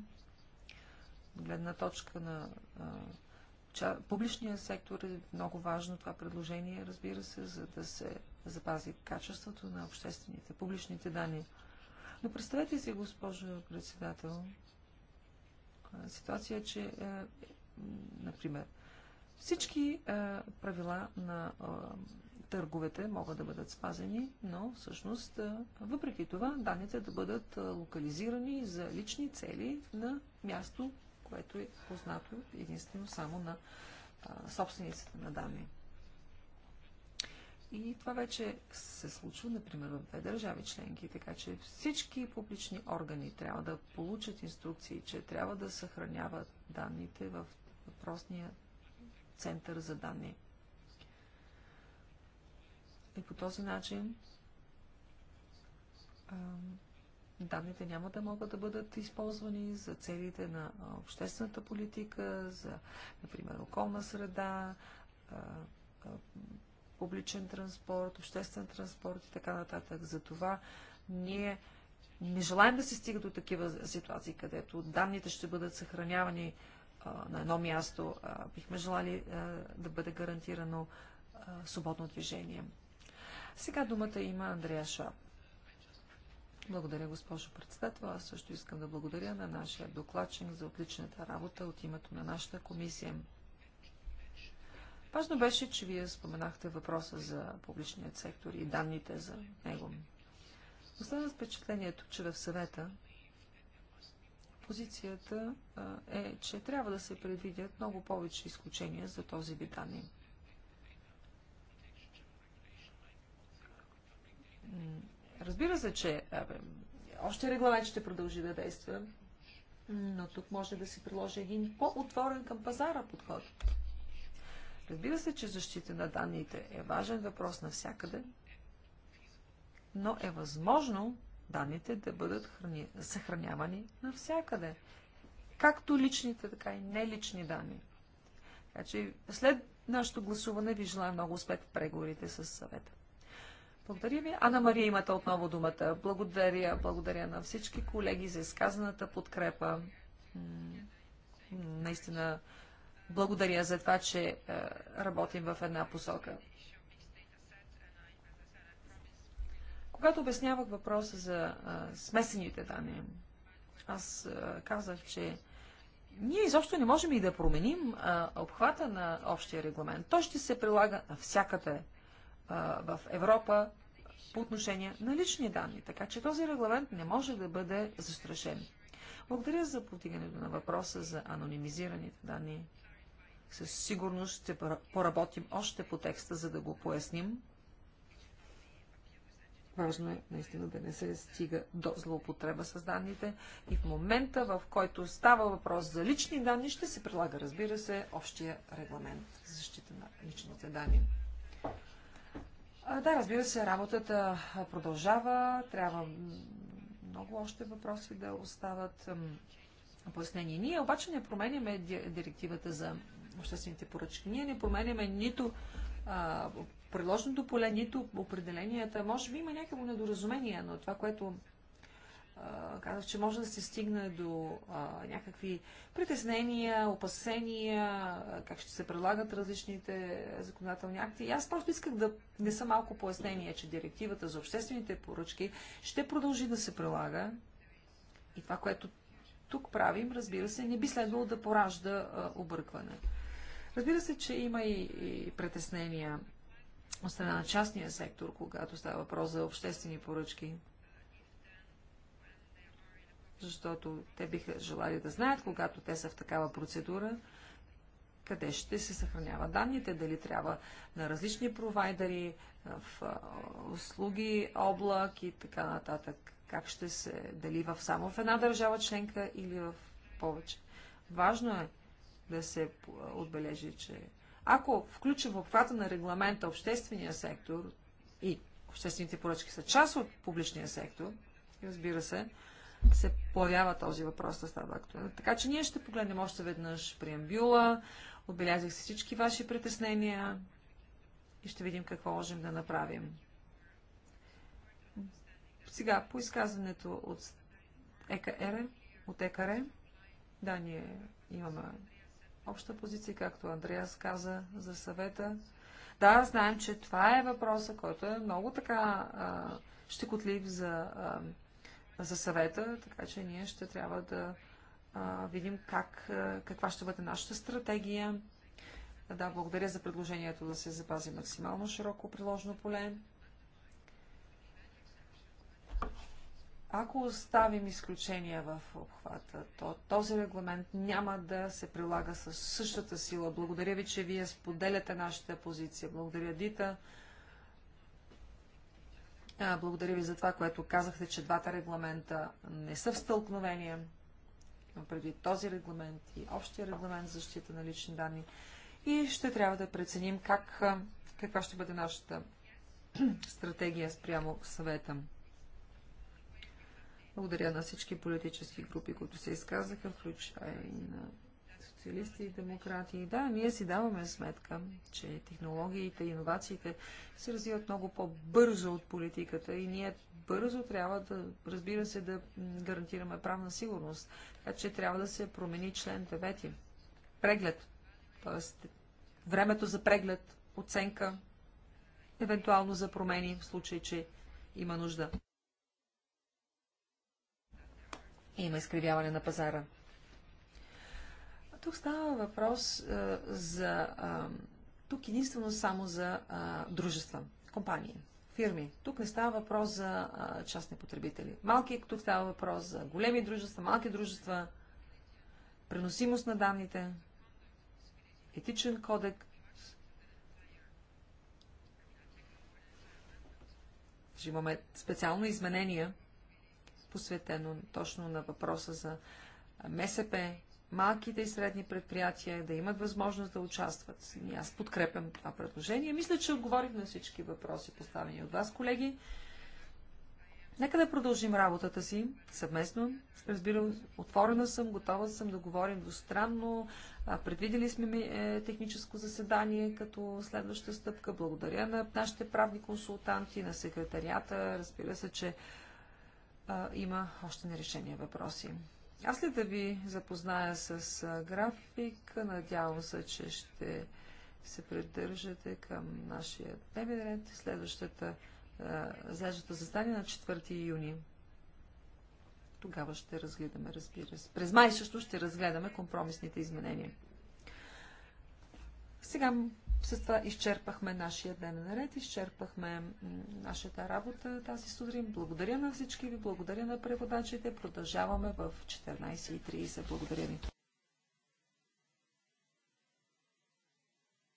Гледна точка на а, публичния сектор е много важно това предложение, разбира се, за да се запази качеството на обществените, публичните данни. Но представете си, госпожо председател, ситуация, е, че, например, всички е, правила на е, търговете могат да бъдат спазени, но всъщност, е, въпреки това, данните да бъдат локализирани за лични цели на място, което е познато единствено само на собствениците на данни. И това вече се случва, например, в две държави членки, така че всички публични органи трябва да получат инструкции, че трябва да съхраняват данните в въпросния център за данни. И по този начин данните няма да могат да бъдат използвани за целите на обществената политика, за, например, околна среда, публичен транспорт, обществен транспорт и така нататък. Затова ние не желаем да се стига до такива ситуации, където данните ще бъдат съхранявани а, на едно място. А, бихме желали а, да бъде гарантирано а, свободно движение. Сега думата има Андрея Шап. Благодаря, госпожо председател. Аз също искам да благодаря на нашия докладчик за отличната работа от името на нашата комисия. Важно беше, че вие споменахте въпроса за публичният сектор и данните за него. Остана впечатлението, че в съвета позицията е, че трябва да се предвидят много повече изключения за този вид данни. Разбира се, че абе, още регламент ще продължи да действа, но тук може да се приложи един по-отворен към пазара подход. Разбира се, че защита на данните е важен въпрос навсякъде, но е възможно данните да бъдат храни... съхранявани навсякъде. Както личните, така и нелични данни. Така че след нашето гласуване ви желая много успех в преговорите с съвета. Благодаря ви. Ана Мария, имате отново думата. Благодаря. Благодаря на всички колеги за изказаната подкрепа. Наистина благодаря за това, че е, работим в една посока. Когато обяснявах въпроса за е, смесените данни, аз е, казах, че ние изобщо не можем и да променим обхвата на общия регламент. Той ще се прилага навсякъде в Европа по отношение на лични данни, така че този регламент не може да бъде застрашен. Благодаря за повдигането на въпроса за анонимизираните данни. Със сигурност ще поработим още по текста, за да го поясним. Важно е наистина да не се стига до злоупотреба с данните и в момента, в който става въпрос за лични данни, ще се прилага, разбира се, общия регламент за защита на личните данни. да, разбира се, работата продължава. Трябва много още въпроси да остават пояснени. Ние обаче не променяме директивата за обществените поръчки. Ние не променяме нито а, предложното поле, нито определенията. Може би има някакво недоразумение, но това, което а, казах, че може да се стигне до а, някакви притеснения, опасения, как ще се прилагат различните законодателни акти. И аз просто исках да не са малко пояснение, че директивата за обществените поръчки ще продължи да се прилага. И това, което тук правим, разбира се, не би следвало да поражда а, объркване. Разбира се, че има и, и притеснения от страна на частния сектор, когато става въпрос за обществени поръчки. Защото те биха желали да знаят, когато те са в такава процедура, къде ще се съхраняват данните, дали трябва на различни провайдери, в услуги, облак и така нататък. Как ще се, дали в само в една държава членка или в повече. Важно е да се отбележи, че ако включим в обхвата на регламента обществения сектор и обществените поръчки са част от публичния сектор, разбира се, се появява този въпрос да става актуален. Така че ние ще погледнем още веднъж преамбюла, отбелязах се всички ваши притеснения и ще видим какво можем да направим. Сега, по изказването от ЕКР, от ЕКР, да, ние имаме обща позиция, както Андреас каза за съвета. Да, знаем, че това е въпроса, който е много така а, щекотлив за, а, за съвета, така че ние ще трябва да а, видим как, а, каква ще бъде нашата стратегия. Да, благодаря за предложението да се запази максимално широко приложено поле. Ако оставим изключения в обхвата, то този регламент няма да се прилага със същата сила. Благодаря ви, че вие споделяте нашата позиция. Благодаря, Дита. Благодаря ви за това, което казахте, че двата регламента не са в стълкновение. Преди този регламент и общия регламент за защита на лични данни. И ще трябва да преценим как, каква ще бъде нашата стратегия спрямо съвета. Благодаря на всички политически групи, които се изказаха, включая и на социалисти и демократи. Да, ние си даваме сметка, че технологиите, иновациите се развиват много по-бързо от политиката и ние бързо трябва да, разбира се, да гарантираме правна сигурност. Така че трябва да се промени член 9. Преглед. Тоест, времето за преглед, оценка, евентуално за промени в случай, че има нужда. има изкривяване на пазара. Тук става въпрос а, за. А, тук единствено само за а, дружества, компании, фирми. Тук не става въпрос за а, частни потребители. Малки, тук става въпрос за големи дружества, малки дружества, преносимост на данните, етичен кодек. Ще имаме специално изменения посветено точно на въпроса за МСП, малките и средни предприятия, да имат възможност да участват. И аз подкрепям това предложение. Мисля, че отговорих на всички въпроси, поставени от вас, колеги. Нека да продължим работата си съвместно. Разбирам, отворена съм, готова съм да говорим двустранно. Предвидели сме е, техническо заседание като следваща стъпка. Благодаря на нашите правни консултанти, на секретарията. Разбира се, че а, има още нерешени въпроси. Аз ли да ви запозная с график? Надявам се, че ще се придържате към нашия дневен ред. Следващата, а, следващото на 4 юни. Тогава ще разгледаме, разбира се. През май също ще разгледаме компромисните изменения. Сега с това изчерпахме нашия дневен наред, изчерпахме нашата работа тази сутрин. Благодаря на всички ви, благодаря на преводачите. Продължаваме в 14.30. Благодаря ви.